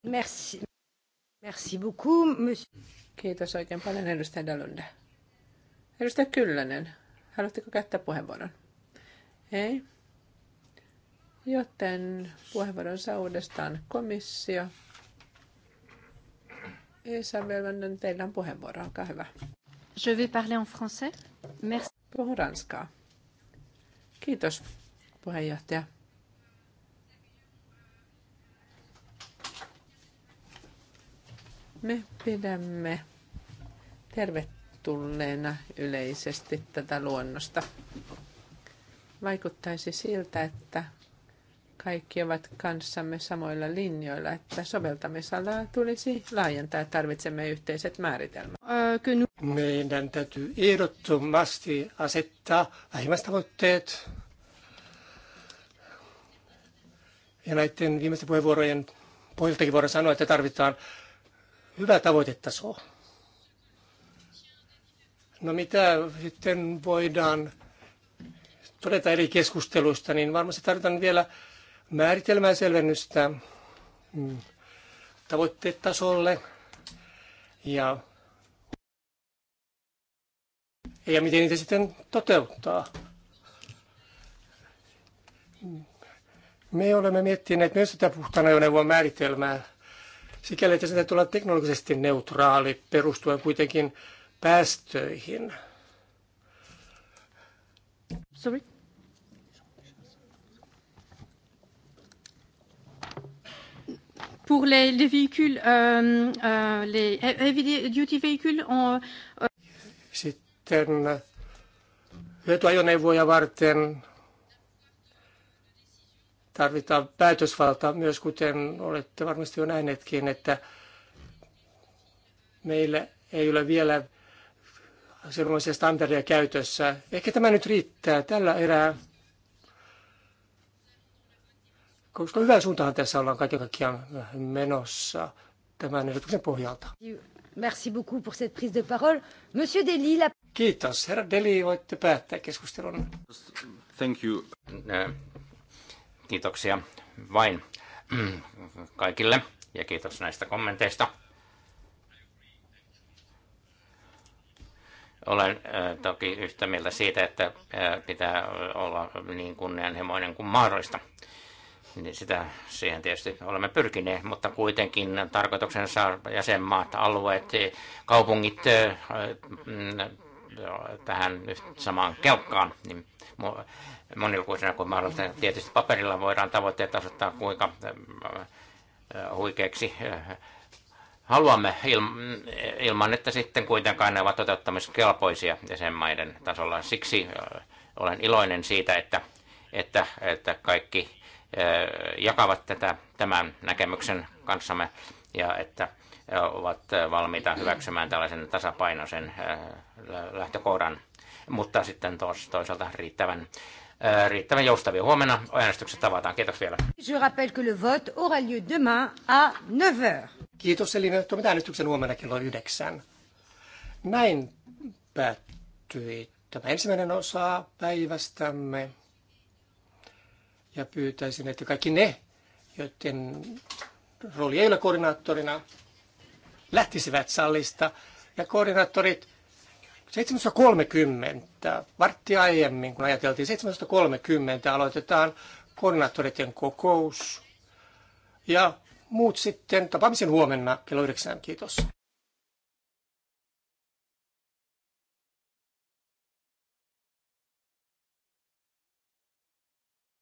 Merci. Merci beaucoup, monsieur. Kiitos oikein paljon, edustaja Dalunde. Edustaja Kyllönen, haluatteko käyttää puheenvuoron? Ei. Joten puheenvuoron saa uudestaan komissio. Esa Vanden, teillä on puheenvuoro, olkaa hyvä. Je vais parler en français. Merci. Puhun ranskaa. Kiitos, puheenjohtaja. Me pidämme tervetulleena yleisesti tätä luonnosta. Vaikuttaisi siltä, että kaikki ovat kanssamme samoilla linjoilla, että soveltamisalaa tulisi laajentaa tarvitsemme yhteiset määritelmät. Meidän täytyy ehdottomasti asettaa vähimmäistavoitteet. Ja näiden viimeisten puheenvuorojen pohjaltakin voidaan sanoa, että tarvitaan hyvä tavoitetaso. No mitä sitten voidaan todeta eri keskusteluista, niin varmasti tarvitaan vielä määritelmää selvennystä tavoitteetasolle ja, ja miten niitä sitten toteuttaa. Me olemme miettineet myös tätä puhtaan ajoneuvon määritelmää sikäli, että se täytyy teknologisesti neutraali perustuen kuitenkin päästöihin. Sorry. Pour les, les véhicules, euh, euh, les heavy duty véhicules on... Euh, Sitten hyötyajoneuvoja varten tarvitaan päätösvalta myös, kuten olette varmasti jo nähneetkin, että meillä ei ole vielä sellaisia standardeja käytössä. Ehkä tämä nyt riittää tällä erää. koska hyvään suuntaan tässä ollaan kaiken kaikkiaan menossa tämän ehdotuksen pohjalta. Merci beaucoup pour cette prise de parole. Monsieur Deli, la... Kiitos. Herra Deli, voitte päättää keskustelun. Thank you. Kiitoksia vain kaikille ja kiitos näistä kommenteista. Olen äh, toki yhtä mieltä siitä, että äh, pitää olla niin kunnianhimoinen kuin mahdollista niin sitä, siihen tietysti olemme pyrkineet, mutta kuitenkin tarkoituksensa jäsenmaat, alueet, kaupungit mm, tähän samaan kelkkaan, niin monilukuisena kuin mahdollista. Tietysti paperilla voidaan tavoitteet asettaa kuinka huikeaksi haluamme ilman, että sitten kuitenkaan ne ovat toteuttamiskelpoisia jäsenmaiden tasolla. Siksi olen iloinen siitä, että, että, että kaikki jakavat tätä, tämän näkemyksen kanssamme ja että ovat valmiita hyväksymään tällaisen tasapainoisen lähtökohdan, mutta sitten tos, toisaalta riittävän riittävän joustavia. Huomenna äänestykset tavataan. Kiitos vielä. Je rappelle que le vote aura lieu demain à 9 Kiitos, eli me tuomme äänestyksen huomenna kello 9. Näin päättyi tämä ensimmäinen osa päivästämme ja pyytäisin, että kaikki ne, joiden rooli ei ole koordinaattorina, lähtisivät sallista. Ja koordinaattorit 7.30, vartti aiemmin, kun ajateltiin 7.30, aloitetaan koordinaattoreiden kokous. Ja muut sitten tapaamisen huomenna kello 9. Kiitos.